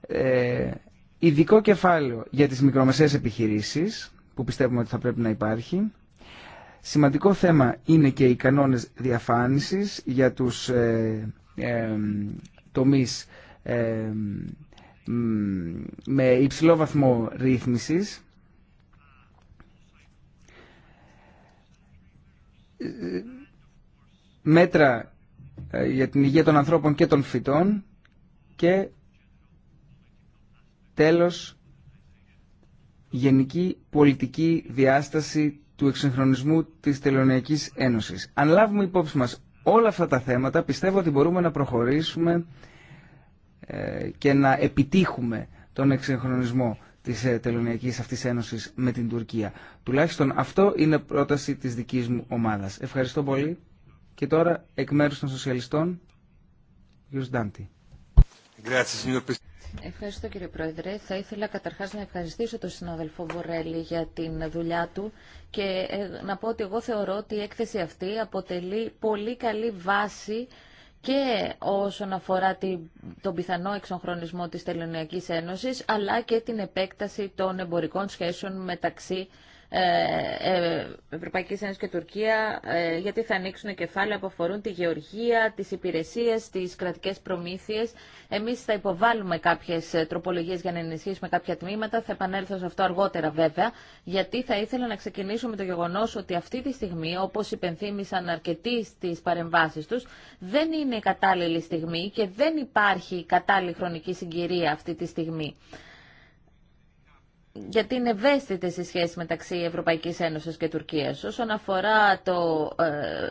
Ε, ειδικό κεφάλαιο για τις μικρομεσαίες επιχειρήσεις που πιστεύουμε ότι θα πρέπει να υπάρχει. Σημαντικό θέμα είναι και οι κανόνες διαφάνισης για τους ε, ε τομείς με υψηλό βαθμό ρύθμισης μέτρα ε, για την υγεία των ανθρώπων και των φυτών και τέλος γενική πολιτική διάσταση του εξυγχρονισμού της Τελωνιακής Ένωσης. Αν λάβουμε υπόψη μας όλα αυτά τα θέματα, πιστεύω ότι μπορούμε να προχωρήσουμε ε, και να επιτύχουμε τον εξυγχρονισμό της ε, Τελωνιακής αυτής Ένωσης με την Τουρκία. Τουλάχιστον αυτό είναι πρόταση της δικής μου ομάδας. Ευχαριστώ πολύ. Και τώρα εκ μέρους των σοσιαλιστών, Γιος Ντάντι. Ευχαριστώ κύριε Πρόεδρε. Θα ήθελα καταρχάς να ευχαριστήσω τον συνάδελφο Βορέλη για την δουλειά του και ε, να πω ότι εγώ θεωρώ ότι η έκθεση αυτή αποτελεί πολύ καλή βάση και όσον αφορά τον πιθανό εξοχρονισμό της Τελωνιακής Ένωσης, αλλά και την επέκταση των εμπορικών σχέσεων μεταξύ ε, ε, Ευρωπαϊκής Ένωσης και Τουρκία, ε, γιατί θα ανοίξουν κεφάλαια που αφορούν τη γεωργία, τις υπηρεσίες, τις κρατικές προμήθειες. Εμείς θα υποβάλουμε κάποιες τροπολογίες για να ενισχύσουμε κάποια τμήματα. Θα επανέλθω σε αυτό αργότερα βέβαια, γιατί θα ήθελα να ξεκινήσω με το γεγονός ότι αυτή τη στιγμή, όπως υπενθύμησαν αρκετοί στις παρεμβάσεις τους, δεν είναι κατάλληλη στιγμή και δεν υπάρχει κατάλληλη χρονική συγκυρία αυτή τη στιγμή γιατί είναι ευαίσθητε οι σχέσει μεταξύ Ευρωπαϊκής Ένωσης και Τουρκίας. Όσον αφορά το ε,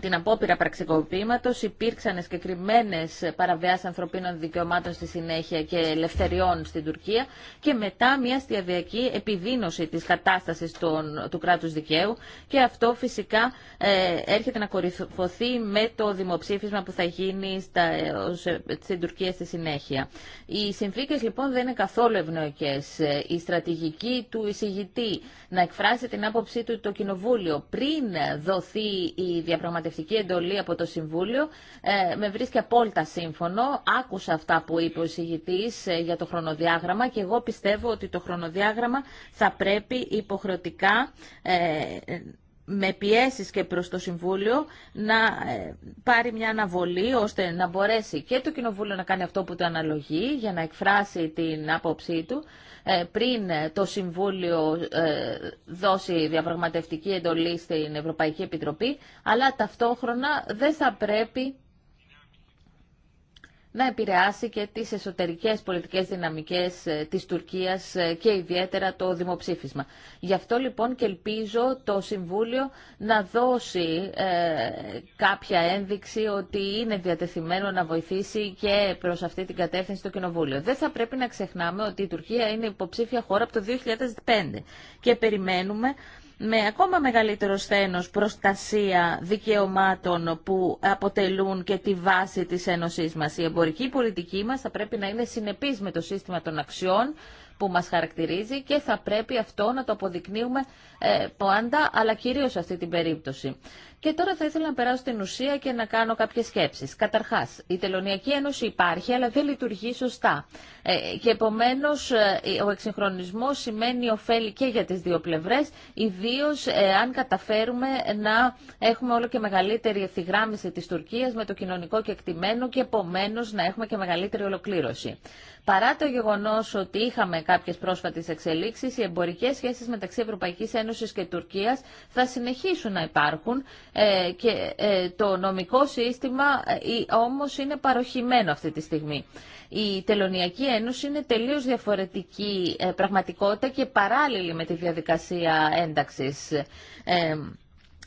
την απόπειρα πραξικοπήματο. υπήρξαν συγκεκριμένε παραβιάσει ανθρωπίνων δικαιωμάτων στη συνέχεια και ελευθεριών στην Τουρκία και μετά μια σταδιακή επιδείνωση της κατάσταση του κράτους δικαίου και αυτό φυσικά ε, έρχεται να κορυφωθεί με το δημοψήφισμα που θα γίνει στα, ως, ε, στην Τουρκία στη συνέχεια. Οι συνθήκε λοιπόν δεν είναι καθόλου ευνοϊκέ. Η στρατηγική του εισηγητή να εκφράσει την άποψή του το Κοινοβούλιο πριν δοθεί η διαπραγματευτική εντολή από το Συμβούλιο. Ε, με βρίσκει απόλυτα σύμφωνο. Άκουσα αυτά που είπε ο Συγητή ε, για το χρονοδιάγραμμα και εγώ πιστεύω ότι το χρονοδιάγραμμα θα πρέπει υποχρεωτικά ε, με πιέσεις και προς το Συμβούλιο να ε, πάρει μια αναβολή ώστε να μπορέσει και το Κοινοβούλιο να κάνει αυτό που το αναλογεί για να εκφράσει την άποψή του ε, πριν το Συμβούλιο ε, δώσει διαπραγματευτική εντολή στην Ευρωπαϊκή Επιτροπή αλλά ταυτόχρονα δεν θα πρέπει να επηρεάσει και τις εσωτερικές πολιτικές δυναμικές ε, της Τουρκίας ε, και ιδιαίτερα το δημοψήφισμα. Γι' αυτό λοιπόν και ελπίζω το Συμβούλιο να δώσει ε, κάποια ένδειξη ότι είναι διατεθειμένο να βοηθήσει και προς αυτή την κατεύθυνση το Κοινοβούλιο. Δεν θα πρέπει να ξεχνάμε ότι η Τουρκία είναι υποψήφια χώρα από το 2005 και περιμένουμε με ακόμα μεγαλύτερο σθένος προστασία δικαιωμάτων που αποτελούν και τη βάση της Ένωσής μας. Η εμπορική πολιτική μας θα πρέπει να είναι συνεπής με το σύστημα των αξιών που μας χαρακτηρίζει και θα πρέπει αυτό να το αποδεικνύουμε ε, πάντα, αλλά κυρίως σε αυτή την περίπτωση. Και τώρα θα ήθελα να περάσω στην ουσία και να κάνω κάποιε σκέψει. Καταρχά, η Τελωνιακή Ένωση υπάρχει, αλλά δεν λειτουργεί σωστά. Ε, και επομένως, ε, ο εξυγχρονισμό σημαίνει ωφέλη και για τι δύο πλευρές, ιδίως ε, αν καταφέρουμε να έχουμε όλο και μεγαλύτερη ευθυγράμμιση τη Τουρκία με το κοινωνικό κεκτημένο και επομένω να έχουμε και μεγαλύτερη ολοκλήρωση. Παρά το γεγονό ότι είχαμε κάποιε πρόσφατε εξελίξει, οι εμπορικέ σχέσει μεταξύ Ευρωπαϊκή Ένωση και Τουρκία θα συνεχίσουν να υπάρχουν ε, και ε, το νομικό σύστημα ε, όμως είναι παροχημένο αυτή τη στιγμή. Η Τελωνιακή Ένωση είναι τελείως διαφορετική πραγματικότητα και παράλληλη με τη διαδικασία ένταξης.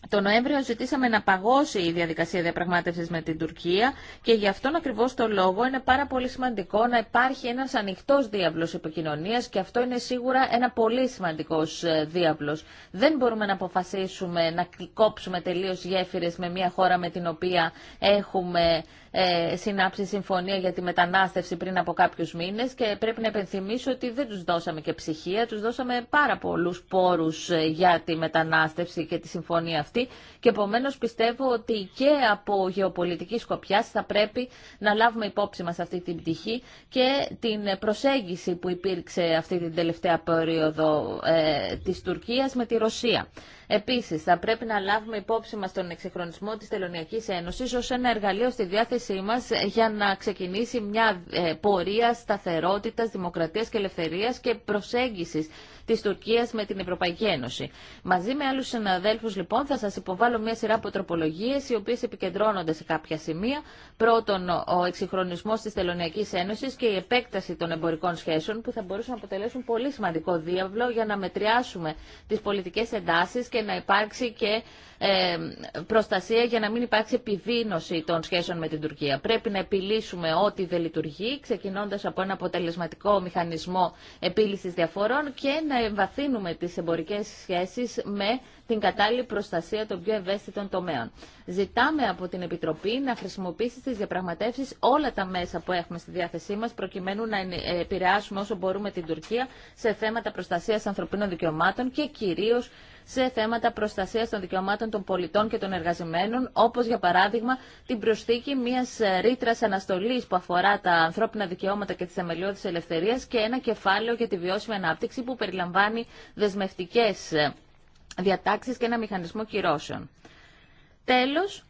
Το Νοέμβριο ζητήσαμε να παγώσει η διαδικασία διαπραγμάτευσης με την Τουρκία και γι' αυτόν ακριβώς το λόγο είναι πάρα πολύ σημαντικό να υπάρχει ένας ανοιχτός διάβλος επικοινωνίας και αυτό είναι σίγουρα ένα πολύ σημαντικός ε, διάβλος. Δεν μπορούμε να αποφασίσουμε να κόψουμε τελείως γέφυρες με μια χώρα με την οποία έχουμε ε, συνάψει συμφωνία για τη μετανάστευση πριν από κάποιου μήνε. και πρέπει να επενθυμίσω ότι δεν τους δώσαμε και ψυχία, του δώσαμε πάρα πολλού πόρου ε, για τη μετανάστευση και τη συμφωνία αυτή και επομένω πιστεύω ότι και από γεωπολιτική σκοπιά θα πρέπει να λάβουμε υπόψη μα αυτή την πτυχή και την προσέγγιση που υπήρξε αυτή την τελευταία περίοδο ε, της Τουρκίας με τη Ρωσία. Επίσης, θα πρέπει να λάβουμε υπόψη μας τον εξυγχρονισμό της Τελωνιακή Ένωση ως ένα εργαλείο στη διάθεσή μας για να ξεκινήσει μια ε, πορεία σταθερότητας, δημοκρατίας και ελευθερίας και προσέγγιση. Τη Τουρκία με την Ευρωπαϊκή Ένωση. Μαζί με άλλους συναδέλφους λοιπόν θα σας υποβάλω μια σειρά από τροπολογίε, οι οποίες επικεντρώνονται σε κάποια σημεία. Πρώτον, ο εξυγχρονισμό της Τελωνιακή Ένωσης και η επέκταση των εμπορικών σχέσεων που θα μπορούσαν να αποτελέσουν πολύ σημαντικό διάβλο για να μετριάσουμε τι πολιτικέ εντάσει και να υπάρξει και ε, προστασία για να μην υπάρξει επιδείνωση των σχέσεων με την Τουρκία. Πρέπει να επιλύσουμε ό,τι δεν λειτουργεί, ξεκινώντα από ένα αποτελεσματικό μηχανισμό επίλυση διαφορών και να εμβαθύνουμε τι εμπορικέ σχέσει με την κατάλληλη προστασία των πιο ευαίσθητων τομέων. Ζητάμε από την Επιτροπή να χρησιμοποιήσει στι διαπραγματεύσει όλα τα μέσα που έχουμε στη διάθεσή μα προκειμένου να επηρεάσουμε όσο μπορούμε την Τουρκία σε θέματα προστασία ανθρωπίνων δικαιωμάτων και κυρίω σε θέματα προστασίας των δικαιωμάτων των πολιτών και των εργαζομένων, όπως για παράδειγμα την προσθήκη μιας ρήτρας αναστολής που αφορά τα ανθρώπινα δικαιώματα και τις θεμελιώδεις ελευθερίες και ένα κεφάλαιο για τη βιώσιμη ανάπτυξη που περιλαμβάνει δεσμευτικέ διατάξεις και ένα μηχανισμό κυρώσεων. Τέλος,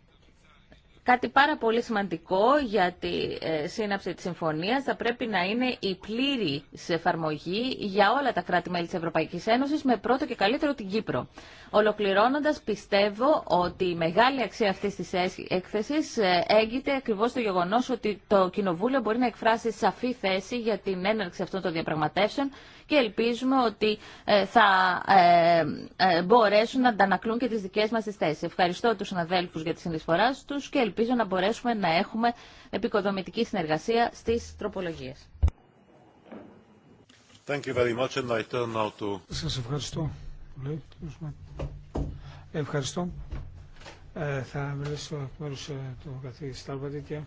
Κάτι πάρα πολύ σημαντικό για τη ε, σύναψη της συμφωνίας θα πρέπει να είναι η πλήρη εφαρμογή για όλα τα κράτη-μέλη της Ευρωπαϊκής Ένωσης με πρώτο και καλύτερο την Κύπρο. Ολοκληρώνοντας πιστεύω ότι η μεγάλη αξία αυτής της έκθεσης ε, έγκυται ακριβώς στο γεγονός ότι το Κοινοβούλιο μπορεί να εκφράσει σαφή θέση για την έναρξη αυτών των διαπραγματεύσεων και ελπίζουμε ότι ε, θα μπορέσουν να αντανακλούν και τις δικές μας τις θέσεις. Ευχαριστώ τους συναδέλφους για τη συνεισφορά τους και ελπίζω να μπορέσουμε να έχουμε επικοδομητική συνεργασία στις τροπολογίες. Thank you very much and I turn now to... Σας ευχαριστώ. Ευχαριστώ. Ε, θα μιλήσω εκ μέρους ε, του καθηγητή Στάρβατη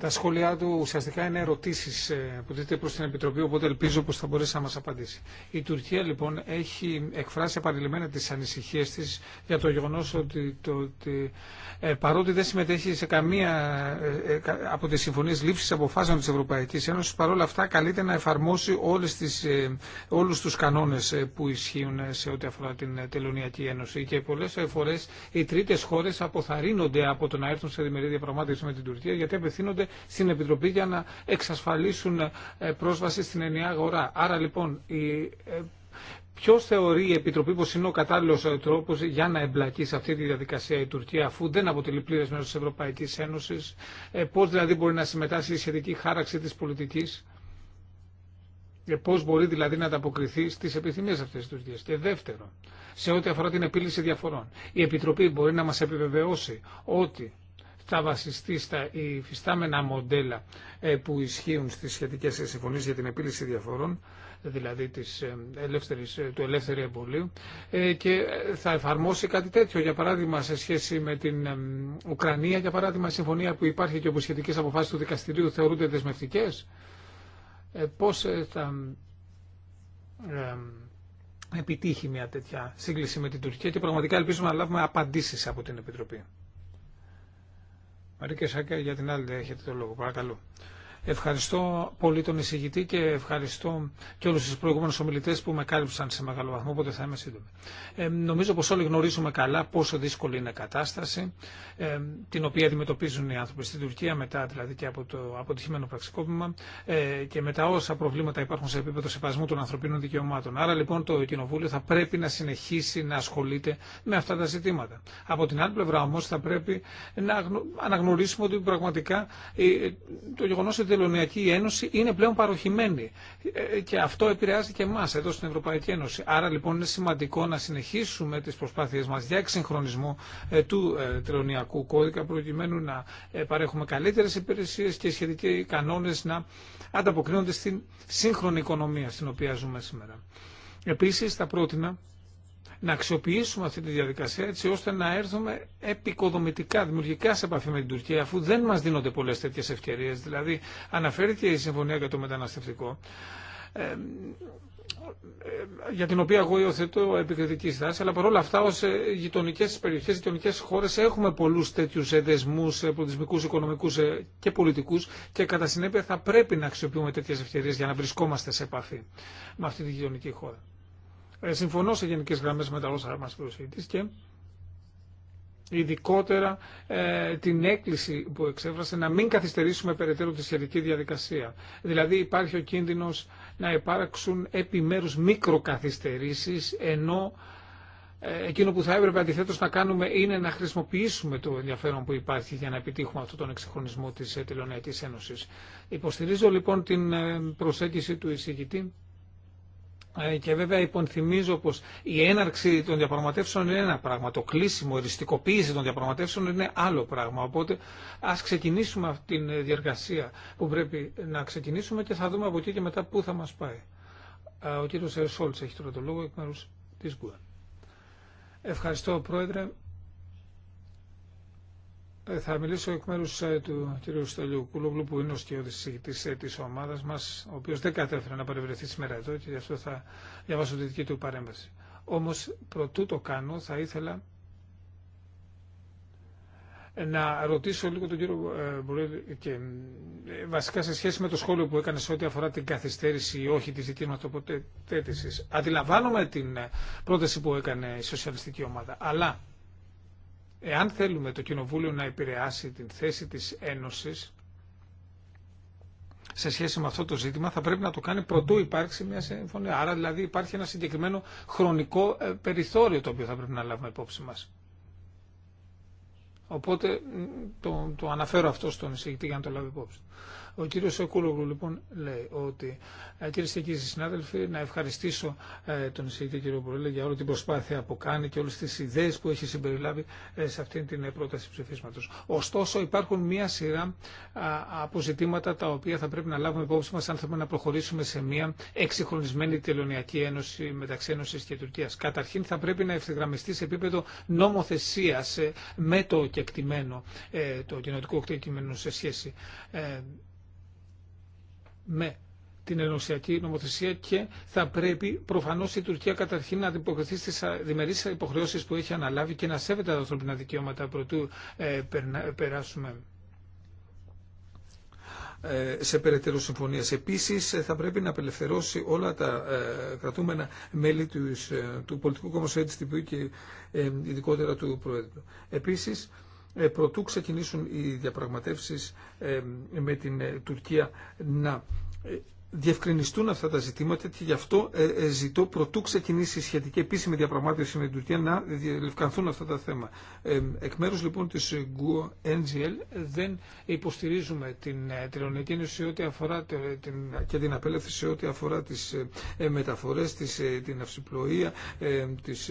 τα σχόλιά του ουσιαστικά είναι ερωτήσει ε, που δείτε προ την Επιτροπή, οπότε ελπίζω πω θα μπορέσει να μα απαντήσει. Η Τουρκία λοιπόν έχει εκφράσει επανειλημμένα τι ανησυχίε τη για το γεγονό ότι, ότι ε, παρότι δεν συμμετέχει σε καμία ε, από τι συμφωνίε λήψη αποφάσεων τη Ευρωπαϊκή Ένωση, παρόλα αυτά καλείται να εφαρμόσει όλου του όλους τους κανόνες που ισχύουν σε ό,τι αφορά την Τελωνιακή Ένωση. Και πολλέ φορέ οι τρίτε χώρε αποθαρρύνονται από το να έρθουν σε διμερή διαπραγμάτευση με την Τουρκία γιατί απευθύνονται στην Επιτροπή για να εξασφαλίσουν ε, πρόσβαση στην ενιαία αγορά. Άρα λοιπόν η ε, Ποιο θεωρεί η Επιτροπή πω είναι ο κατάλληλο ε, τρόπο για να εμπλακεί σε αυτή τη διαδικασία η Τουρκία, αφού δεν αποτελεί πλήρε μέρο τη Ευρωπαϊκή Ένωση, πώ δηλαδή μπορεί να συμμετάσχει η σχετική χάραξη τη πολιτική, πώ μπορεί δηλαδή να ανταποκριθεί στι επιθυμίε αυτή τη Τουρκία. Και δεύτερο, σε ό,τι αφορά την επίλυση διαφορών, η Επιτροπή μπορεί να μα επιβεβαιώσει ότι θα βασιστεί στα υφιστάμενα μοντέλα ε, που ισχύουν στις σχετικές συμφωνίες για την επίλυση διαφορών, δηλαδή της ε, ελεύθερης, ε, του ελεύθερου εμπολίου και θα εφαρμόσει κάτι τέτοιο, για παράδειγμα σε σχέση με την Ουκρανία, για παράδειγμα συμφωνία που υπάρχει και όπου σχετικές αποφάσεις του δικαστηρίου θεωρούνται δεσμευτικές. Πώς θα επιτύχει μια τέτοια σύγκληση με την Τουρκία και πραγματικά ελπίζουμε να λάβουμε απαντήσεις από την Επιτροπή. Μαρή Κεσάκια για την άλλη έχετε το λόγο. Παρακαλώ. Ευχαριστώ πολύ τον εισηγητή και ευχαριστώ και όλους τους προηγούμενους ομιλητές που με κάλυψαν σε μεγάλο βαθμό, οπότε θα είμαι σύντομη. Ε, νομίζω πως όλοι γνωρίζουμε καλά πόσο δύσκολη είναι η κατάσταση, ε, την οποία αντιμετωπίζουν οι άνθρωποι στην Τουρκία μετά δηλαδή και από το αποτυχημένο πραξικόπημα ε, και μετά όσα προβλήματα υπάρχουν σε επίπεδο σεβασμού των ανθρωπίνων δικαιωμάτων. Άρα λοιπόν το Κοινοβούλιο θα πρέπει να συνεχίσει να ασχολείται με αυτά τα ζητήματα. Από την άλλη πλευρά θα πρέπει να αναγνωρίσουμε ότι πραγματικά ε, το γεγονός ότι Τελωνιακή Ένωση είναι πλέον παροχημένη ε, και αυτό επηρεάζει και εμά εδώ στην Ευρωπαϊκή Ένωση. Άρα λοιπόν είναι σημαντικό να συνεχίσουμε τι προσπάθειέ μα για εξυγχρονισμό ε, του ε, Τελωνιακού Κώδικα προκειμένου να παρέχουμε καλύτερε υπηρεσίε και οι σχετικοί κανόνε να ανταποκρίνονται στην σύγχρονη οικονομία στην οποία ζούμε σήμερα. Επίση θα πρότεινα να αξιοποιήσουμε αυτή τη διαδικασία έτσι ώστε να έρθουμε επικοδομητικά, δημιουργικά σε επαφή με την Τουρκία, αφού δεν μα δίνονται πολλέ τέτοιε ευκαιρίε. Δηλαδή, αναφέρθηκε η Συμφωνία για το Μεταναστευτικό, ε, ε, για την οποία εγώ υιοθετώ επικριτική στάση, αλλά παρόλα αυτά ω ε, γειτονικέ περιοχέ, γειτονικέ χώρε έχουμε πολλού τέτοιου δεσμού πολιτισμικού, οικονομικού και πολιτικού και κατά συνέπεια θα πρέπει να αξιοποιούμε τέτοιε ευκαιρίε για να βρισκόμαστε σε επαφή με αυτή τη γειτονική χώρα. Ε, συμφωνώ σε γενικές γραμμές με τα όσα μας προσφύγει και ειδικότερα ε, την έκκληση που εξέφρασε να μην καθυστερήσουμε περαιτέρω τη σχετική διαδικασία. Δηλαδή υπάρχει ο κίνδυνος να υπάρξουν επιμέρους μικροκαθυστερήσεις ενώ ε, Εκείνο που θα έπρεπε αντιθέτω να κάνουμε είναι να χρησιμοποιήσουμε το ενδιαφέρον που υπάρχει για να επιτύχουμε αυτόν τον εξυγχρονισμό τη Τελωνιακή Ένωση. Υποστηρίζω λοιπόν την προσέγγιση του εισηγητή ε, και βέβαια υπονθυμίζω πως η έναρξη των διαπραγματεύσεων είναι ένα πράγμα, το κλείσιμο, η οριστικοποίηση των διαπραγματεύσεων είναι άλλο πράγμα. Οπότε ας ξεκινήσουμε αυτή τη διεργασία που πρέπει να ξεκινήσουμε και θα δούμε από εκεί και μετά πού θα μας πάει. Ε, ο κύριος Ερσόλτς έχει τώρα το λόγο εκ μέρους της ΓΚΟΕ. Ευχαριστώ Πρόεδρε. Ε, θα μιλήσω εκ μέρου ε, του κ. Στέλιου Κούλογλου, που είναι ο σκιώδη ε, της τη ομάδα μα, ο οποίο δεν κατέφερε να παρευρεθεί σήμερα εδώ και γι' αυτό θα διαβάσω τη δική του παρέμβαση. Όμω, προτού το κάνω, θα ήθελα να ρωτήσω λίγο τον κύριο Μπορέλ και βασικά σε σχέση με το σχόλιο που έκανε σε ό,τι αφορά την καθυστέρηση ή όχι τη δική μα τοποθέτηση. Αντιλαμβάνομαι την πρόταση που έκανε η σοσιαλιστική ομάδα, αλλά Εάν θέλουμε το Κοινοβούλιο να επηρεάσει την θέση της Ένωσης σε σχέση με αυτό το ζήτημα θα πρέπει να το κάνει πρωτού υπάρξει μια συμφωνία. Άρα δηλαδή υπάρχει ένα συγκεκριμένο χρονικό ε, περιθώριο το οποίο θα πρέπει να λάβουμε υπόψη μας. Οπότε το, το αναφέρω αυτό στον εισηγητή για να το λάβει υπόψη. Ο κύριο Σεκούλογλου λοιπόν λέει ότι κυρίε και κύριοι συνάδελφοι, να ευχαριστήσω ε, τον εισηγητή κύριο Μπορέλη για όλη την προσπάθεια που κάνει και όλε τι ιδέε που έχει συμπεριλάβει ε, σε αυτή την ε, πρόταση ψηφίσματο. Ωστόσο, υπάρχουν μία σειρά αποζητήματα τα οποία θα πρέπει να λάβουμε υπόψη μα αν θέλουμε να προχωρήσουμε σε μία εξυγχρονισμένη τελωνιακή ένωση μεταξύ Ένωση και Τουρκία. Καταρχήν, θα πρέπει να ευθυγραμμιστεί σε επίπεδο νομοθεσία με το κεκτημένο, το κοινοτικό κεκτημένο σε σχέση με την ενωσιακή νομοθεσία και θα πρέπει προφανώς η Τουρκία καταρχήν να αντιποκριθεί στις διμερείς υποχρεώσεις που έχει αναλάβει και να σέβεται τα ανθρώπινα δικαιώματα προτού ε, περάσουμε ε, σε περαιτέρω συμφωνίες. Επίσης ε, θα πρέπει να απελευθερώσει όλα τα κρατούμενα μέλη του, ε, του πολιτικού κόμματος της και ειδικότερα του Πρόεδρου. Επίσης ε, προτού ξεκινήσουν οι διαπραγματεύσεις ε, με την ε, Τουρκία να διευκρινιστούν αυτά τα ζητήματα και γι' αυτό ε, ε, ζητώ πρωτού ξεκινήσει η σχετική επίσημη διαπραγμάτευση με την Τουρκία να διευκανθούν αυτά τα θέματα. Ε, εκ μέρου λοιπόν τη NGO NGL δεν υποστηρίζουμε την Τελωνική Ένωση ό,τι αφορά την, και την απέλευση ό,τι αφορά τις μεταφορέ, την αυσιπλοεία, τις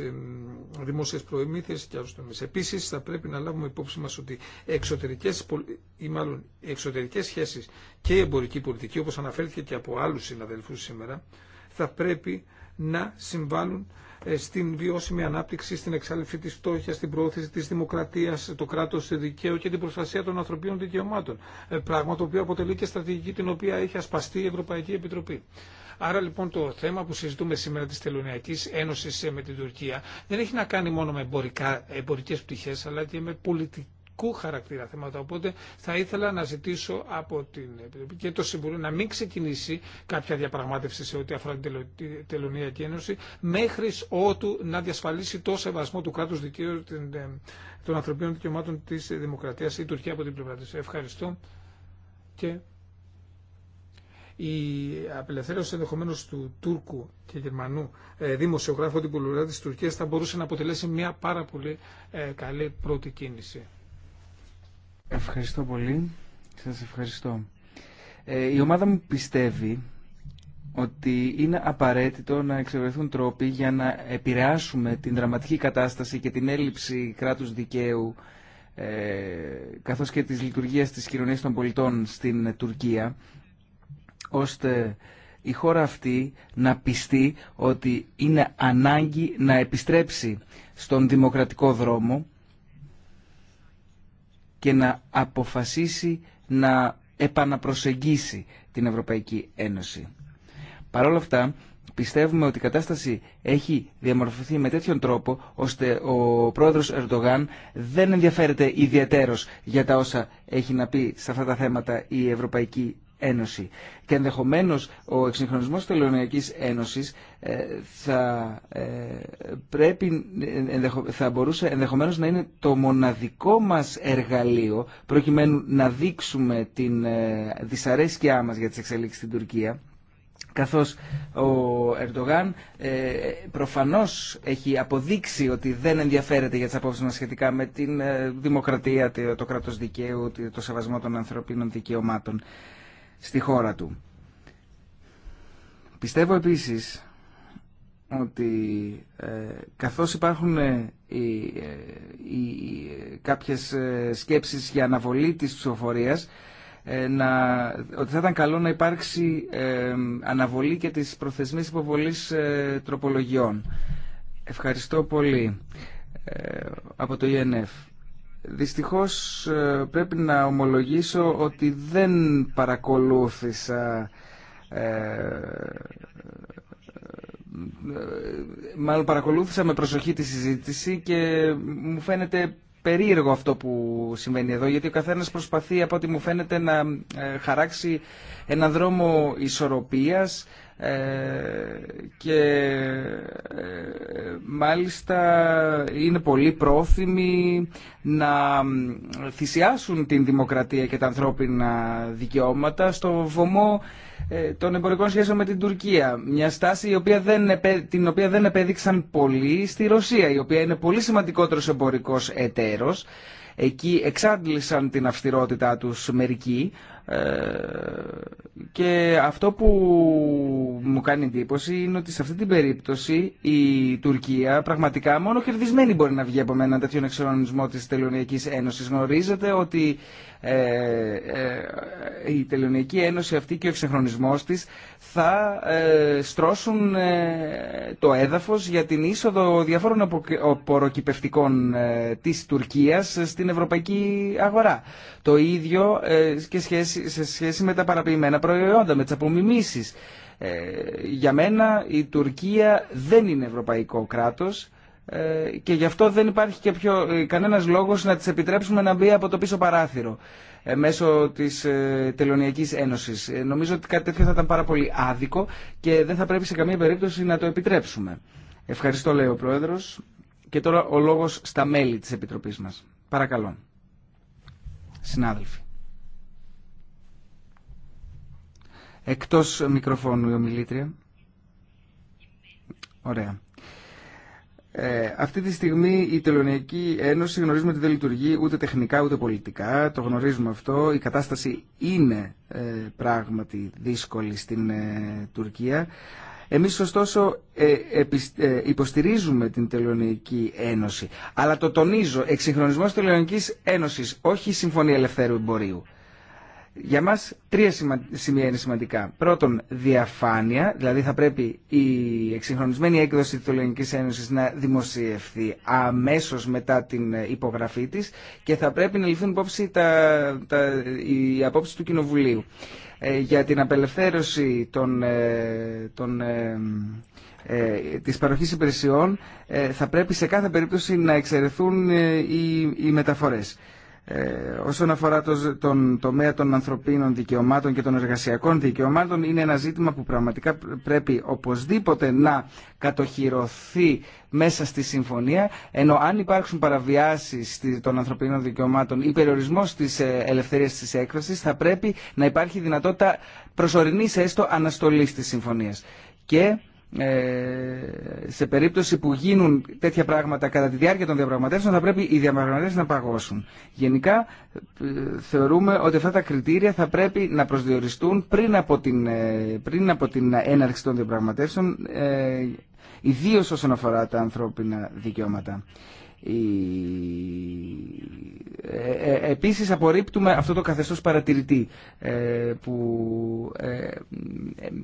δημόσιε προημήθειε και άλλου τομεί. Επίση, θα πρέπει να λάβουμε υπόψη μα ότι εξωτερικές, ή μάλλον, εξωτερικέ σχέσει και η εμπορική πολιτική όπω αναφέρθηκε και από από άλλους συναδελφούς σήμερα, θα πρέπει να συμβάλλουν ε, στην βιώσιμη ανάπτυξη, στην εξάλληψη της φτώχειας, στην προώθηση της δημοκρατίας, το κράτος δικαίου και την προστασία των ανθρωπίνων δικαιωμάτων. Ε, πράγμα το οποίο αποτελεί και στρατηγική την οποία έχει ασπαστεί η Ευρωπαϊκή Επιτροπή. Άρα λοιπόν το θέμα που συζητούμε σήμερα της Τελωνιακής Ένωσης ε, με την Τουρκία δεν έχει να κάνει μόνο με εμπορικές πτυχές αλλά και με πολιτικές τεχνικού χαρακτήρα θέματα. Οπότε θα ήθελα να ζητήσω από την Επιτροπή και το Συμβουλίο να μην ξεκινήσει κάποια διαπραγμάτευση σε ό,τι αφορά την και Ένωση μέχρι ότου να διασφαλίσει το σεβασμό του κράτου δικαίου ε, των ανθρωπίνων δικαιωμάτων τη Δημοκρατία ή Τουρκία από την πλευρά τη. Ευχαριστώ και η απελευθέρωση ενδεχομένω του Τούρκου και Γερμανού ε, δημοσιογράφου την πλευρά τη Τουρκία θα μπορούσε να αποτελέσει μια πάρα πολύ ε, καλή πρώτη κίνηση. Ευχαριστώ πολύ. Σας ευχαριστώ. Ε, η ομάδα μου πιστεύει ότι είναι απαραίτητο να εξευρεθούν τρόποι για να επηρεάσουμε την δραματική κατάσταση και την έλλειψη κράτους δικαίου ε, καθώς και της λειτουργίας της κοινωνίας των πολιτών στην Τουρκία ώστε η χώρα αυτή να πιστεί ότι είναι ανάγκη να επιστρέψει στον δημοκρατικό δρόμο και να αποφασίσει να επαναπροσεγγίσει την Ευρωπαϊκή Ένωση. Παρ' όλα αυτά, πιστεύουμε ότι η κατάσταση έχει διαμορφωθεί με τέτοιον τρόπο, ώστε ο πρόεδρος Ερντογάν δεν ενδιαφέρεται ιδιαίτερος για τα όσα έχει να πει σε αυτά τα θέματα η Ευρωπαϊκή Ένωση. Και ενδεχομένω, ο εξυγχρονισμός Ένωση Ένωσης ε, θα, ε, πρέπει, ε, θα μπορούσε ενδεχομένως να είναι το μοναδικό μας εργαλείο προκειμένου να δείξουμε την δυσαρέσκειά μας για τι εξελίξεις στην Τουρκία καθώς ο Ερντογάν προφανώς έχει αποδείξει ότι δεν ενδιαφέρεται για τις απόψεις μας σχετικά με την δημοκρατία, το κράτος δικαίου, το σεβασμό των ανθρωπίνων δικαιωμάτων στη χώρα του. Πιστεύω επίσης ότι ε, καθώς υπάρχουν ε, ε, ε, κάποιες ε, σκέψεις για αναβολή της ψηφοφορίας, ε, να, ότι θα ήταν καλό να υπάρξει αναβολή και της προθεσμής υποβολής τροπολογιών. Ευχαριστώ πολύ από το ΙΕΝΕΦ. E Δυστυχώς ε, πρέπει να ομολογήσω ότι δεν παρακολούθησα ε, ε, μάλλον παρακολούθησα με προσοχή τη συζήτηση και μου φαίνεται περίεργο αυτό που συμβαίνει εδώ γιατί ο καθένας προσπαθεί από ό,τι μου φαίνεται να χαράξει ένα δρόμο ισορροπίας ε, και ε, μάλιστα είναι πολύ πρόθυμοι να θυσιάσουν την δημοκρατία και τα ανθρώπινα δικαιώματα στο βωμό ε, των εμπορικών σχέσεων με την Τουρκία. Μια στάση η οποία δεν, την οποία δεν επέδειξαν πολύ στη Ρωσία, η οποία είναι πολύ σημαντικότερος εμπορικός εταίρος. Εκεί εξάντλησαν την αυστηρότητά τους μερικοί, ε, και αυτό που μου κάνει εντύπωση είναι ότι σε αυτή την περίπτωση η Τουρκία πραγματικά μόνο κερδισμένη μπορεί να βγει από έναν τέτοιον εξορονισμό της Τελωνιακή Ένωσης. Γνωρίζετε ότι ε, ε, η Τελωνιακή Ένωση αυτή και ο εξεχρονισμός της θα ε, στρώσουν το έδαφος για την είσοδο διαφόρων απορροκυπευτικών της Τουρκίας στην ευρωπαϊκή αγορά. Το ίδιο και σχέση σε σχέση με τα παραποιημένα προϊόντα, με τι απομιμήσει. Ε, για μένα η Τουρκία δεν είναι ευρωπαϊκό κράτος ε, και γι' αυτό δεν υπάρχει και πιο, ε, κανένας λόγος να τις επιτρέψουμε να μπει από το πίσω παράθυρο ε, μέσω της ε, Τελωνιακής Ένωσης. Νομίζω ότι κάτι τέτοιο θα ήταν πάρα πολύ άδικο και δεν θα πρέπει σε καμία περίπτωση να το επιτρέψουμε. Ευχαριστώ λέει ο Πρόεδρος και τώρα ο λόγος στα μέλη της Επιτροπής μας. Παρακαλώ. Συνάδελφοι. Εκτός μικροφώνου η ομιλήτρια. Ωραία. Ε, αυτή τη στιγμή η Τελωνιακή Ένωση γνωρίζουμε ότι δεν λειτουργεί ούτε τεχνικά ούτε πολιτικά. Το γνωρίζουμε αυτό. Η κατάσταση είναι ε, πράγματι δύσκολη στην ε, Τουρκία. Εμείς ωστόσο ε, ε, υποστηρίζουμε την Τελωνιακή Ένωση. Αλλά το τονίζω, εξυγχρονισμός της Τελωνιακής Ένωσης, όχι η Συμφωνία Ελευθέρου Εμπορίου. Για μας τρία σημεία είναι σημαντικά. Πρώτον, διαφάνεια, δηλαδή θα πρέπει η εξυγχρονισμένη έκδοση τη Ελληνική Ένωση να δημοσιευθεί αμέσως μετά την ε, υπογραφή της και θα πρέπει να ληφθούν υπόψη τα, οι απόψεις του Κοινοβουλίου. Ε, για την απελευθέρωση των, ε, ε της παροχής υπηρεσιών θα πρέπει σε κάθε περίπτωση να εξαιρεθούν οι, οι μεταφορές. Ε, όσον αφορά το, τον τομέα των ανθρωπίνων δικαιωμάτων και των εργασιακών δικαιωμάτων είναι ένα ζήτημα που πραγματικά πρέπει οπωσδήποτε να κατοχυρωθεί μέσα στη συμφωνία ενώ αν υπάρξουν παραβιάσεις των ανθρωπίνων δικαιωμάτων ή περιορισμός της ε, ελευθερίας της έκφρασης θα πρέπει να υπάρχει δυνατότητα προσωρινής έστω αναστολής της συμφωνίας. Και ε, σε περίπτωση που γίνουν τέτοια πράγματα κατά τη διάρκεια των διαπραγματεύσεων θα πρέπει οι διαπραγματεύσεις να παγώσουν. Γενικά ε, θεωρούμε ότι αυτά τα κριτήρια θα πρέπει να προσδιοριστούν πριν από την, ε, πριν από την έναρξη των διαπραγματεύσεων ιδίω όσον αφορά τα ανθρώπινα δικαιώματα. Ε, ε, επίσης απορρίπτουμε αυτό το καθεστώς παρατηρητή ε, που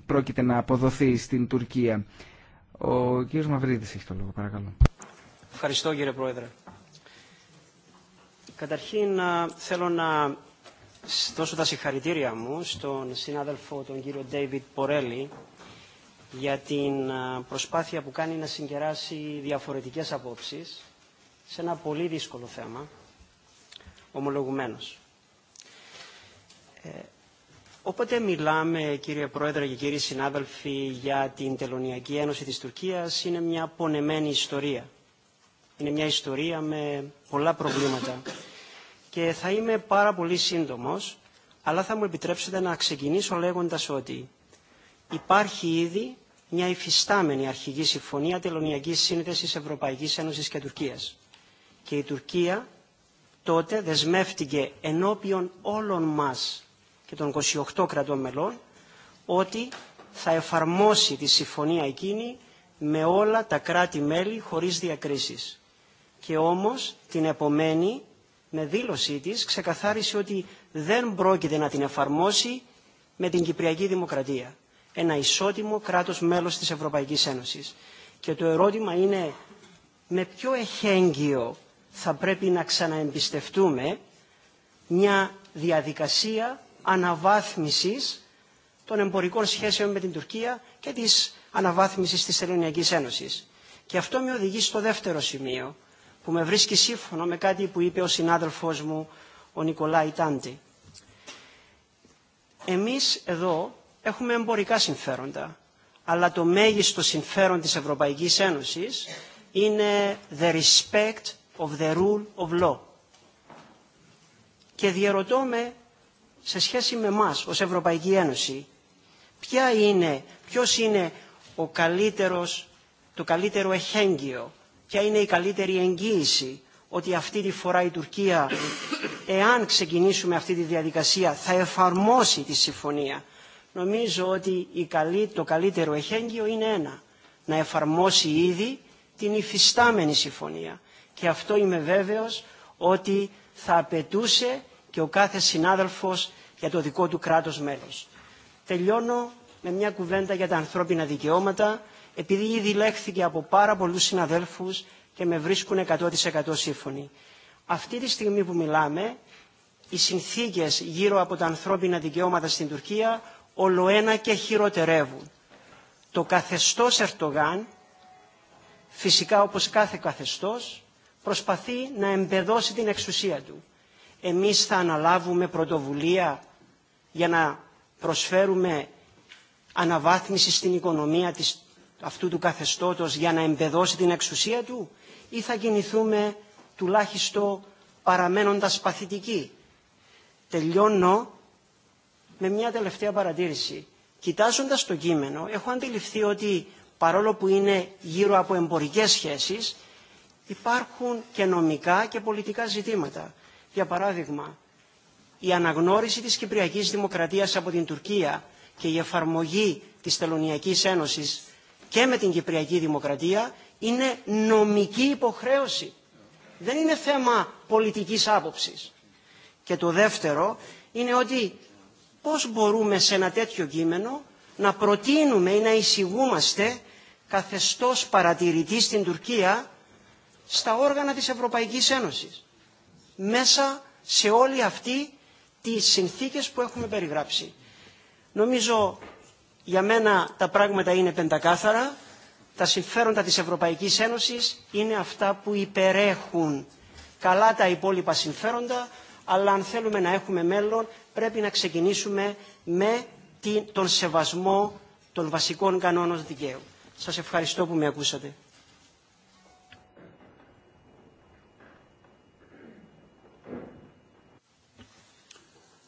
πρόκειται να αποδοθεί στην Τουρκία. Ο κύριος Μαυρίδης έχει το λόγο, παρακαλώ. Ευχαριστώ κύριε Πρόεδρε. Καταρχήν θέλω να δώσω τα συγχαρητήρια μου στον συνάδελφο τον κύριο Ντέιβιτ Πορέλη για την προσπάθεια που κάνει να συγκεράσει διαφορετικές απόψεις σε ένα πολύ δύσκολο θέμα, ομολογουμένως. Ε, όποτε μιλάμε, κύριε Πρόεδρε και κύριοι συνάδελφοι, για την Τελωνιακή Ένωση της Τουρκίας, είναι μια πονεμένη ιστορία. Είναι μια ιστορία με πολλά προβλήματα. Και θα είμαι πάρα πολύ σύντομος, αλλά θα μου επιτρέψετε να ξεκινήσω λέγοντας ότι υπάρχει ήδη μια υφιστάμενη αρχική συμφωνία τελωνιακής σύνδεσης Ευρωπαϊκής Ένωσης και Τουρκίας και η Τουρκία τότε δεσμεύτηκε ενώπιον όλων μας και των 28 κρατών μελών ότι θα εφαρμόσει τη συμφωνία εκείνη με όλα τα κράτη-μέλη χωρίς διακρίσεις. Και όμως την επομένη με δήλωσή της ξεκαθάρισε ότι δεν πρόκειται να την εφαρμόσει με την Κυπριακή Δημοκρατία. Ένα ισότιμο κράτος μέλος της Ευρωπαϊκής Ένωσης. Και το ερώτημα είναι με ποιο εχέγγυο θα πρέπει να ξαναεμπιστευτούμε μια διαδικασία αναβάθμισης των εμπορικών σχέσεων με την Τουρκία και της αναβάθμισης της Ελληνική Ένωσης. Και αυτό με οδηγεί στο δεύτερο σημείο, που με βρίσκει σύμφωνο με κάτι που είπε ο συνάδελφός μου, ο Νικολάη Τάντι. Εμείς εδώ έχουμε εμπορικά συμφέροντα, αλλά το μέγιστο συμφέρον της Ευρωπαϊκής Ένωσης είναι the respect of the rule of law. Και διαρωτώ με, σε σχέση με μας ως Ευρωπαϊκή Ένωση, ποια είναι, ποιος είναι ο καλύτερος, το καλύτερο εχέγγυο, ποια είναι η καλύτερη εγγύηση ότι αυτή τη φορά η Τουρκία, εάν ξεκινήσουμε αυτή τη διαδικασία, θα εφαρμόσει τη συμφωνία. Νομίζω ότι η το καλύτερο εχέγγυο είναι ένα, να εφαρμόσει ήδη την υφιστάμενη συμφωνία και αυτό είμαι βέβαιος ότι θα απαιτούσε και ο κάθε συνάδελφος για το δικό του κράτος μέλος. Τελειώνω με μια κουβέντα για τα ανθρώπινα δικαιώματα, επειδή ήδη λέχθηκε από πάρα πολλούς συναδέλφους και με βρίσκουν 100% σύμφωνοι. Αυτή τη στιγμή που μιλάμε, οι συνθήκες γύρω από τα ανθρώπινα δικαιώματα στην Τουρκία ολοένα και χειροτερεύουν. Το καθεστώς Ερτογάν, φυσικά όπως κάθε καθεστώς, προσπαθεί να εμπεδώσει την εξουσία του. Εμείς θα αναλάβουμε πρωτοβουλία για να προσφέρουμε αναβάθμιση στην οικονομία της, αυτού του καθεστώτος για να εμπεδώσει την εξουσία του ή θα κινηθούμε τουλάχιστον παραμένοντας παθητικοί. Τελειώνω με μια τελευταία παρατήρηση. Κοιτάζοντας το κείμενο, έχω αντιληφθεί ότι παρόλο που είναι γύρω από εμπορικές σχέσεις, υπάρχουν και νομικά και πολιτικά ζητήματα. Για παράδειγμα, η αναγνώριση της Κυπριακής Δημοκρατίας από την Τουρκία και η εφαρμογή της Τελωνιακής Ένωσης και με την Κυπριακή Δημοκρατία είναι νομική υποχρέωση. Δεν είναι θέμα πολιτικής άποψης. Και το δεύτερο είναι ότι πώς μπορούμε σε ένα τέτοιο κείμενο να προτείνουμε ή να εισηγούμαστε καθεστώς παρατηρητή στην Τουρκία στα όργανα της Ευρωπαϊκής Ένωσης. Μέσα σε όλη αυτή τις συνθήκες που έχουμε περιγράψει. Νομίζω για μένα τα πράγματα είναι πεντακάθαρα. Τα συμφέροντα της Ευρωπαϊκής Ένωσης είναι αυτά που υπερέχουν καλά τα υπόλοιπα συμφέροντα, αλλά αν θέλουμε να έχουμε μέλλον πρέπει να ξεκινήσουμε με τον σεβασμό των βασικών κανόνων δικαίου. Σας ευχαριστώ που με ακούσατε.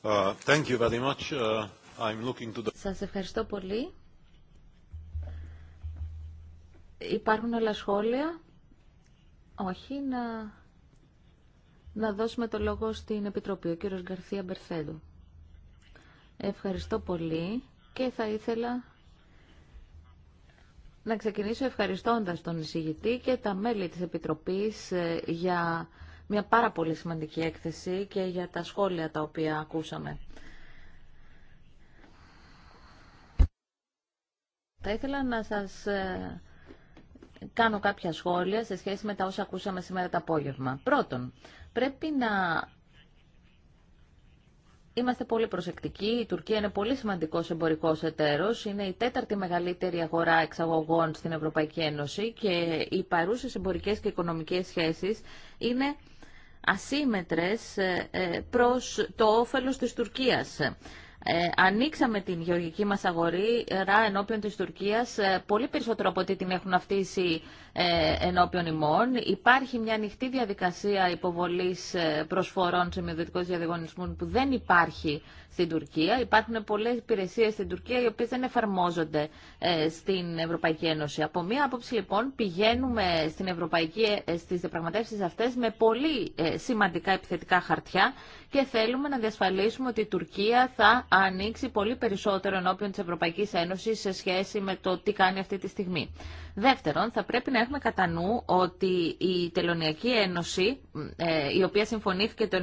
Uh, thank uh, Σας ευχαριστώ πολύ. Υπάρχουν άλλα σχόλια. Όχι, να, να δώσουμε το λόγο στην Επιτροπή. Ο κύριος Γκαρθία Μπερθέντου. Ευχαριστώ πολύ και θα ήθελα να ξεκινήσω ευχαριστώντας τον εισηγητή και τα μέλη της Επιτροπής ε, για μια πάρα πολύ σημαντική έκθεση και για τα σχόλια τα οποία ακούσαμε. Θα ήθελα να σας ε, κάνω κάποια σχόλια σε σχέση με τα όσα ακούσαμε σήμερα το απόγευμα. Πρώτον, πρέπει να Είμαστε πολύ προσεκτικοί. Η Τουρκία είναι πολύ σημαντικό εμπορικό εταίρο. Είναι η τέταρτη μεγαλύτερη αγορά εξαγωγών στην Ευρωπαϊκή Ένωση και οι παρούσε εμπορικέ και οικονομικέ σχέσει είναι ασύμετρες ε, ε, προς το όφελος της Τουρκίας. Ε, ανοίξαμε την γεωργική μας ε, ρά ενώπιον της Τουρκίας ε, πολύ περισσότερο από ό,τι την έχουν αυτήσει ε, ενώπιον ημών. Υπάρχει μια ανοιχτή διαδικασία υποβολής ε, προσφορών σε μειοδοτικούς διαδικονισμού που δεν υπάρχει στην Τουρκία. Υπάρχουν πολλές υπηρεσίες στην Τουρκία οι οποίες δεν εφαρμόζονται στην Ευρωπαϊκή Ένωση. Από μία άποψη λοιπόν πηγαίνουμε στην Ευρωπαϊκή, στις διαπραγματεύσεις αυτές με πολύ σημαντικά επιθετικά χαρτιά και θέλουμε να διασφαλίσουμε ότι η Τουρκία θα ανοίξει πολύ περισσότερο ενώπιον της Ευρωπαϊκής Ένωσης σε σχέση με το τι κάνει αυτή τη στιγμή. Δεύτερον, θα πρέπει να έχουμε κατά νου ότι η Τελωνιακή Ένωση, ε, η οποία συμφωνήθηκε το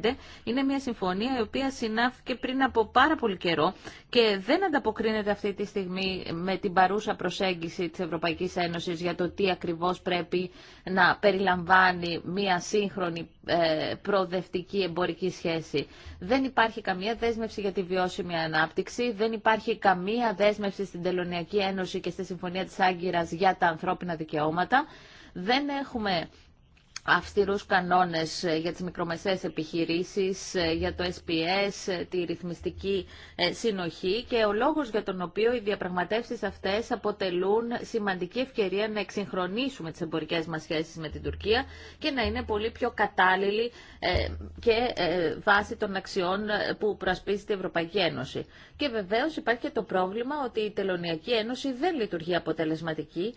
1995, είναι μια συμφωνία η οποία συνάφηκε πριν από πάρα πολύ καιρό και δεν ανταποκρίνεται αυτή τη στιγμή με την παρούσα προσέγγιση της Ευρωπαϊκής Ένωσης για το τι ακριβώς πρέπει να περιλαμβάνει μια σύγχρονη ε, προοδευτική εμπορική σχέση. Δεν υπάρχει καμία δέσμευση για τη βιώσιμη ανάπτυξη, δεν υπάρχει καμία δέσμευση στην Τελωνιακή Ένωση και στη Συμφωνία της Άγκυρας για τα ανθρώπινα δικαιώματα. Δεν έχουμε αυστηρούς κανόνες ε, για τις μικρομεσαίες επιχειρήσεις, ε, για το SPS, ε, τη ρυθμιστική συνοχή και ο λόγος για τον οποίο οι διαπραγματεύσεις αυτές αποτελούν σημαντική ευκαιρία να εξυγχρονίσουμε τις εμπορικές μας σχέσεις με την Τουρκία και να είναι πολύ πιο κατάλληλη και βάσει των αξιών που προασπίζει η Ευρωπαϊκή Ένωση. Και βεβαίως υπάρχει και το πρόβλημα ότι η Τελωνιακή Ένωση δεν λειτουργεί αποτελεσματική,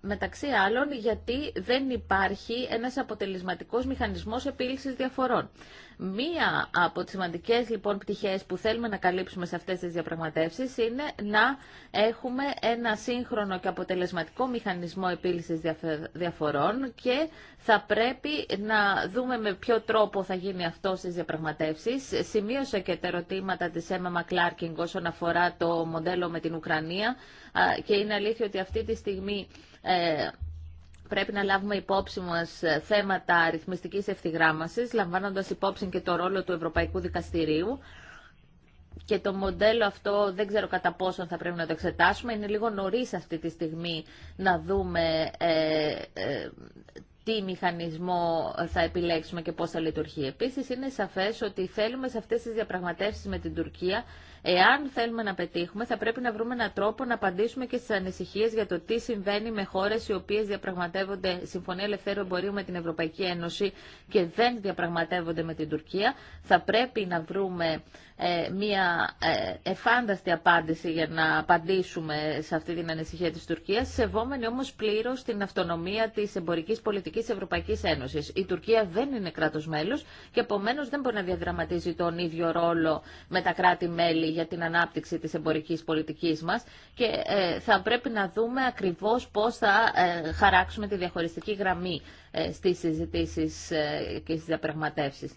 μεταξύ άλλων γιατί δεν υπάρχει ένα ένας αποτελεσματικός μηχανισμός επίλυσης διαφορών. Μία από τις σημαντικές λοιπόν πτυχές που θέλουμε να καλύψουμε σε αυτές τις διαπραγματεύσεις είναι να έχουμε ένα σύγχρονο και αποτελεσματικό μηχανισμό επίλυσης διαφορών και θα πρέπει να δούμε με ποιο τρόπο θα γίνει αυτό στι διαπραγματεύσει. Σημείωσε και τα ερωτήματα τη Emma Clarking όσον αφορά το μοντέλο με την Ουκρανία και είναι αλήθεια ότι αυτή τη στιγμή ε, πρέπει να λάβουμε υπόψη μα ε, θέματα αριθμιστικής ευθυγράμμαση, λαμβάνοντας υπόψη και το ρόλο του Ευρωπαϊκού Δικαστηρίου. Και το μοντέλο αυτό δεν ξέρω κατά πόσο θα πρέπει να το εξετάσουμε. Είναι λίγο νωρί αυτή τη στιγμή να δούμε ε, ε, τι μηχανισμό θα επιλέξουμε και πώς θα λειτουργεί. Επίσης είναι σαφές ότι θέλουμε σε αυτές τις διαπραγματεύσεις με την Τουρκία Εάν θέλουμε να πετύχουμε, θα πρέπει να βρούμε έναν τρόπο να απαντήσουμε και στι ανησυχίε για το τι συμβαίνει με χώρε οι οποίε διαπραγματεύονται Συμφωνία Ελευθέρου Εμπορίου με την Ευρωπαϊκή Ένωση και δεν διαπραγματεύονται με την Τουρκία. Θα πρέπει να βρούμε ε, μια ε, εφάνταστη απάντηση για να απαντήσουμε σε αυτή την ανησυχία της Τουρκίας, σεβόμενη όμως πλήρως την αυτονομία της εμπορικής πολιτικής Ευρωπαϊκής Ένωσης. Η Τουρκία δεν είναι κράτος μέλος και επομένω δεν μπορεί να διαδραματίζει τον ίδιο ρόλο με τα κράτη-μέλη για την ανάπτυξη της εμπορικής πολιτικής μας και ε, θα πρέπει να δούμε ακριβώς πώς θα χαράξουμε τη διαχωριστική γραμμή στις συζητήσεις και στις διαπραγματεύσεις.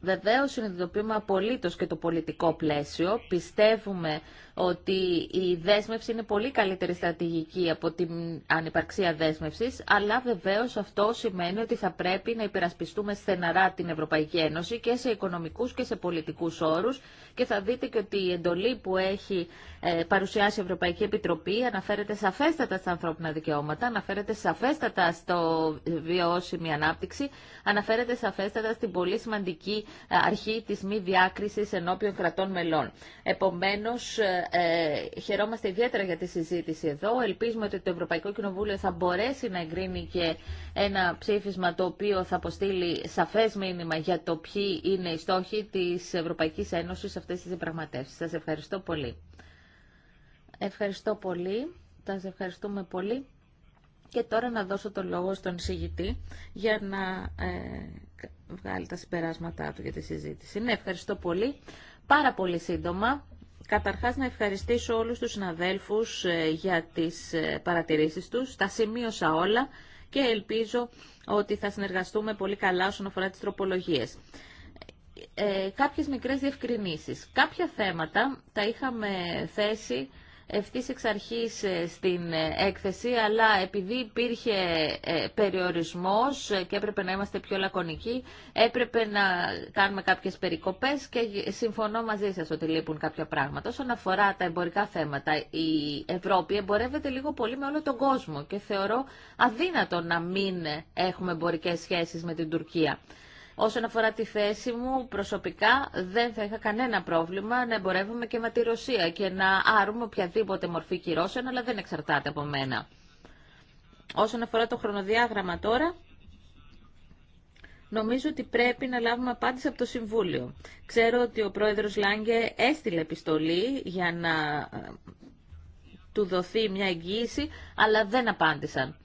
Βεβαίω συνειδητοποιούμε απολύτω και το πολιτικό πλαίσιο. Πιστεύουμε ότι η δέσμευση είναι πολύ καλύτερη στρατηγική από την ανυπαρξία δέσμευση, αλλά βεβαίως αυτό σημαίνει ότι θα πρέπει να υπερασπιστούμε στεναρά την Ευρωπαϊκή Ένωση και σε οικονομικού και σε πολιτικού όρου. και θα δείτε και ότι η εντολή που έχει ε, παρουσιάσει η Ευρωπαϊκή Επιτροπή αναφέρεται σαφέστατα στα ανθρώπινα δικαιώματα, αναφέρεται σαφέστατα στο βιώσιμη ανάπτυξη, αναφέρεται σαφέστατα στην πολύ σημαντική αρχή της μη διάκρισης ενώπιον κρατών μελών. Επομένως, ε, ε, χαιρόμαστε ιδιαίτερα για τη συζήτηση εδώ. Ελπίζουμε ότι το Ευρωπαϊκό Κοινοβούλιο θα μπορέσει να εγκρίνει και ένα ψήφισμα το οποίο θα αποστείλει σαφές μήνυμα για το ποιοι είναι οι στόχοι της Ευρωπαϊκής Ένωσης σε αυτές τις διαπραγματεύσεις. Σας ευχαριστώ πολύ. Ευχαριστώ πολύ. Σας ευχαριστούμε πολύ. Και τώρα να δώσω το λόγο στον συγητή για να ε, βγάλει τα συμπεράσματά του για τη συζήτηση. Ναι, ευχαριστώ πολύ. Πάρα πολύ σύντομα. Καταρχάς να ευχαριστήσω όλους τους συναδέλφους ε, για τις ε, παρατηρήσεις τους. Τα σημείωσα όλα και ελπίζω ότι θα συνεργαστούμε πολύ καλά όσον αφορά τις τροπολογίες. Ε, κάποιες μικρές διευκρινήσεις. Κάποια θέματα τα είχαμε θέσει ευθύς εξ αρχή ε, στην ε, έκθεση, αλλά επειδή υπήρχε ε, περιορισμός και έπρεπε να είμαστε πιο λακωνικοί, έπρεπε να κάνουμε κάποιες περικοπές και συμφωνώ μαζί σας ότι λείπουν κάποια πράγματα. Όσον αφορά τα εμπορικά θέματα, η Ευρώπη εμπορεύεται λίγο πολύ με όλο τον κόσμο και θεωρώ αδύνατο να μην έχουμε εμπορικέ σχέσει με την Τουρκία. Όσον αφορά τη θέση μου, προσωπικά δεν θα είχα κανένα πρόβλημα να εμπορεύουμε και με τη Ρωσία και να άρουμε οποιαδήποτε μορφή κυρώσεων, αλλά δεν εξαρτάται από μένα. Όσον αφορά το χρονοδιάγραμμα τώρα, νομίζω ότι πρέπει να λάβουμε απάντηση από το Συμβούλιο. Ξέρω ότι ο πρόεδρος Λάγκε έστειλε επιστολή για να ε, του δοθεί μια εγγύηση, αλλά δεν απάντησαν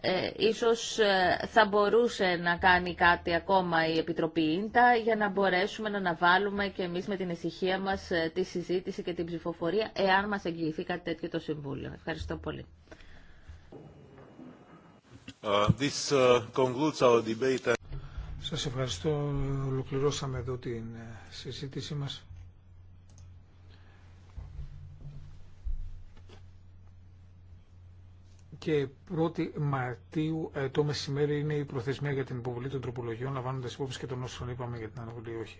ε, ίσως ε, θα μπορούσε να κάνει κάτι ακόμα η Επιτροπή Ίντα για να μπορέσουμε να αναβάλουμε και εμείς με την ησυχία μας ε, τη συζήτηση και την ψηφοφορία εάν μας εγγυηθεί κάτι τέτοιο το Συμβούλιο. Ευχαριστώ πολύ. Uh, this, our debate. Σας ευχαριστώ. Ολοκληρώσαμε εδώ την συζήτησή μας. και 1η Μαρτίου ε, το μεσημέρι είναι η προθεσμία για την υποβολή των τροπολογιών, λαμβάνοντα υπόψη και τον όσων είπαμε για την αναβολή όχι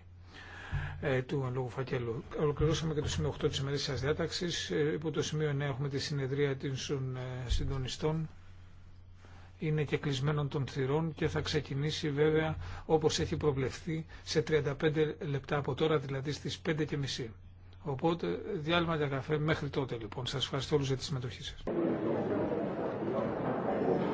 ε, του εν φακέλου. Ολοκληρώσαμε και το σημείο 8 τη ημερήσια διάταξη. Ε, υπό το σημείο 9 έχουμε τη συνεδρία των συντονιστών. Είναι και κλεισμένων των θυρών και θα ξεκινήσει βέβαια όπως έχει προβλεφθεί σε 35 λεπτά από τώρα, δηλαδή στις 5.30. Οπότε διάλειμμα για καφέ μέχρι τότε λοιπόν. Σας ευχαριστώ όλους για τη συμμετοχή σας.